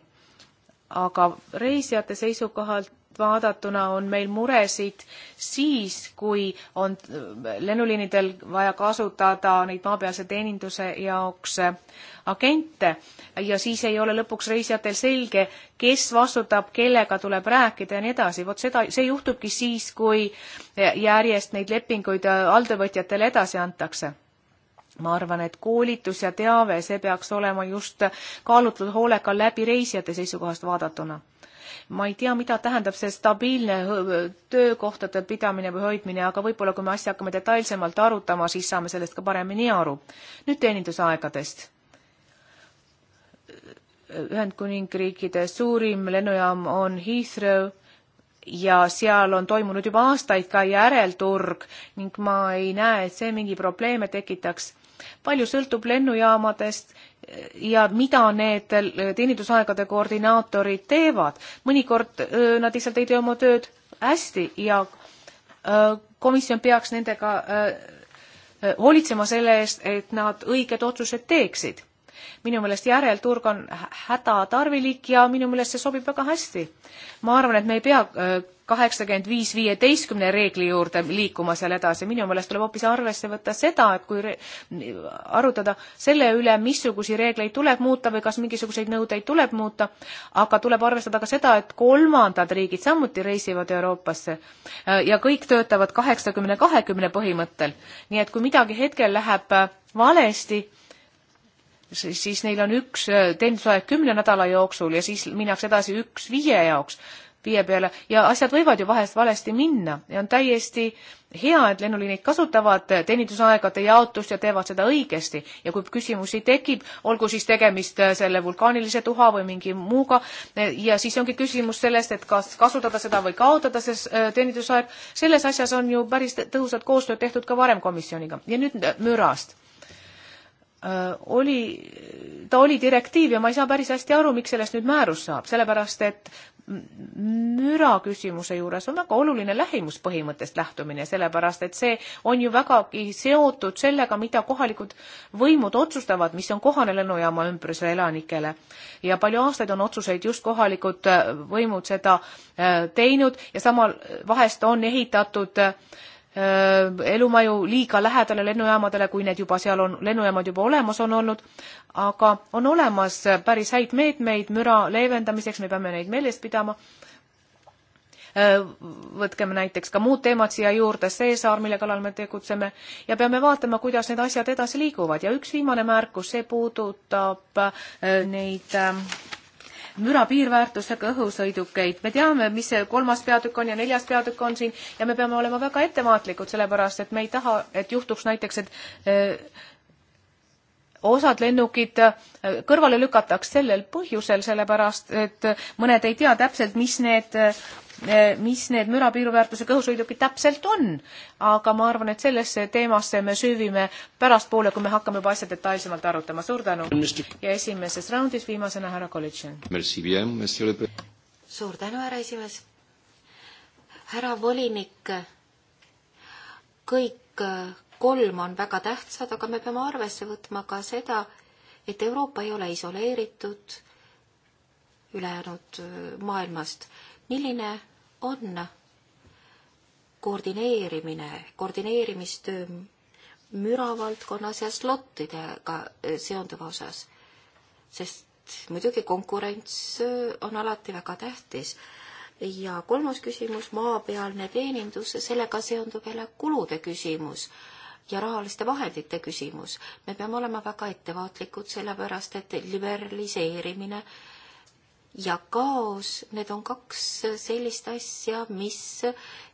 aga reisijate seisukohalt poolt vaadatuna on meil muresid siis, kui on äh, lennuliinidel vaja kasutada neid maapealse teeninduse jaoks äh, agente ja siis ei ole lõpuks reisijatel selge, kes vastutab, kellega tuleb rääkida ja nii edasi. vot seda, see juhtubki siis, kui äh, järjest neid lepinguid alltöövõtjatele edasi antakse ma arvan, et koolitus ja teave, see peaks olema just kaalutud hoolekal läbi reisijate seisukohast vaadatuna ma ei tea, mida tähendab see stabiilne töökohtade pidamine või hoidmine, aga võib-olla kui me asja hakkame detailsemalt arutama, siis saame sellest ka paremini aru. nüüd teenindusaegadest. Ühendkuningriikide suurim lennujaam on Heathrow ja seal on toimunud juba aastaid ka järelturg ning ma ei näe, et see mingi probleeme tekitaks. palju sõltub lennujaamadest ja mida need teenindusaegade koordinaatorid teevad. mõnikord nad lihtsalt ei tee oma tööd hästi ja komisjon peaks nendega hoolitsema selle eest, et nad õiged otsused teeksid minu meelest järelturg on hädatarvilik ja minu meelest see sobib väga hästi. ma arvan, et me ei pea kaheksakümmend viis viieteistkümne reegli juurde liikuma seal edasi, minu meelest tuleb hoopis arvesse võtta seda, et kui arutada selle üle, missuguseid reegleid tuleb muuta või kas mingisuguseid nõudeid tuleb muuta, aga tuleb arvestada ka seda, et kolmandad riigid samuti reisivad Euroopasse ja kõik töötavad kaheksakümne kahekümne põhimõttel. nii et kui midagi hetkel läheb valesti, siis neil on üks äh, teenindusaeg kümne nädala jooksul ja siis minnakse edasi üks viie jaoks, viie peale ja asjad võivad ju vahest valesti minna ja on täiesti hea, et lennuliinid kasutavad äh, teenindusaegade jaotust ja teevad seda õigesti ja kui küsimusi tekib, olgu siis tegemist äh, selle vulkaanilise tuha või mingi muuga ja siis ongi küsimus sellest, et kas kasutada seda või kaotada see teenindusaeg, selles asjas on ju päris tõhusat koostööd tehtud ka varem komisjoniga ja nüüd mürast Äh, oli, ta oli direktiiv ja ma ei saa päris hästi aru, miks sellest nüüd määrus saab, sellepärast et müra küsimuse juures on väga oluline lähimuspõhimõttest lähtumine, sellepärast et see on ju vägagi seotud sellega, mida kohalikud võimud otsustavad, mis on kohane lennujaama ümbruse elanikele. ja palju aastaid on otsuseid just kohalikud äh, võimud seda äh, teinud ja samal, vahest on ehitatud äh, Äh, elumaju liiga lähedale lennujaamadele, kui need juba seal on, lennujaamad juba olemas on olnud, aga on olemas päris häid meetmeid müra leevendamiseks, me peame neid meeles pidama. Äh, võtkem näiteks ka muud teemad siia juurde, Seesaar, mille kallal me tegutseme ja peame vaatama, kuidas need asjad edasi liiguvad ja üks viimane märkus, see puudutab äh, neid äh, müra piirväärtusega õhusõidukeid. me teame, mis see kolmas peatükk on ja neljas peatükk on siin ja me peame olema väga ettevaatlikud, sellepärast et me ei taha, et juhtuks näiteks, et äh, osad lennukid äh, kõrvale lükatakse sellel põhjusel, sellepärast et mõned ei tea täpselt, mis need äh, Eh, mis need mürapiiruväärtusega õhusõidukid täpselt on. aga ma arvan, et sellesse teemasse me süüvime pärastpoole, kui me hakkame juba asja detailsemalt arutama. suur tänu. ja esimeses raundis viimasena härra Kolitšen. suur tänu, härra esimees. härra volinik, kõik kolm on väga tähtsad, aga me peame arvesse võtma ka seda, et Euroopa ei ole isoleeritud ülejäänud äh, maailmast. milline on koordineerimine, koordineerimistöö müravaldkonnas ja slottidega äh, seonduva osas. sest muidugi konkurents äh, on alati väga tähtis. ja kolmas küsimus, maapealne teenindus, sellega seondub jälle kulude küsimus ja rahaliste vahendite küsimus. me peame olema väga ettevaatlikud, sellepärast et liberaliseerimine äh, ja kaos, need on kaks sellist asja, mis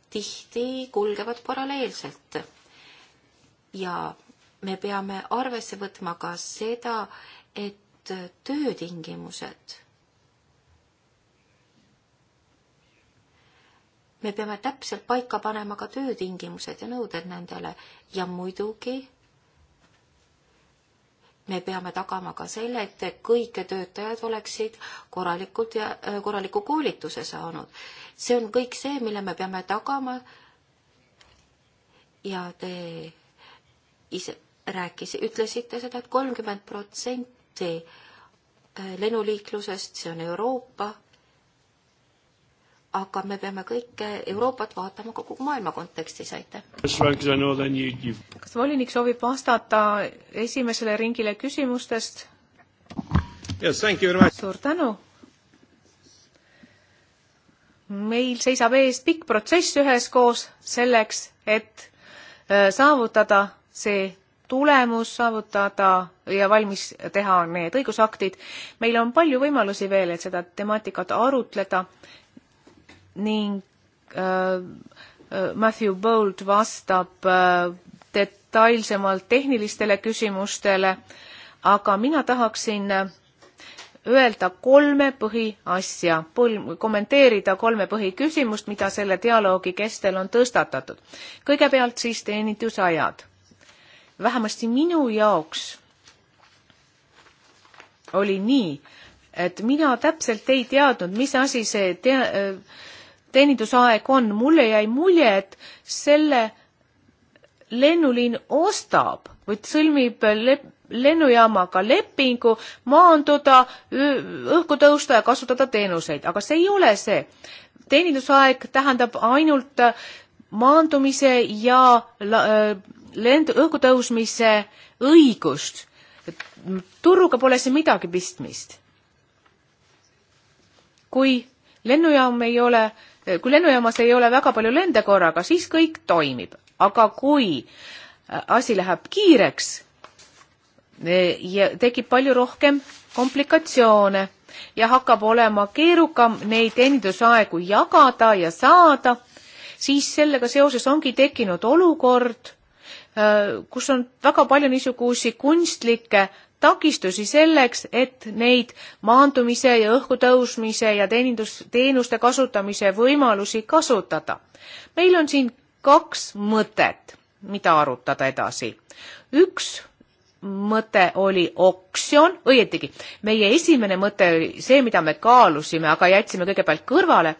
tihti kulgevad paralleelselt. ja me peame arvesse võtma ka seda, et töötingimused me peame täpselt paika panema ka töötingimused ja nõuded nendele ja muidugi me peame tagama ka selle, et kõik töötajad oleksid korralikult ja äh, korraliku koolituse saanud. see on kõik see, mille me peame tagama. ja te ise rääkis, ütlesite seda et, et kolmkümmend protsenti äh, lennuliiklusest, see on Euroopa aga me peame kõike Euroopat vaatama kogu maailma kontekstis, aitäh. kas volinik soovib vastata esimesele ringile küsimustest yes,? suur tänu. meil seisab ees pikk protsess üheskoos selleks, et äh, saavutada see tulemus saavutada ja valmis teha need õigusaktid. meil on palju võimalusi veel, et seda temaatikat arutleda ning äh, äh, Matthew Bolt vastab äh, detailsemalt tehnilistele küsimustele, aga mina tahaksin äh, öelda kolme põhiasja, kommenteerida kolme põhiküsimust, mida selle dialoogi kestel on tõstatatud. kõigepealt siis teenindusajad. vähemasti minu jaoks oli nii, et mina täpselt ei teadnud, mis asi see te-, äh, teenindusaeg on, mulle jäi mulje, et selle lennuliin ostab või sõlmib lep-, lennujaamaga lepingu maanduda, õhku tõusta ja kasutada teenuseid, aga see ei ole see. teenindusaeg tähendab ainult maandumise ja lendu, õhku tõusmise õigust. turuga pole see midagi pistmist. kui lennujaam ei ole kui lennujaamas ei ole väga palju lende korraga, siis kõik toimib, aga kui äh, asi läheb kiireks e, ja tekib palju rohkem komplikatsioone ja hakkab olema keerukam neid teenindusaegu jagada ja saada, siis sellega seoses ongi tekkinud olukord, äh, kus on väga palju niisugusi kunstlikke äh, takistusi selleks, et neid maandumise ja õhkutõusmise ja teenindus, teenuste kasutamise võimalusi kasutada. meil on siin kaks mõtet, mida arutada edasi. üks mõte oli oksjon, õietigi meie esimene mõte oli see, mida me kaalusime, aga jätsime kõigepealt kõrvale,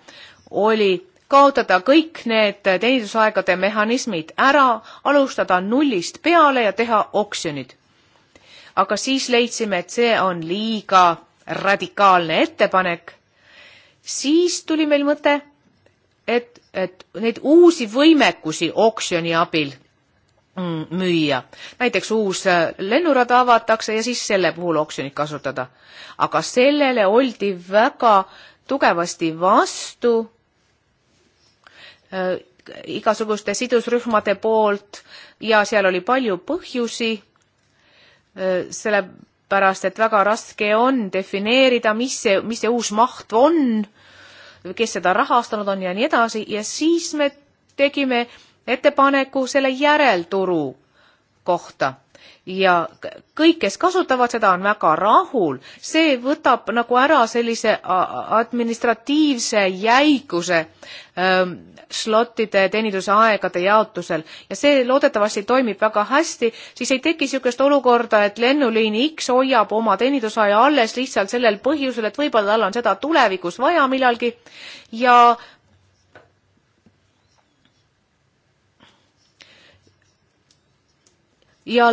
oli kaotada kõik need teenindusaegade mehhanismid ära, alustada nullist peale ja teha oksjonid aga siis leidsime, et see on liiga radikaalne ettepanek. siis tuli meil mõte, et, et neid uusi võimekusi oksjoni abil mm, müüa. näiteks uus äh, lennurada avatakse ja siis selle puhul oksjonit kasutada. aga sellele oldi väga tugevasti vastu äh, igasuguste sidusrühmade poolt ja seal oli palju põhjusi Äh, sellepärast et väga raske on defineerida, mis see, mis see uus maht on, kes seda rahastanud on ja nii edasi ja siis me tegime ettepaneku selle järelturu kohta ja kõik, kes kasutavad seda, on väga rahul. see võtab nagu ära sellise administratiivse jäiguse ähm, slotide teeninduse aegade jaotusel ja see loodetavasti toimib väga hästi, siis ei teki niisugust olukorda, et lennuliin X hoiab oma teenindusaja alles lihtsalt sellel põhjusel, et võib-olla tal on seda tulevikus vaja millalgi ja ja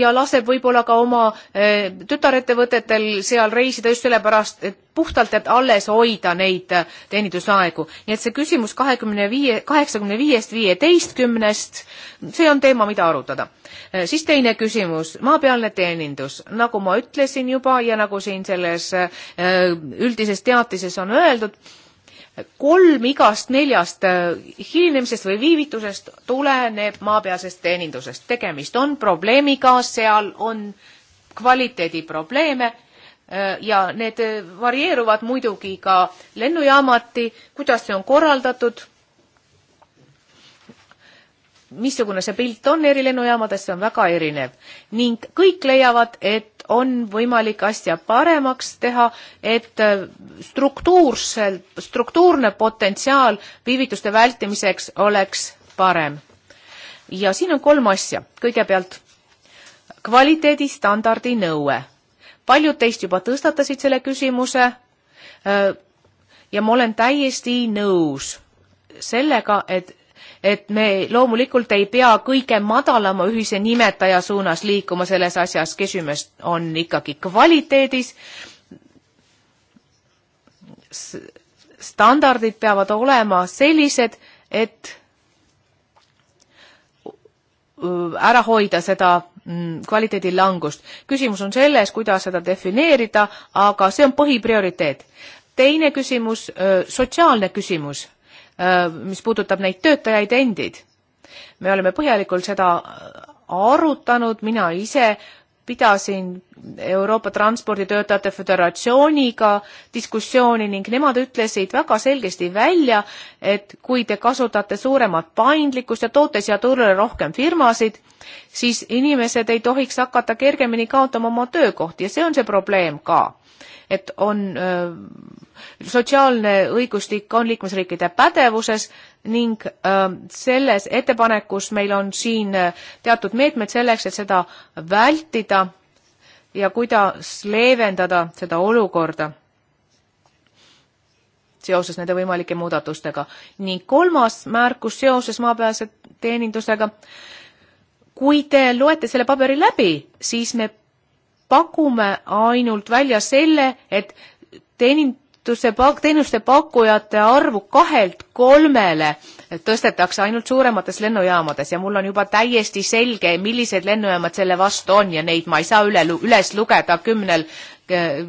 ja laseb võib-olla ka oma eh, tütarettevõtetel seal reisida just sellepärast, et puhtalt, et alles hoida neid eh, teenindusaegu. nii et see küsimus kahekümne viie, kaheksakümne viiest viieteistkümnest, see on teema, mida arutada. Eh, siis teine küsimus, maapealne teenindus. nagu ma ütlesin juba ja nagu siin selles üldises teatises on öeldud, kolm igast neljast äh, hilinemisest või viivitusest tuleneb maapealsest teenindusest. tegemist on probleemiga, seal on kvaliteediprobleeme äh, ja need äh, varieeruvad muidugi ka lennujaamati, kuidas see on korraldatud, missugune see pilt on eri lennujaamades, see on väga erinev ning kõik leiavad, et on võimalik asja paremaks teha, et äh, struktuurselt, struktuurne potentsiaal viivituste vältimiseks oleks parem. ja siin on kolm asja, kõigepealt kvaliteedistandardi nõue. paljud teist juba tõstatasid selle küsimuse äh, ja ma olen täiesti nõus sellega, et et me loomulikult ei pea kõige madalama ühise nimetaja suunas liikuma selles asjas, küsimus on ikkagi kvaliteedis. standardid peavad olema sellised, et ära hoida seda mm, kvaliteedi langust. küsimus on selles, kuidas seda defineerida, aga see on põhiprioriteet. teine küsimus, sotsiaalne küsimus Äh, mis puudutab neid töötajaid endid. me oleme põhjalikult seda äh, arutanud, mina ise pidasin Euroopa Transporditöötajate Föderatsiooniga diskussiooni ning nemad ütlesid väga selgesti välja, et kui te kasutate suuremat paindlikkust ja toote siia turule rohkem firmasid, siis inimesed ei tohiks hakata kergemini kaotama oma töökohti ja see on see probleem ka et on sotsiaalne õigustik on liikmesriikide pädevuses ning selles ettepanekus meil on siin teatud meetmed selleks, et seda vältida ja kuidas leevendada seda olukorda seoses nende võimalike muudatustega. ning kolmas märkus seoses maapääse teenindusega. kui te loete selle paberi läbi, siis me pakume ainult välja selle, et teeninduse, teenuste pakkujate arvu kahelt kolmele tõstetakse ainult suuremates lennujaamades ja mul on juba täiesti selge, millised lennujaamad selle vastu on ja neid ma ei saa üle, üles lugeda kümnel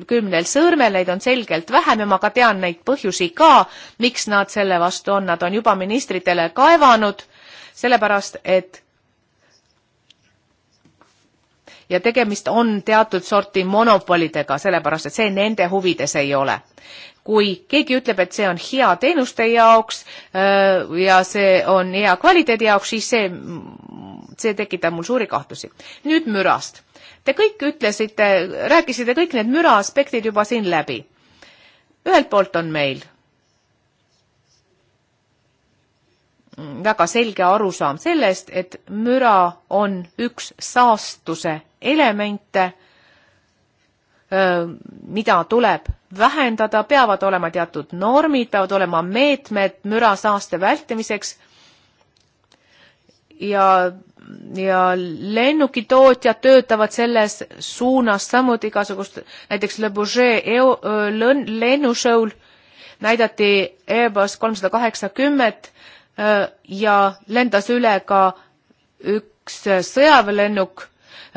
kümnel sõõrmel, neid on selgelt vähem ja ma ka tean neid põhjusi ka, miks nad selle vastu on, nad on juba ministritele kaevanud, sellepärast et ja tegemist on teatud sorti monopolidega, sellepärast et see nende huvides ei ole. kui keegi ütleb, et see on hea teenuste jaoks äh, ja see on hea kvaliteedi jaoks, siis see, see tekitab mul suuri kahtlusi. nüüd mürast. Te kõik ütlesite, rääkisite kõik need müra aspektid juba siin läbi. ühelt poolt on meil väga selge arusaam sellest, et müra on üks saastuse elemente, mida tuleb vähendada, peavad olema teatud normid, peavad olema meetmed mürasaaste vältimiseks ja, ja lennukitootjad töötavad selles suunas samuti igasugust, näiteks Le Bourget lennushowl näidati Airbus kolmsada kaheksakümmet ja lendas üle ka üks sõjaväelennuk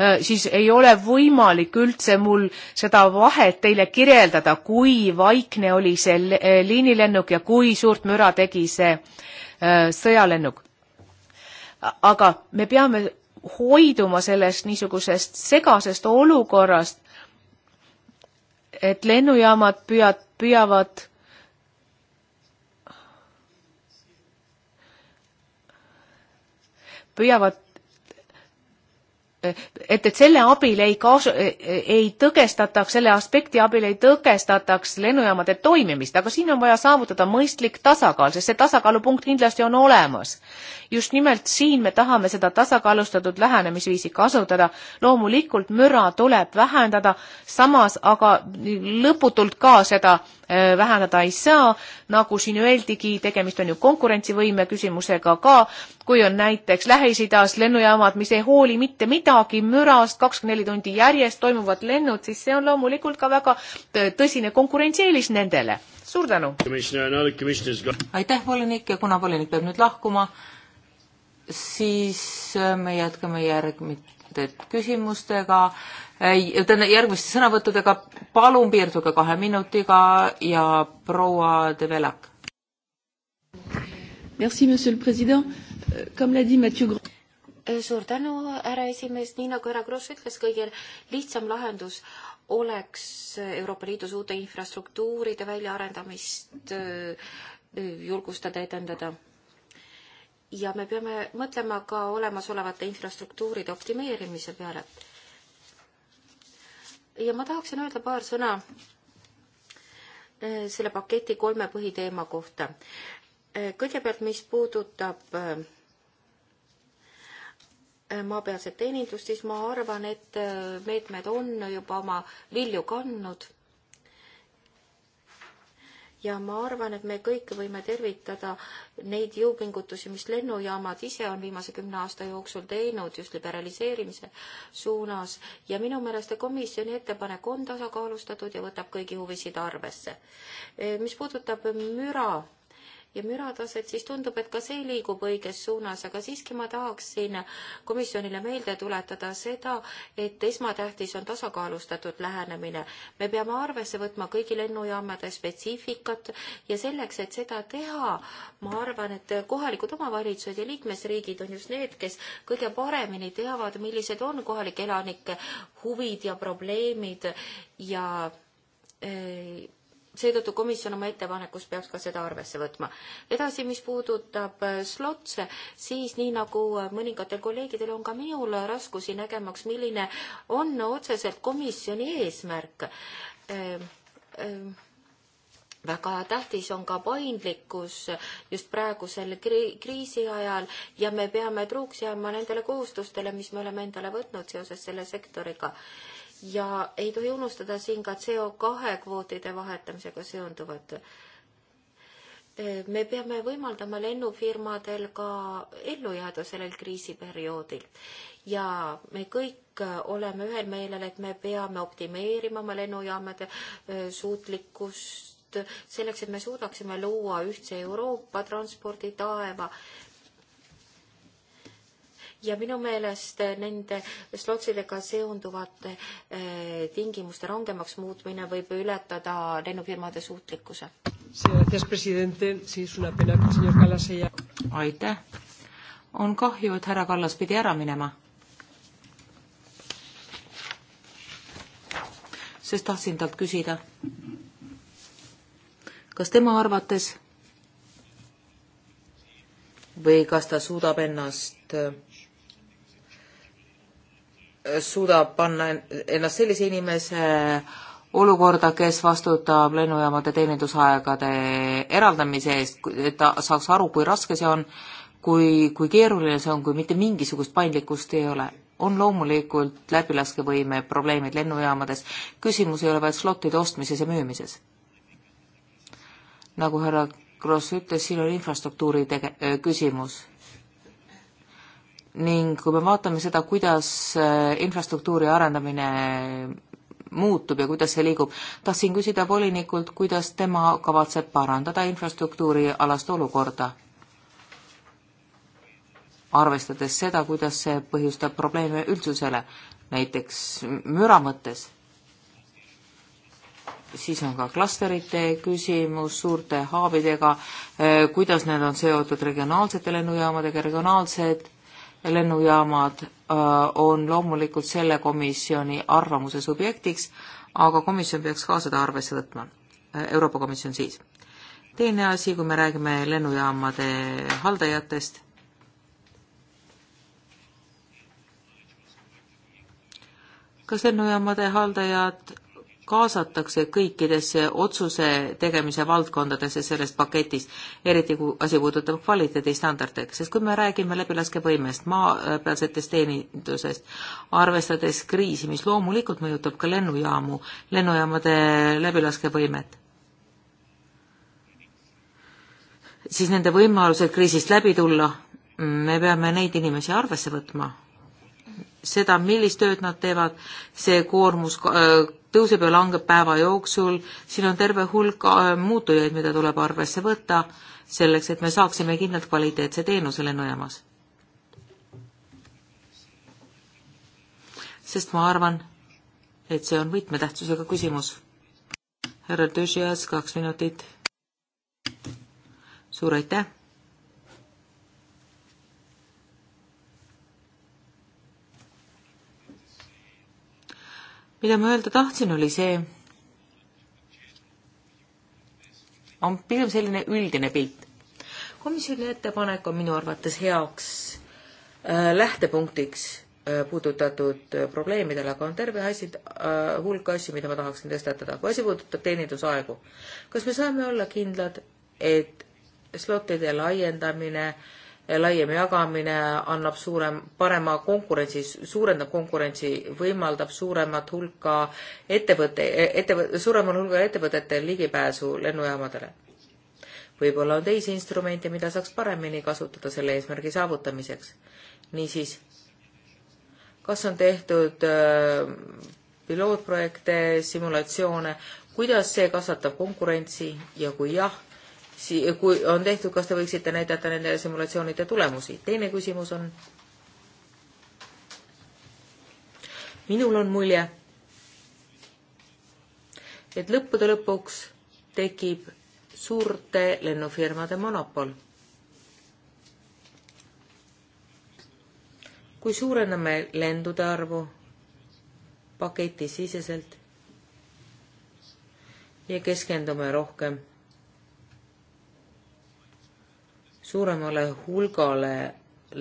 Äh, siis ei ole võimalik üldse mul seda vahet teile kirjeldada, kui vaikne oli see äh, liinilennuk ja kui suurt müra tegi see äh, sõjalennuk. aga me peame hoiduma sellest niisugusest segasest olukorrast, et lennujaamad püüad, püüavad püüavad et, et selle abil ei kaas-, ei tõkestataks, selle aspekti abil ei tõkestataks lennujaamade toimimist, aga siin on vaja saavutada mõistlik tasakaal, sest see tasakaalupunkt kindlasti on olemas. just nimelt siin me tahame seda tasakaalustatud lähenemisviisi kasutada, loomulikult müra tuleb vähendada, samas aga lõputult ka seda Äh, vähendada ei saa, nagu siin öeldigi, tegemist on ju konkurentsivõime küsimusega ka, kui on näiteks Lähis-Idas lennujaamad, mis ei hooli mitte midagi mürast, kakskümmend neli tundi järjest toimuvad lennud, siis see on loomulikult ka väga tõsine konkurentsieelis nendele. suur tänu! aitäh, volinik ja kuna volinik peab nüüd lahkuma, siis äh, me jätkame järgmist suhted küsimustega, järgmiste sõnavõttudega, palun piirduge kahe minutiga ja proua De Velak. Merci, monsieur le president. Euh, comme l'a dit Mathieu Grand äh, suur tänu, härra esimees, nii nagu härra Kross ütles, kõige lihtsam lahendus oleks Euroopa Liidus uute infrastruktuuride väljaarendamist äh, julgustada, edendada ja me peame mõtlema ka olemasolevate infrastruktuuride optimeerimise peale. ja ma tahaksin öelda paar sõna eh, selle paketi kolme põhiteema kohta. Eh, kõigepealt, mis puudutab eh, maapealset teenindust, siis ma arvan, et meetmed on juba oma vilju kandnud ja ma arvan, et me kõik võime tervitada neid jõupingutusi, mis lennujaamad ise on viimase kümne aasta jooksul teinud just liberaliseerimise suunas ja minu meelest komisjoni ettepanek on tasakaalustatud ja võtab kõigi huvisid arvesse. mis puudutab müra ja mürataset, siis tundub, et ka see liigub õiges suunas, aga siiski ma tahaksin komisjonile meelde tuletada seda, et esmatähtis on tasakaalustatud lähenemine. me peame arvesse võtma kõigi lennujaamade spetsiifikat ja selleks, et seda teha, ma arvan, et kohalikud omavalitsused ja liikmesriigid on just need, kes kõige paremini teavad, millised on kohalike elanike huvid ja probleemid ja äh, seetõttu komisjon oma ettepanekus peaks ka seda arvesse võtma. edasi, mis puudutab äh, slotse, siis nii nagu äh, mõningatel kolleegidel on ka minul raskusi nägemaks, milline on otseselt komisjoni eesmärk ehm,. Ehm, väga tähtis on ka paindlikkus just praegusel kri kriisi ajal ja me peame truuks jääma nendele kohustustele, mis me oleme endale võtnud seoses selle sektoriga ja ei tohi unustada siin ka CO2 kvootide vahetamisega seonduvat. E, me peame võimaldama lennufirmadel ka ellu jääda sellel kriisiperioodil ja me kõik oleme ühel meelel, et me peame optimeerima oma lennujaamade e, suutlikkust selleks, et me suudaksime luua ühtse Euroopa transporditaeva ja minu meelest nende slotsidega seonduvate eh, tingimuste rangemaks muutmine võib ületada lennufirmade suutlikkuse. aitäh. on kahju, et härra Kallas pidi ära minema. sest tahtsin talt küsida, kas tema arvates või kas ta suudab ennast suudab panna ennast sellise inimese olukorda, kes vastutab lennujaamade teenindusaegade eraldamise eest, et ta saaks aru, kui raske see on, kui, kui keeruline see on, kui mitte mingisugust paindlikkust ei ole. on loomulikult läbilaskevõime probleemid lennujaamades, küsimus ei ole vaid slotide ostmises ja müümises. nagu härra Kross ütles, siin on infrastruktuuri tege-, küsimus ning kui me vaatame seda, kuidas äh, infrastruktuuri arendamine muutub ja kuidas see liigub, tahtsin küsida volinikult, kuidas tema kavatseb parandada infrastruktuurialast olukorda, arvestades seda, kuidas see põhjustab probleeme üldsusele, näiteks müra mõttes. siis on ka klasterite küsimus suurte haabidega, äh, kuidas need on seotud regionaalsete lennujaamadega, regionaalsed lennujaamad äh, on loomulikult selle komisjoni arvamuse subjektiks, aga komisjon peaks ka seda arvesse võtma, äh, Euroopa Komisjon siis. teine asi, kui me räägime lennujaamade haldajatest, kas lennujaamade haldajad kaasatakse kõikidesse otsuse tegemise valdkondadesse selles paketis, eriti kui asi puudutab kvaliteedistandardeid, sest kui me räägime läbilaskevõimest, maapealsetest teenindusest, arvestades kriisi, mis loomulikult mõjutab ka lennujaamu, lennujaamade läbilaskevõimet siis nende võimalused kriisist läbi tulla, me peame neid inimesi arvesse võtma. seda, millist tööd nad teevad, see koormus äh, tõuseb ja langeb päeva jooksul, siin on terve hulk äh, muutujaid, mida tuleb arvesse võtta, selleks et me saaksime kindlalt kvaliteetse teenuse lennujaamas. sest ma arvan, et see on võtmetähtsusega küsimus. härra Tüšias, kaks minutit. suur aitäh mida ma öelda tahtsin, oli see, on pigem selline üldine pilt. komisjoni ettepanek on minu arvates heaks äh, lähtepunktiks äh, puudutatud äh, probleemidele, aga on terve asi äh,, hulk asju, mida ma tahaksin tõstatada. kui asi puudutab teenindusaegu, kas me saame olla kindlad, et slotide laiendamine äh, laiem jagamine annab suurem, parema konkurentsi, suurendab konkurentsi, võimaldab suuremat hulka ettevõtte, ettevõtte, suuremal hulgal ettevõtetel ligipääsu lennujaamadele. võib-olla on teisi instrumente, mida saaks paremini kasutada selle eesmärgi saavutamiseks. niisiis, kas on tehtud äh, pilootprojekte, simulatsioone, kuidas see kasvatab konkurentsi ja kui jah, kui on tehtud, kas te võiksite näidata nende simulatsioonide tulemusi? teine küsimus on. minul on mulje, et lõppude lõpuks tekib suurte lennufirmade monopol. kui suureneme lendude arvu paketisiseselt ja keskendume rohkem suuremale hulgale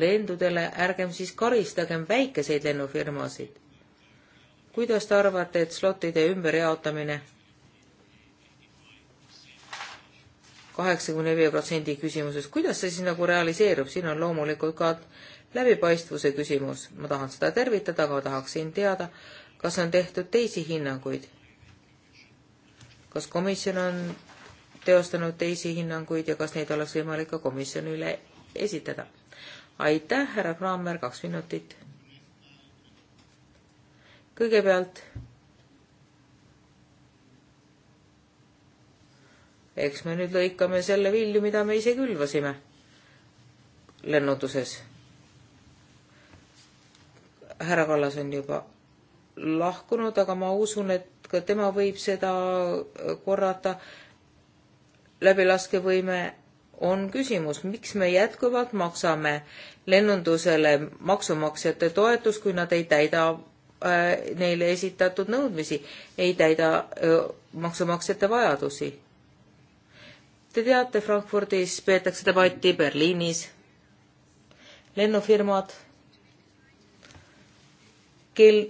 lendudele, ärgem siis karistagem väikeseid lennufirmasid. kuidas te arvate, et slotide ümberjaotamine kaheksakümne viie protsendi küsimuses, kuidas see siis nagu realiseerub, siin on loomulikult ka läbipaistvuse küsimus, ma tahan seda tervitada, aga tahaksin teada, kas on tehtud teisi hinnanguid. kas komisjon on teostanud teisi hinnanguid ja kas neid oleks võimalik ka komisjonile esitada. aitäh, härra Kraamer, kaks minutit. kõigepealt eks me nüüd lõikame selle vilju, mida me ise külvasime lennunduses. härra Kallas on juba lahkunud, aga ma usun, et ka tema võib seda korrata, läbilaskevõime on küsimus, miks me jätkuvalt maksame lennundusele maksumaksjate toetust, kui nad ei täida äh, neile esitatud nõudmisi, ei täida äh, maksumaksjate vajadusi. Te teate, Frankfurdis peetakse debatti, Berliinis lennufirmad kel-,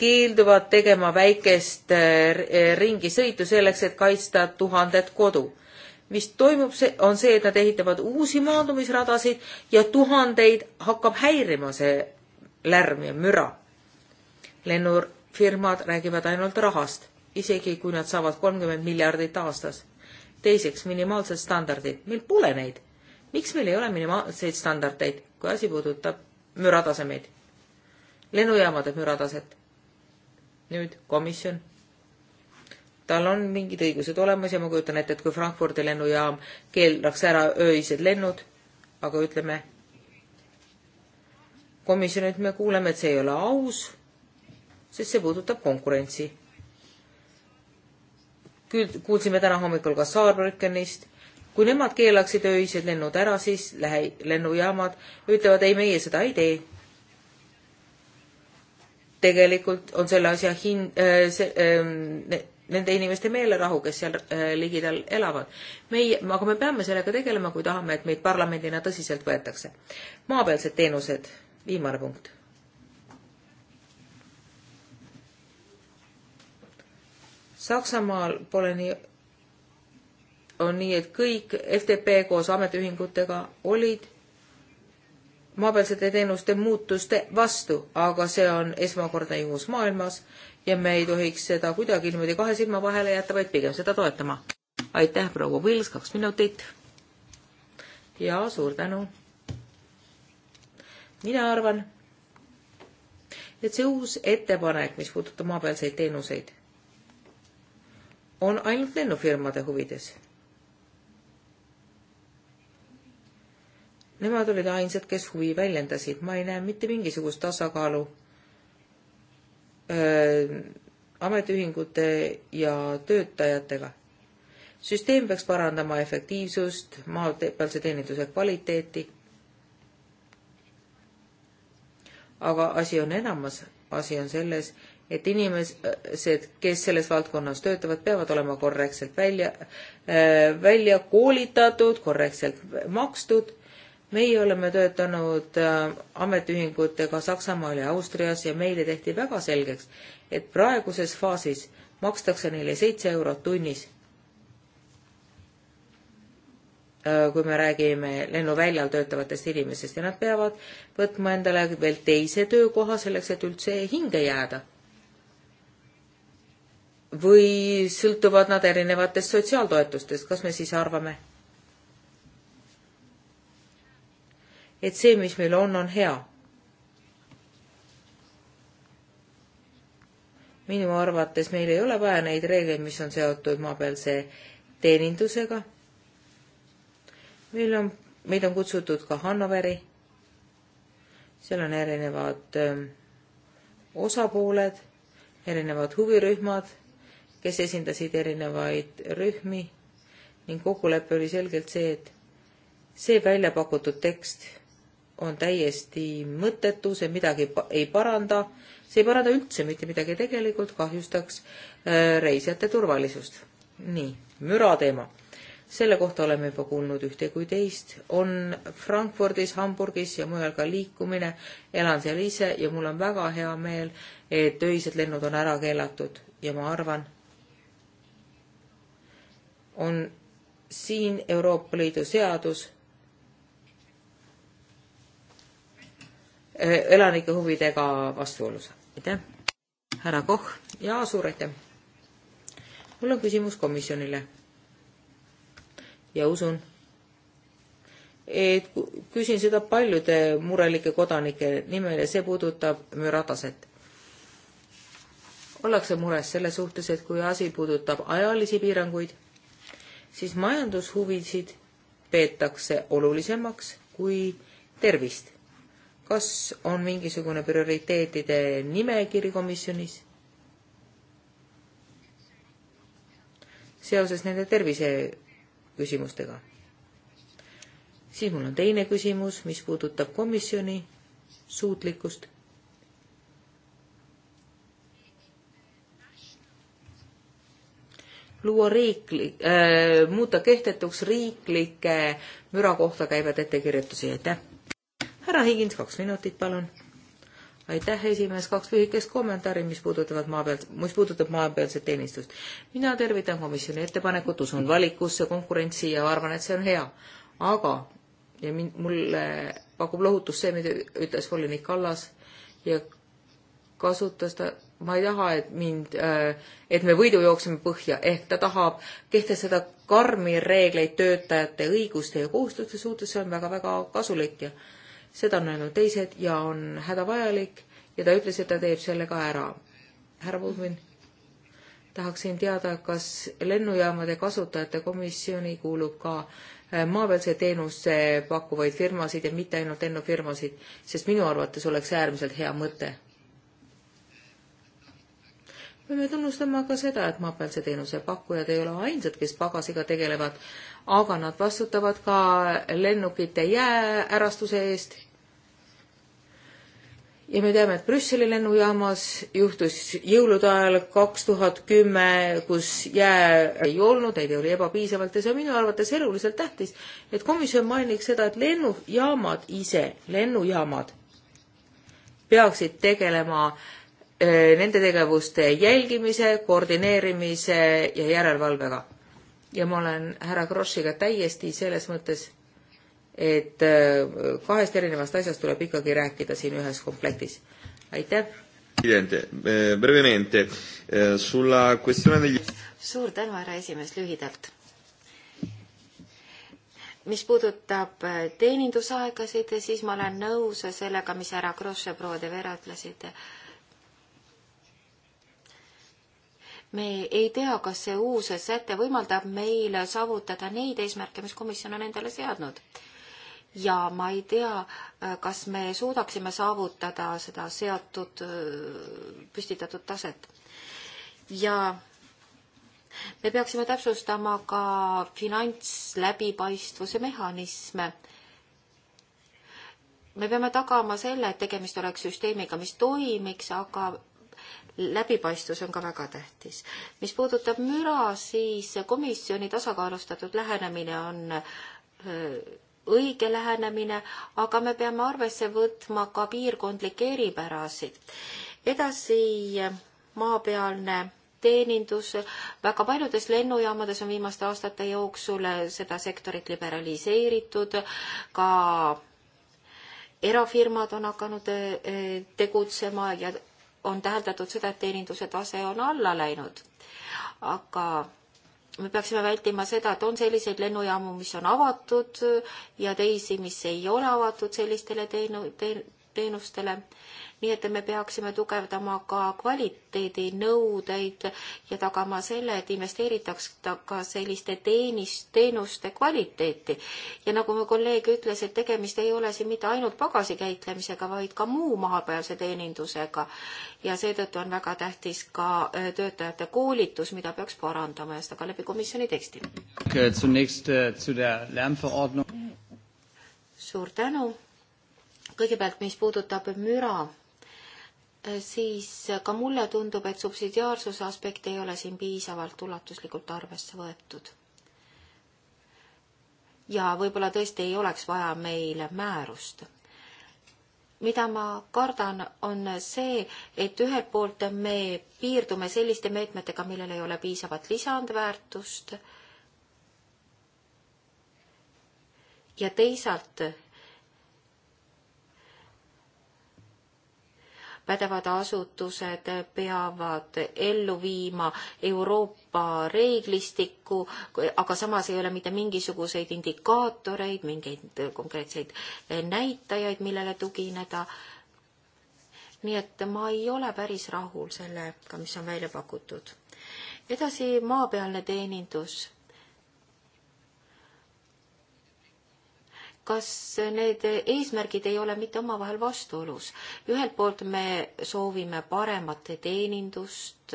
keelduvad tegema väikest äh, äh, ringisõitu selleks, et kaitsta tuhandet kodu. mis toimub, see on see, et nad ehitavad uusi maandumisradasid ja tuhandeid hakkab häirima see lärm ja müra. lennufirmad räägivad ainult rahast, isegi kui nad saavad kolmkümmend miljardit aastas. teiseks, minimaalsed standardid, meil pole neid. miks meil ei ole minimaalseid standardeid, kui asi puudutab müratasemeid? lennujaamade mürataset nüüd komisjon. tal on mingid õigused olemas ja ma kujutan ette, et kui Frankfurdi lennujaam keelaks ära öised lennud, aga ütleme, komisjonilt me kuuleme, et see ei ole aus, sest see puudutab konkurentsi. küll kuulsime täna hommikul ka Saarbrückenist, kui nemad keelaksid öised lennud ära, siis lähi-, lennujaamad ütlevad ei, meie seda ei tee tegelikult on selle asja hind äh,, see äh, nende inimeste meelerahu, kes seal äh, ligidal elavad. meie, aga me peame sellega tegelema, kui tahame, et meid parlamendina tõsiselt võetakse. maapealsed teenused, viimane punkt. Saksamaal pole nii, on nii, et kõik FDP koos ametiühingutega olid maapealsete teenuste muutuste vastu, aga see on esmakordne juhus maailmas ja me ei tohiks seda kuidagi niimoodi kahe silma vahele jätta, vaid pigem seda toetama. aitäh, proua Vils, kaks minutit. ja suur tänu. mina arvan, et see uus ettepanek, mis puudutab maapealseid teenuseid, on ainult lennufirmade huvides Nemad olid ainsad, kes huvi väljendasid, ma ei näe mitte mingisugust tasakaalu öö, ametiühingute ja töötajatega. süsteem peaks parandama efektiivsust, maapealse teeninduse kvaliteeti. aga asi on enamas, asi on selles, et inimesed, kes selles valdkonnas töötavad, peavad olema korrektselt välja, välja koolitatud, korrektselt makstud meie oleme töötanud äh, ametiühingutega Saksamaal ja Austrias ja meile tehti väga selgeks, et praeguses faasis makstakse neile seitse eurot tunnis. Äh, kui me räägime lennuväljal töötavatest inimesest ja nad peavad võtma endale veel teise töökoha selleks, et üldse hinge jääda. või sõltuvad nad erinevatest sotsiaaltoetustest, kas me siis arvame et see, mis meil on, on hea. minu arvates meil ei ole vaja neid reegleid, mis on seotud maapealse teenindusega. meil on, meid on kutsutud ka Hannoveri. seal on erinevad öö, ähm, osapooled, erinevad huvirühmad, kes esindasid erinevaid rühmi ning kokkulepe oli selgelt see, et see välja pakutud tekst on täiesti mõttetu, see midagi ei paranda, see ei paranda üldse mitte midagi, tegelikult kahjustaks äh, reisijate turvalisust. nii, müra teema. selle kohta oleme juba kuulnud ühte kui teist, on Frankfurdis, Hamburgis ja mujal ka liikumine, elan seal ise ja mul on väga hea meel, et öised lennud on ära keelatud ja ma arvan, on siin Euroopa Liidu seadus Eh, elanike huvidega vastuolus. aitäh, härra Koch ja suur aitäh. mul on küsimus komisjonile. ja usun, et küsin seda paljude murelike kodanike nimel ja see puudutab mürataset. ollakse mures selle suhtes, et kui asi puudutab ajalisi piiranguid, siis majandushuvisid peetakse olulisemaks kui tervist kas on mingisugune prioriteetide nimekiri komisjonis seoses nende terviseküsimustega? siis mul on teine küsimus, mis puudutab komisjoni suutlikkust luua riikli- äh,, muuta kehtetuks riiklike müra kohta käivad ettekirjutusi, aitäh! härra Higins, kaks minutit, palun. aitäh, esimees, kaks lühikest kommentaari, mis puudutavad maapealt, mis puudutab maapealset teenistust. mina tervitan komisjoni ettepanekut, usun valikusse, konkurentsi ja arvan, et see on hea. aga, ja mind, mulle pakub lohutust see, mida ütles volinik Kallas ja kasutas ta ma ei taha, et mind, äh, et me võidu jookseme põhja, ehk ta tahab kehtestada karmi reegleid töötajate õiguste ja kohustuste suhtes, see on väga-väga kasulik ja seda on öelnud teised ja on hädavajalik ja ta ütles, et ta teeb selle ka ära. härra Puhvin, tahaksin teada, kas lennujaamade kasutajate komisjoni kuulub ka äh, maapealse teenuse pakkuvaid firmasid ja mitte ainult lennufirmasid, sest minu arvates oleks äärmiselt hea mõte. peame tunnustama ka seda, et maapealse teenuse pakkujad ei ole ainsad, kes pagasiga tegelevad aga nad vastutavad ka lennukite jääärastuse eest. ja me teame, et Brüsseli lennujaamas juhtus jõulude ajal kaks tuhat kümme, kus jää ei olnud, neid oli ebapiisavalt ja see on minu arvates eluliselt tähtis, et komisjon mainiks seda, et lennujaamad ise, lennujaamad peaksid tegelema eh, nende tegevuste jälgimise, koordineerimise ja järelevalvega ja ma olen härra Krossiga täiesti selles mõttes, et äh, kahest erinevast asjast tuleb ikkagi rääkida siin ühes komplektis. aitäh! Presidente, eh, brevemente eh, sulla questione degli... suur tänu, härra esimees, lühidalt. mis puudutab eh, teenindusaegasid, siis ma olen nõus sellega, mis härra Kross ja proua De Vera ütlesid me ei tea, kas see uus säte võimaldab meil saavutada neid eesmärke, mis komisjon on endale seadnud. ja ma ei tea, äh, kas me suudaksime saavutada seda seatud, äh, püstitatud taset. ja me peaksime täpsustama ka finantsläbipaistvuse mehhanisme me peame tagama selle, et tegemist oleks süsteemiga, mis toimiks, aga läbipaistvus on ka väga tähtis. mis puudutab müra, siis komisjoni tasakaalustatud lähenemine on õige lähenemine, aga me peame arvesse võtma ka piirkondlikke eripärasid. edasi maapealne teenindus, väga paljudes lennujaamades on viimaste aastate jooksul seda sektorit liberaliseeritud, ka erafirmad on hakanud tegutsema ja on täheldatud seda, et teeninduse tase on alla läinud. aga me peaksime vältima seda, et on selliseid lennujaamu, mis on avatud ja teisi, mis ei ole avatud sellistele teenu- teen,, teenustele nii et me peaksime tugevdama ka kvaliteedinõudeid ja tagama selle, et investeeritaks ka selliste teenis, teenuste kvaliteeti. ja nagu mu kolleeg ütles, et tegemist ei ole siin mitte ainult pagasi käitlemisega, vaid ka muu maapäevase teenindusega. ja seetõttu on väga tähtis ka äh, töötajate koolitus, mida peaks parandama ja seda ka läbi komisjoni teksti. Äh, suur tänu kõigepealt, mis puudutab müra siis ka mulle tundub, et subsidiaarsuse aspekt ei ole siin piisavalt ulatuslikult arvesse võetud. ja võib-olla tõesti ei oleks vaja meile määrust. mida ma kardan, on see, et ühelt poolt me piirdume selliste meetmetega, millel ei ole piisavat lisandväärtust ja teisalt pädevad asutused peavad ellu viima Euroopa reeglistikku, aga samas ei ole mitte mingisuguseid indikaatoreid, mingeid konkreetseid näitajaid, millele tugineda. nii et ma ei ole päris rahul sellega, mis on välja pakutud. edasi, maapealne teenindus kas need eesmärgid ei ole mitte omavahel vastuolus? ühelt poolt me soovime paremat teenindust,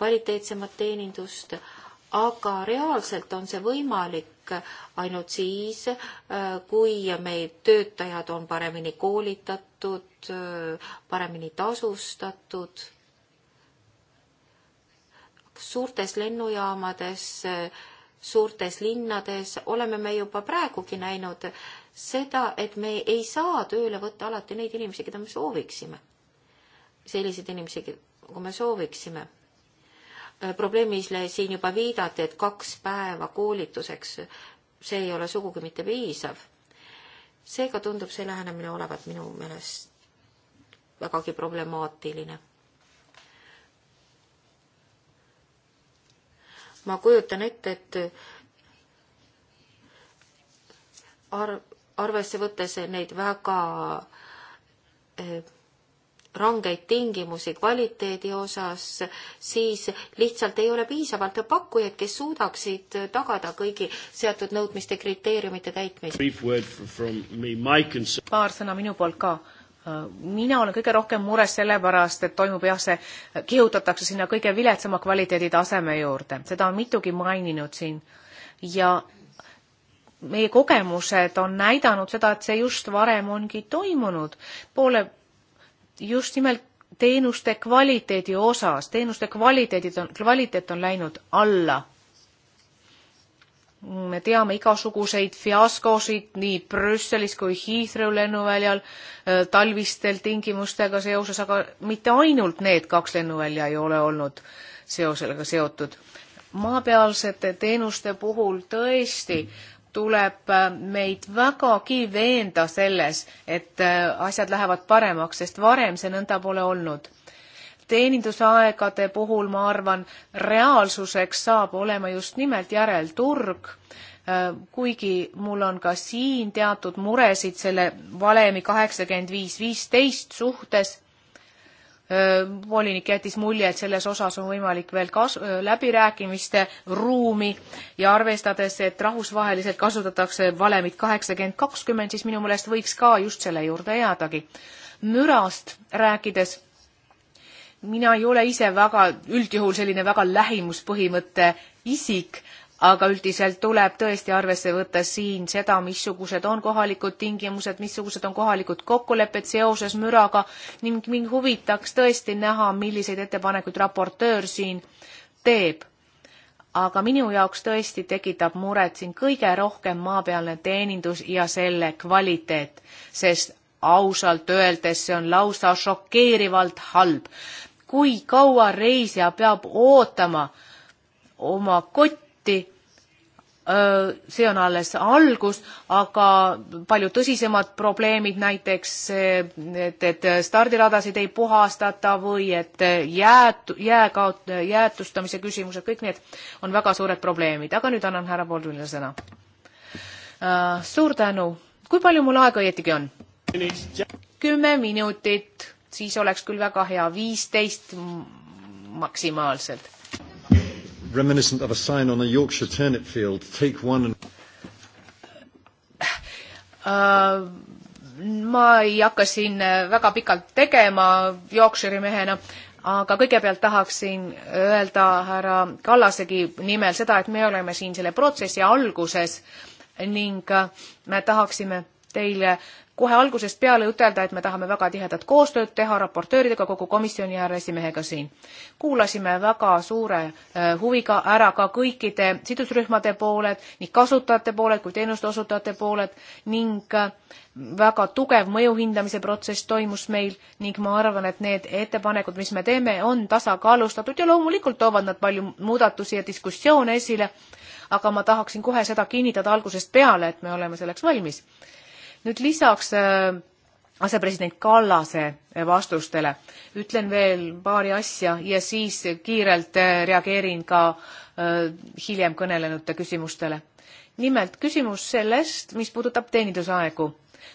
kvaliteetsemat teenindust, aga reaalselt on see võimalik ainult siis, kui meie töötajad on paremini koolitatud, paremini tasustatud. suurtes lennujaamades suurtes linnades oleme me juba praegugi näinud seda, et me ei saa tööle võtta alati neid inimesi, keda me sooviksime. selliseid inimesi, kui me sooviksime. Äh, probleemile siin juba viidati, et kaks päeva koolituseks, see ei ole sugugi mitte piisav. seega tundub see lähenemine olevat minu meelest vägagi problemaatiline ma kujutan ette, et arv, arvesse võttes neid väga eh, rangeid tingimusi kvaliteedi osas, siis lihtsalt ei ole piisavalt pakkujaid, kes suudaksid tagada kõigi seatud nõudmiste kriteeriumite täitmist. paar sõna minu poolt ka mina olen kõige rohkem mures sellepärast, et toimub jah, see, kihutatakse sinna kõige viletsama kvaliteedi taseme juurde, seda on mitugi maininud siin ja meie kogemused on näidanud seda, et see just varem ongi toimunud poole just nimelt teenuste kvaliteedi osas, teenuste kvaliteedid on, kvaliteet on läinud alla me teame igasuguseid fiaskosid nii Brüsselis kui Heathrow lennuväljal äh, talvistel tingimustega seoses, aga mitte ainult need kaks lennuvälja ei ole olnud seosega seotud. maapealsete teenuste puhul tõesti tuleb äh, meid vägagi veenda selles, et äh, asjad lähevad paremaks, sest varem see nõnda pole olnud teenindusaegade puhul ma arvan, reaalsuseks saab olema just nimelt järelturg, äh, kuigi mul on ka siin teatud muresid selle valemi kaheksakümmend viis viisteist suhtes. Äh, volinik jättis mulje, et selles osas on võimalik veel kas-, äh, läbirääkimiste ruumi ja arvestades, et rahvusvaheliselt kasutatakse valemit kaheksakümmend kakskümmend, siis minu meelest võiks ka just selle juurde jäädagi. mürast rääkides mina ei ole ise väga, üldjuhul selline väga lähimuspõhimõtte isik, aga üldiselt tuleb tõesti arvesse võtta siin seda, missugused on kohalikud tingimused, missugused on kohalikud kokkulepped seoses müraga ning mind huvitaks tõesti näha, milliseid ettepanekuid raportöör siin teeb. aga minu jaoks tõesti tekitab muret siin kõige rohkem maapealne teenindus ja selle kvaliteet, sest ausalt öeldes see on lausa šokeerivalt halb kui kaua reisija peab ootama oma kotti, see on alles algus, aga palju tõsisemad probleemid, näiteks et, et stardiradasid ei puhastata või et jääd, jääkaot-, jäätustamise küsimused, kõik need on väga suured probleemid, aga nüüd annan härra Poldrile sõna. suur tänu, kui palju mul aega õietigi on? kümme minutit siis oleks küll väga hea, viisteist maksimaalselt. Reminiscent of a sign on a Yorkshire turnip field, take one and uh, ma ei hakka siin äh, väga pikalt tegema Yorkshire'i mehena, aga kõigepealt tahaksin öelda härra Kallasegi nimel seda, et me oleme siin selle protsessi alguses ning äh, me tahaksime teile kohe algusest peale ütelda, et me tahame väga tihedat koostööd teha raportööridega, kogu komisjoni ja esimehega siin. kuulasime väga suure äh, huviga ära ka kõikide sidusrühmade pooled, nii kasutajate pooled kui teenuste osutajate pooled ning äh, väga tugev mõju hindamise protsess toimus meil ning ma arvan, et need ettepanekud, mis me teeme, on tasakaalustatud ja loomulikult toovad nad palju muudatusi ja diskussioone esile, aga ma tahaksin kohe seda kinnitada algusest peale, et me oleme selleks valmis nüüd lisaks äh, asepresident Kallase äh, vastustele ütlen veel paari asja ja siis kiirelt äh, reageerin ka hiljem kõnelenute küsimustele. nimelt küsimus sellest, mis puudutab teenindusaegu.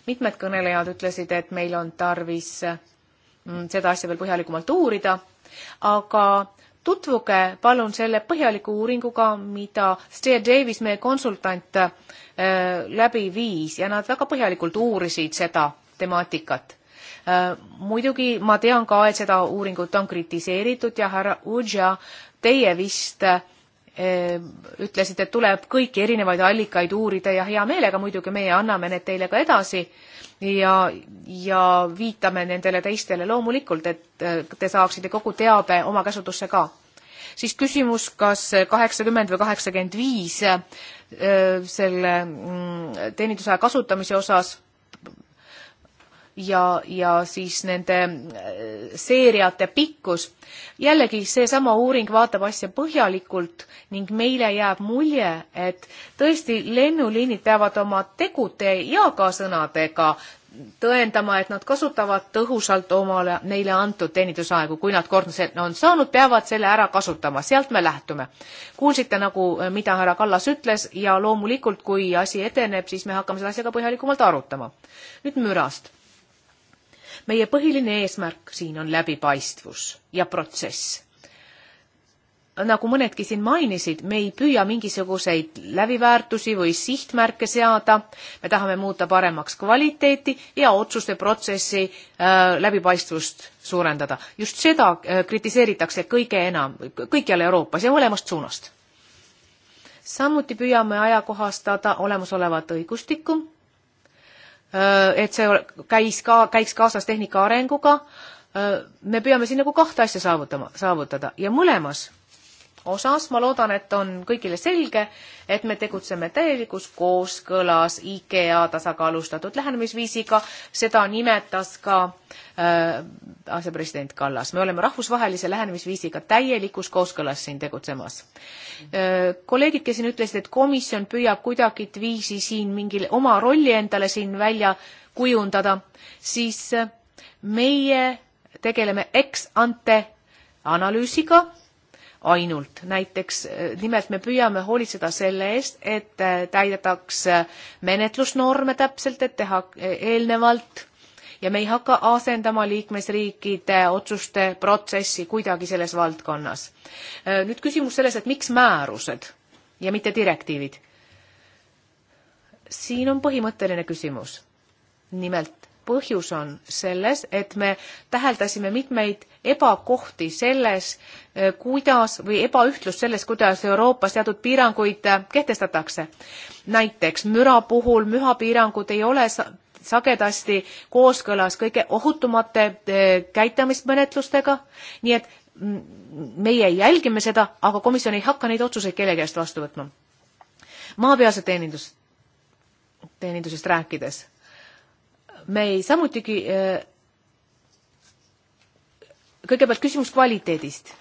mitmed kõnelejad ütlesid, et meil on tarvis mm, seda asja veel põhjalikumalt uurida, aga tutvuge palun selle põhjaliku uuringuga, mida Steer Davis, meie konsultant, Äh, läbi viis ja nad väga põhjalikult uurisid seda temaatikat. Äh, muidugi ma tean ka, et seda uuringut on kritiseeritud ja härra Udža, teie vist äh, ütlesite, et tuleb kõiki erinevaid allikaid uurida ja hea meelega muidugi meie anname need teile ka edasi ja, ja viitame nendele teistele loomulikult, et te saaksite kogu teabe oma käsutusse ka siis küsimus, kas kaheksakümmend või kaheksakümmend viis äh, selle mm, teenindusaja kasutamise osas ja, ja siis nende äh, seeriate pikkus. jällegi seesama uuring vaatab asja põhjalikult ning meile jääb mulje, et tõesti lennuliinid peavad oma tegude ja ka sõnadega tõendama, et nad kasutavad tõhusalt omale, neile antud teenindusaegu, kui nad kord on saanud, peavad selle ära kasutama, sealt me lähtume. kuulsite nagu, eh, mida härra Kallas ütles ja loomulikult, kui asi edeneb, siis me hakkame seda asja ka põhjalikumalt arutama. nüüd mürast. meie põhiline eesmärk siin on läbipaistvus ja protsess nagu mõnedki siin mainisid, me ei püüa mingisuguseid läviväärtusi või sihtmärke seada, me tahame muuta paremaks kvaliteeti ja otsuste protsessi äh, läbipaistvust suurendada. just seda äh, kritiseeritakse kõige enam, kõikjal Euroopas ja mõlemast suunast. samuti püüame ajakohastada olemasolevat õigustikku äh,, et see käis ka, käiks kaasas tehnika arenguga, äh, me peame siin nagu kahte asja saavutama, saavutada ja mõlemas osas, ma loodan, et on kõigile selge, et me tegutseme täielikus kooskõlas IKEA tasakaalustatud lähenemisviisiga, seda nimetas ka äh, asepresident Kallas. me oleme rahvusvahelise lähenemisviisiga täielikus kooskõlas siin tegutsemas äh,. kolleegid, kes siin ütlesid, et komisjon püüab kuidagi viisi siin mingil oma rolli endale siin välja kujundada, siis äh, meie tegeleme ex ante analüüsiga ainult. näiteks eh, nimelt me püüame hoolitseda selle eest, et eh, täidetaks eh, menetlusnorme täpselt, et teha eelnevalt ja me ei hakka asendama liikmesriikide otsuste protsessi kuidagi selles valdkonnas. nüüd küsimus selles, et miks määrused ja mitte direktiivid? siin on põhimõtteline küsimus. nimelt põhjus on selles, et me täheldasime mitmeid ebakohti selles, eh, kuidas või ebaühtlust selles, kuidas Euroopas teatud piiranguid eh, kehtestatakse. näiteks müra puhul mühapiirangud ei ole sagedasti kooskõlas kõige ohutumate eh, käitamismenetlustega, nii et mm, meie jälgime seda, aga komisjon ei hakka neid otsuseid kellegi eest vastu võtma. maapealse teenindus, teenindusest rääkides me ei samutigi äh, kõigepealt küsimus kvaliteedist.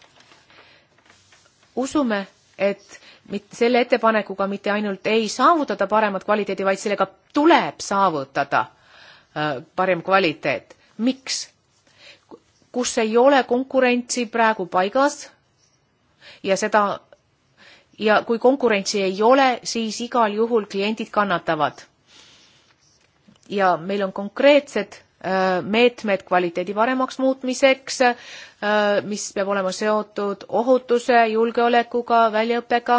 usume, et mitte selle ettepanekuga mitte ainult ei saavutada paremat kvaliteedi, vaid sellega tuleb saavutada äh, parem kvaliteet. miks? kus ei ole konkurentsi praegu paigas ja seda ja kui konkurentsi ei ole, siis igal juhul kliendid kannatavad ja meil on konkreetsed äh, meetmed kvaliteedi paremaks muutmiseks, äh, mis peab olema seotud ohutuse, julgeolekuga, väljaõppega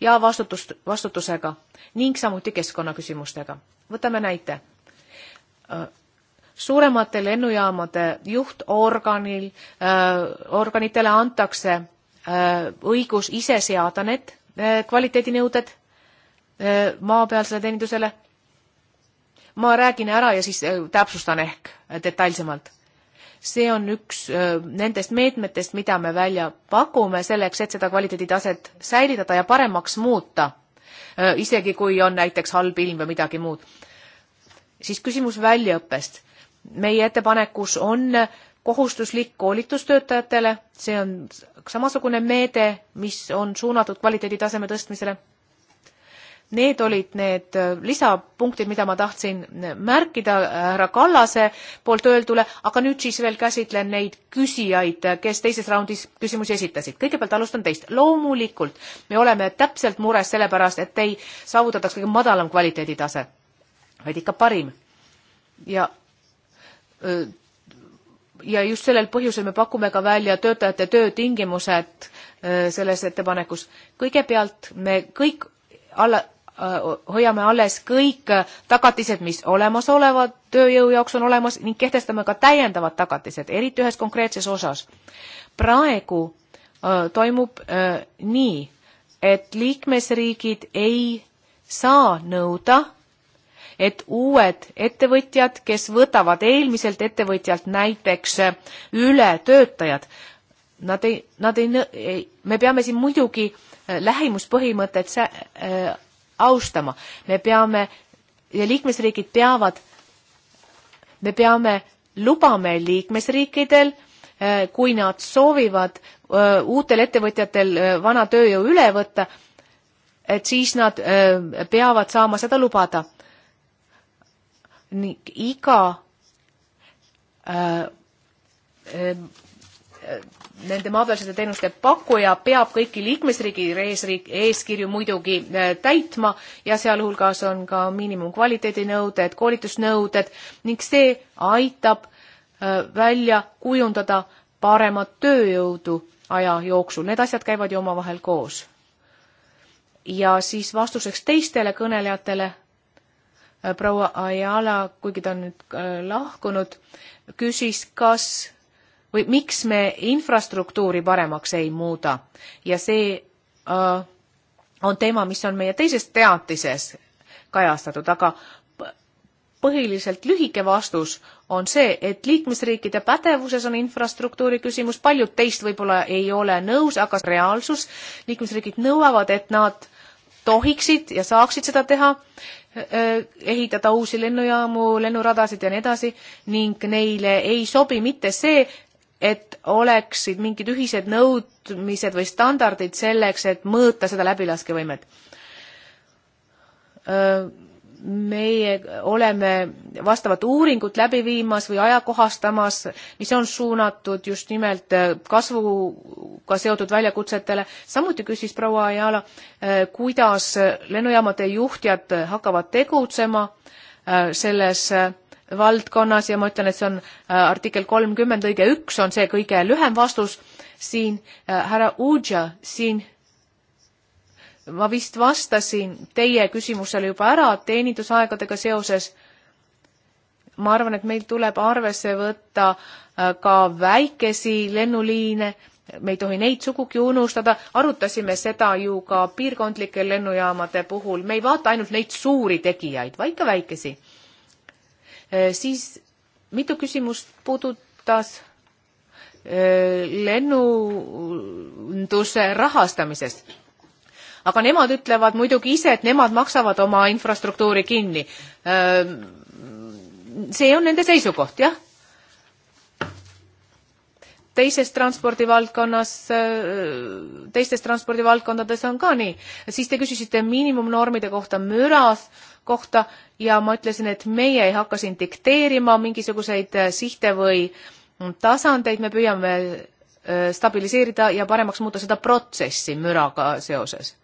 ja vastutust, vastutusega ning samuti keskkonnaküsimustega. võtame näite. Äh, suuremate lennujaamade juhtorganil, organitele antakse õigus ise seada need kvaliteedinõuded maapealsele teenindusele ma räägin ära ja siis äh, täpsustan ehk äh, detailsemalt. see on üks äh, nendest meetmetest, mida me välja pakume selleks, et seda kvaliteeditaset säilitada ja paremaks muuta. isegi kui on näiteks halb ilm või midagi muud. siis küsimus väljaõppest. meie ettepanekus on kohustuslik koolitus töötajatele, see on samasugune meede, mis on suunatud kvaliteeditaseme tõstmisele Need olid need äh, lisapunktid, mida ma tahtsin äh, märkida äh, härra Kallase poolt öeldule, aga nüüd siis veel käsitlen neid küsijaid, kes teises raundis küsimusi esitasid. kõigepealt alustan teist. loomulikult me oleme täpselt mures selle pärast, et ei saavutataks kõige madalam kvaliteeditase, vaid ikka parim. ja öö, ja just sellel põhjusel me pakume ka välja töötajate töötingimused selles ettepanekus. kõigepealt me kõik alla, Äh, hoiame alles kõik tagatised, mis olemasoleva tööjõu jaoks on olemas ning kehtestame ka täiendavad tagatised, eriti ühes konkreetses osas. praegu äh, toimub äh, nii, et liikmesriigid ei saa nõuda, et uued ettevõtjad, kes võtavad eelmiselt ettevõtjalt näiteks üle töötajad, nad ei, nad ei, ei, me peame siin muidugi lähimuspõhimõtet äh, austama. me peame ja liikmesriigid peavad, me peame lubame liikmesriikidel, eh, kui nad soovivad eh, uutel ettevõtjatel eh, vana tööjõu üle võtta, et siis nad peavad saama seda lubada. nii, iga nende maapealsete teenuste pakkuja peab kõiki liikmesriigi eesriik, eeskirju muidugi äh, täitma ja sealhulgas on ka miinimumkvaliteedinõuded, koolitusnõuded ning see aitab äh, välja kujundada paremat tööjõudu aja jooksul, need asjad käivad ju omavahel koos. ja siis vastuseks teistele kõnelejatele äh, proua Ayala, kuigi ta on nüüd lahkunud, küsis, kas või miks me infrastruktuuri paremaks ei muuda ja see äh, on teema, mis on meie teises teatises kajastatud, aga põhiliselt lühike vastus on see, et liikmesriikide pädevuses on infrastruktuuri küsimus, paljud teist võib-olla ei ole nõus, aga reaalsus, liikmesriigid nõuavad, et nad tohiksid ja saaksid seda teha, äh, ehitada uusi lennujaamu, lennuradasid ja nii edasi ning neile ei sobi mitte see, et oleksid mingid ühised nõudmised või standardid selleks, et mõõta seda läbilaskevõimet. meie oleme vastavat uuringut läbi viimas või ajakohastamas, mis on suunatud just nimelt kasvuga seotud väljakutsetele. samuti küsis proua Ajala, kuidas lennujaamade juhtijad hakkavad tegutsema selles valdkonnas ja ma ütlen, et see on äh, artikkel kolmkümmend lõige üks on see kõige lühem vastus siin äh, härra Uudža siin ma vist vastasin teie küsimusele juba ära teenindusaegadega seoses. ma arvan, et meil tuleb arvesse võtta äh, ka väikesi lennuliine, me ei tohi neid sugugi unustada, arutasime seda ju ka piirkondlike lennujaamade puhul, me ei vaata ainult neid suuri tegijaid, vaid ka väikesi Eh, siis mitu küsimust puudutas eh, lennunduse rahastamisest. aga nemad ütlevad muidugi ise, et nemad maksavad oma infrastruktuuri kinni. Eh, see on nende seisukoht, jah teises transpordivaldkonnas, teistes transpordivaldkondades on ka nii. siis te küsisite miinimumnormide kohta müras kohta ja ma ütlesin, et meie ei hakka siin dikteerima mingisuguseid sihte või tasandeid, me püüame äh, stabiliseerida ja paremaks muuta seda protsessi müraga seoses.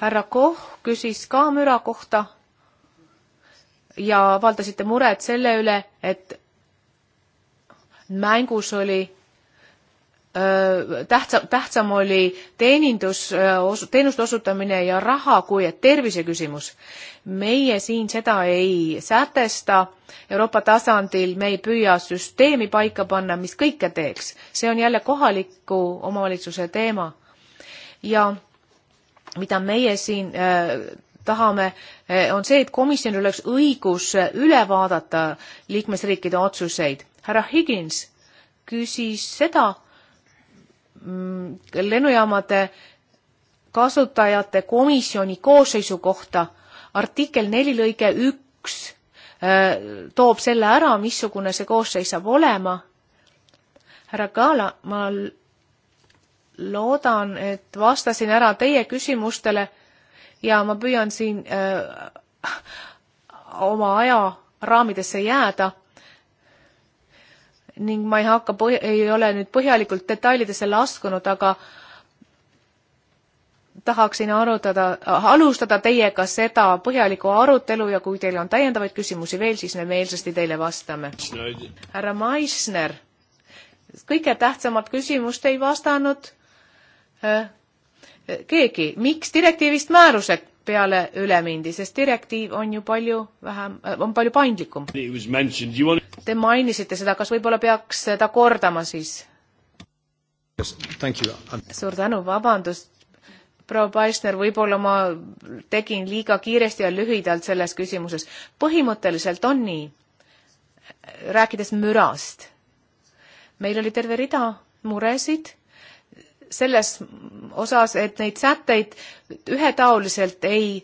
härra Koh küsis ka müra kohta ja avaldasite muret selle üle, et mängus oli tähtsa, tähtsam oli teenindus, teenuste osutamine ja raha kui et terviseküsimus. meie siin seda ei sätesta Euroopa tasandil, me ei püüa süsteemi paika panna, mis kõike teeks. see on jälle kohaliku omavalitsuse teema. ja mida meie siin äh, tahame, on see, et komisjonil oleks õigus üle vaadata liikmesriikide otsuseid härra Higins küsis seda mm, lennujaamade kasutajate komisjoni koosseisu kohta. artikkel neli lõige üks äh, toob selle ära, missugune see koosseis saab olema. härra Kaala, ma loodan, et vastasin ära teie küsimustele ja ma püüan siin öö, äh, oma aja raamidesse jääda ning ma ei hakka, ei ole nüüd põhjalikult detailidesse laskunud, aga tahaksin arutada, alustada teiega seda põhjalikku arutelu ja kui teil on täiendavaid küsimusi veel, siis me meelsasti teile vastame. härra Maisner, kõige tähtsamat küsimust ei vastanud äh, keegi, miks direktiivist määruse peale üle mindi, sest direktiiv on ju palju vähem, äh, on palju paindlikum. Te mainisite seda, kas võib-olla peaks seda kordama siis? suur tänu, vabandust, proua Paisner, võib-olla ma tegin liiga kiiresti ja lühidalt selles küsimuses. põhimõtteliselt on nii, rääkides mürast. meil oli terve rida muresid selles osas, et neid sätteid ühetaoliselt ei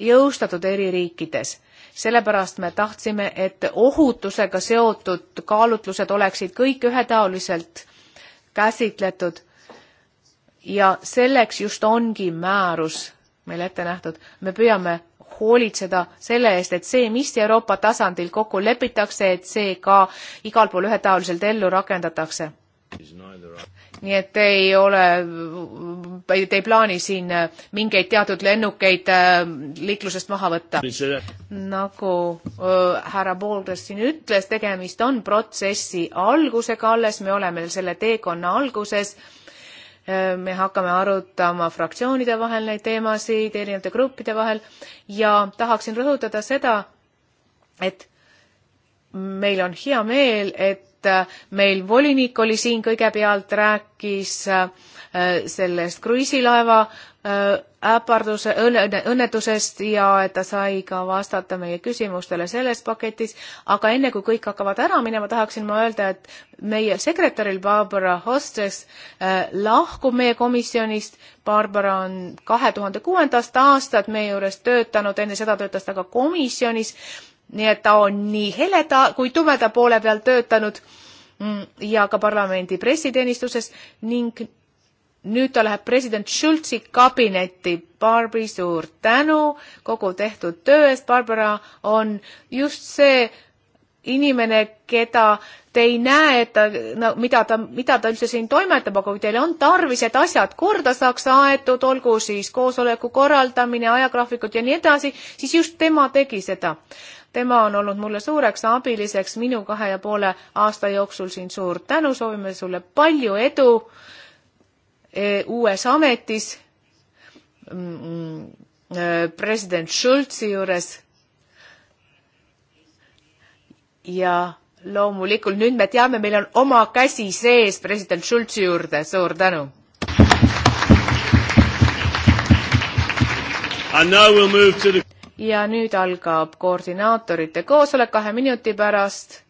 jõustatud eri riikides. sellepärast me tahtsime, et ohutusega seotud kaalutlused oleksid kõik ühetaoliselt käsitletud ja selleks just ongi määrus meil ette nähtud. me püüame hoolitseda selle eest, et see, mis Euroopa tasandil kokku lepitakse, et see ka igal pool ühetaoliselt ellu rakendatakse nii et te ei ole, te ei plaani siin mingeid teatud lennukeid äh, liiklusest maha võtta. nagu äh, härra Poolgas siin ütles, tegemist on protsessi algusega alles, me oleme selle teekonna alguses äh,. me hakkame arutama fraktsioonide vahel neid teemasid, erinevate gruppide vahel ja tahaksin rõhutada seda, et meil on hea meel, et et äh, meil volinik oli siin kõigepealt, rääkis äh, sellest kruiisilaeva äh, äparduse, õnnetusest ja et ta sai ka vastata meie küsimustele selles paketis, aga enne kui kõik hakkavad ära minema, tahaksin ma öelda, et meie sekretäril Barbara Hostes lahkub meie komisjonist. Barbara on kahe tuhande kuuendast aastat meie juures töötanud, enne seda töötas ta ka komisjonis nii et ta on nii heleda kui tumeda poole peal töötanud mm, ja ka parlamendi pressiteenistuses ning nüüd ta läheb president Schultzi kabinetti. Barbi, suur tänu kogu tehtud töö eest. Barbara on just see inimene, keda te ei näe, et ta, no mida ta, mida ta üldse siin toimetab, aga kui teil on tarvis, et asjad korda saaks aetud, olgu siis koosoleku korraldamine, ajagraafikud ja nii edasi, siis just tema tegi seda tema on olnud mulle suureks abiliseks minu kahe ja poole aasta jooksul siin. suur tänu, soovime sulle palju edu e, uues ametis mm, mm, e, president Schulzi juures. ja loomulikult nüüd me teame, meil on oma käsi sees president Schulzi juurde, suur tänu. And now we'll move to the ja nüüd algab koordinaatorite koosolek kahe minuti pärast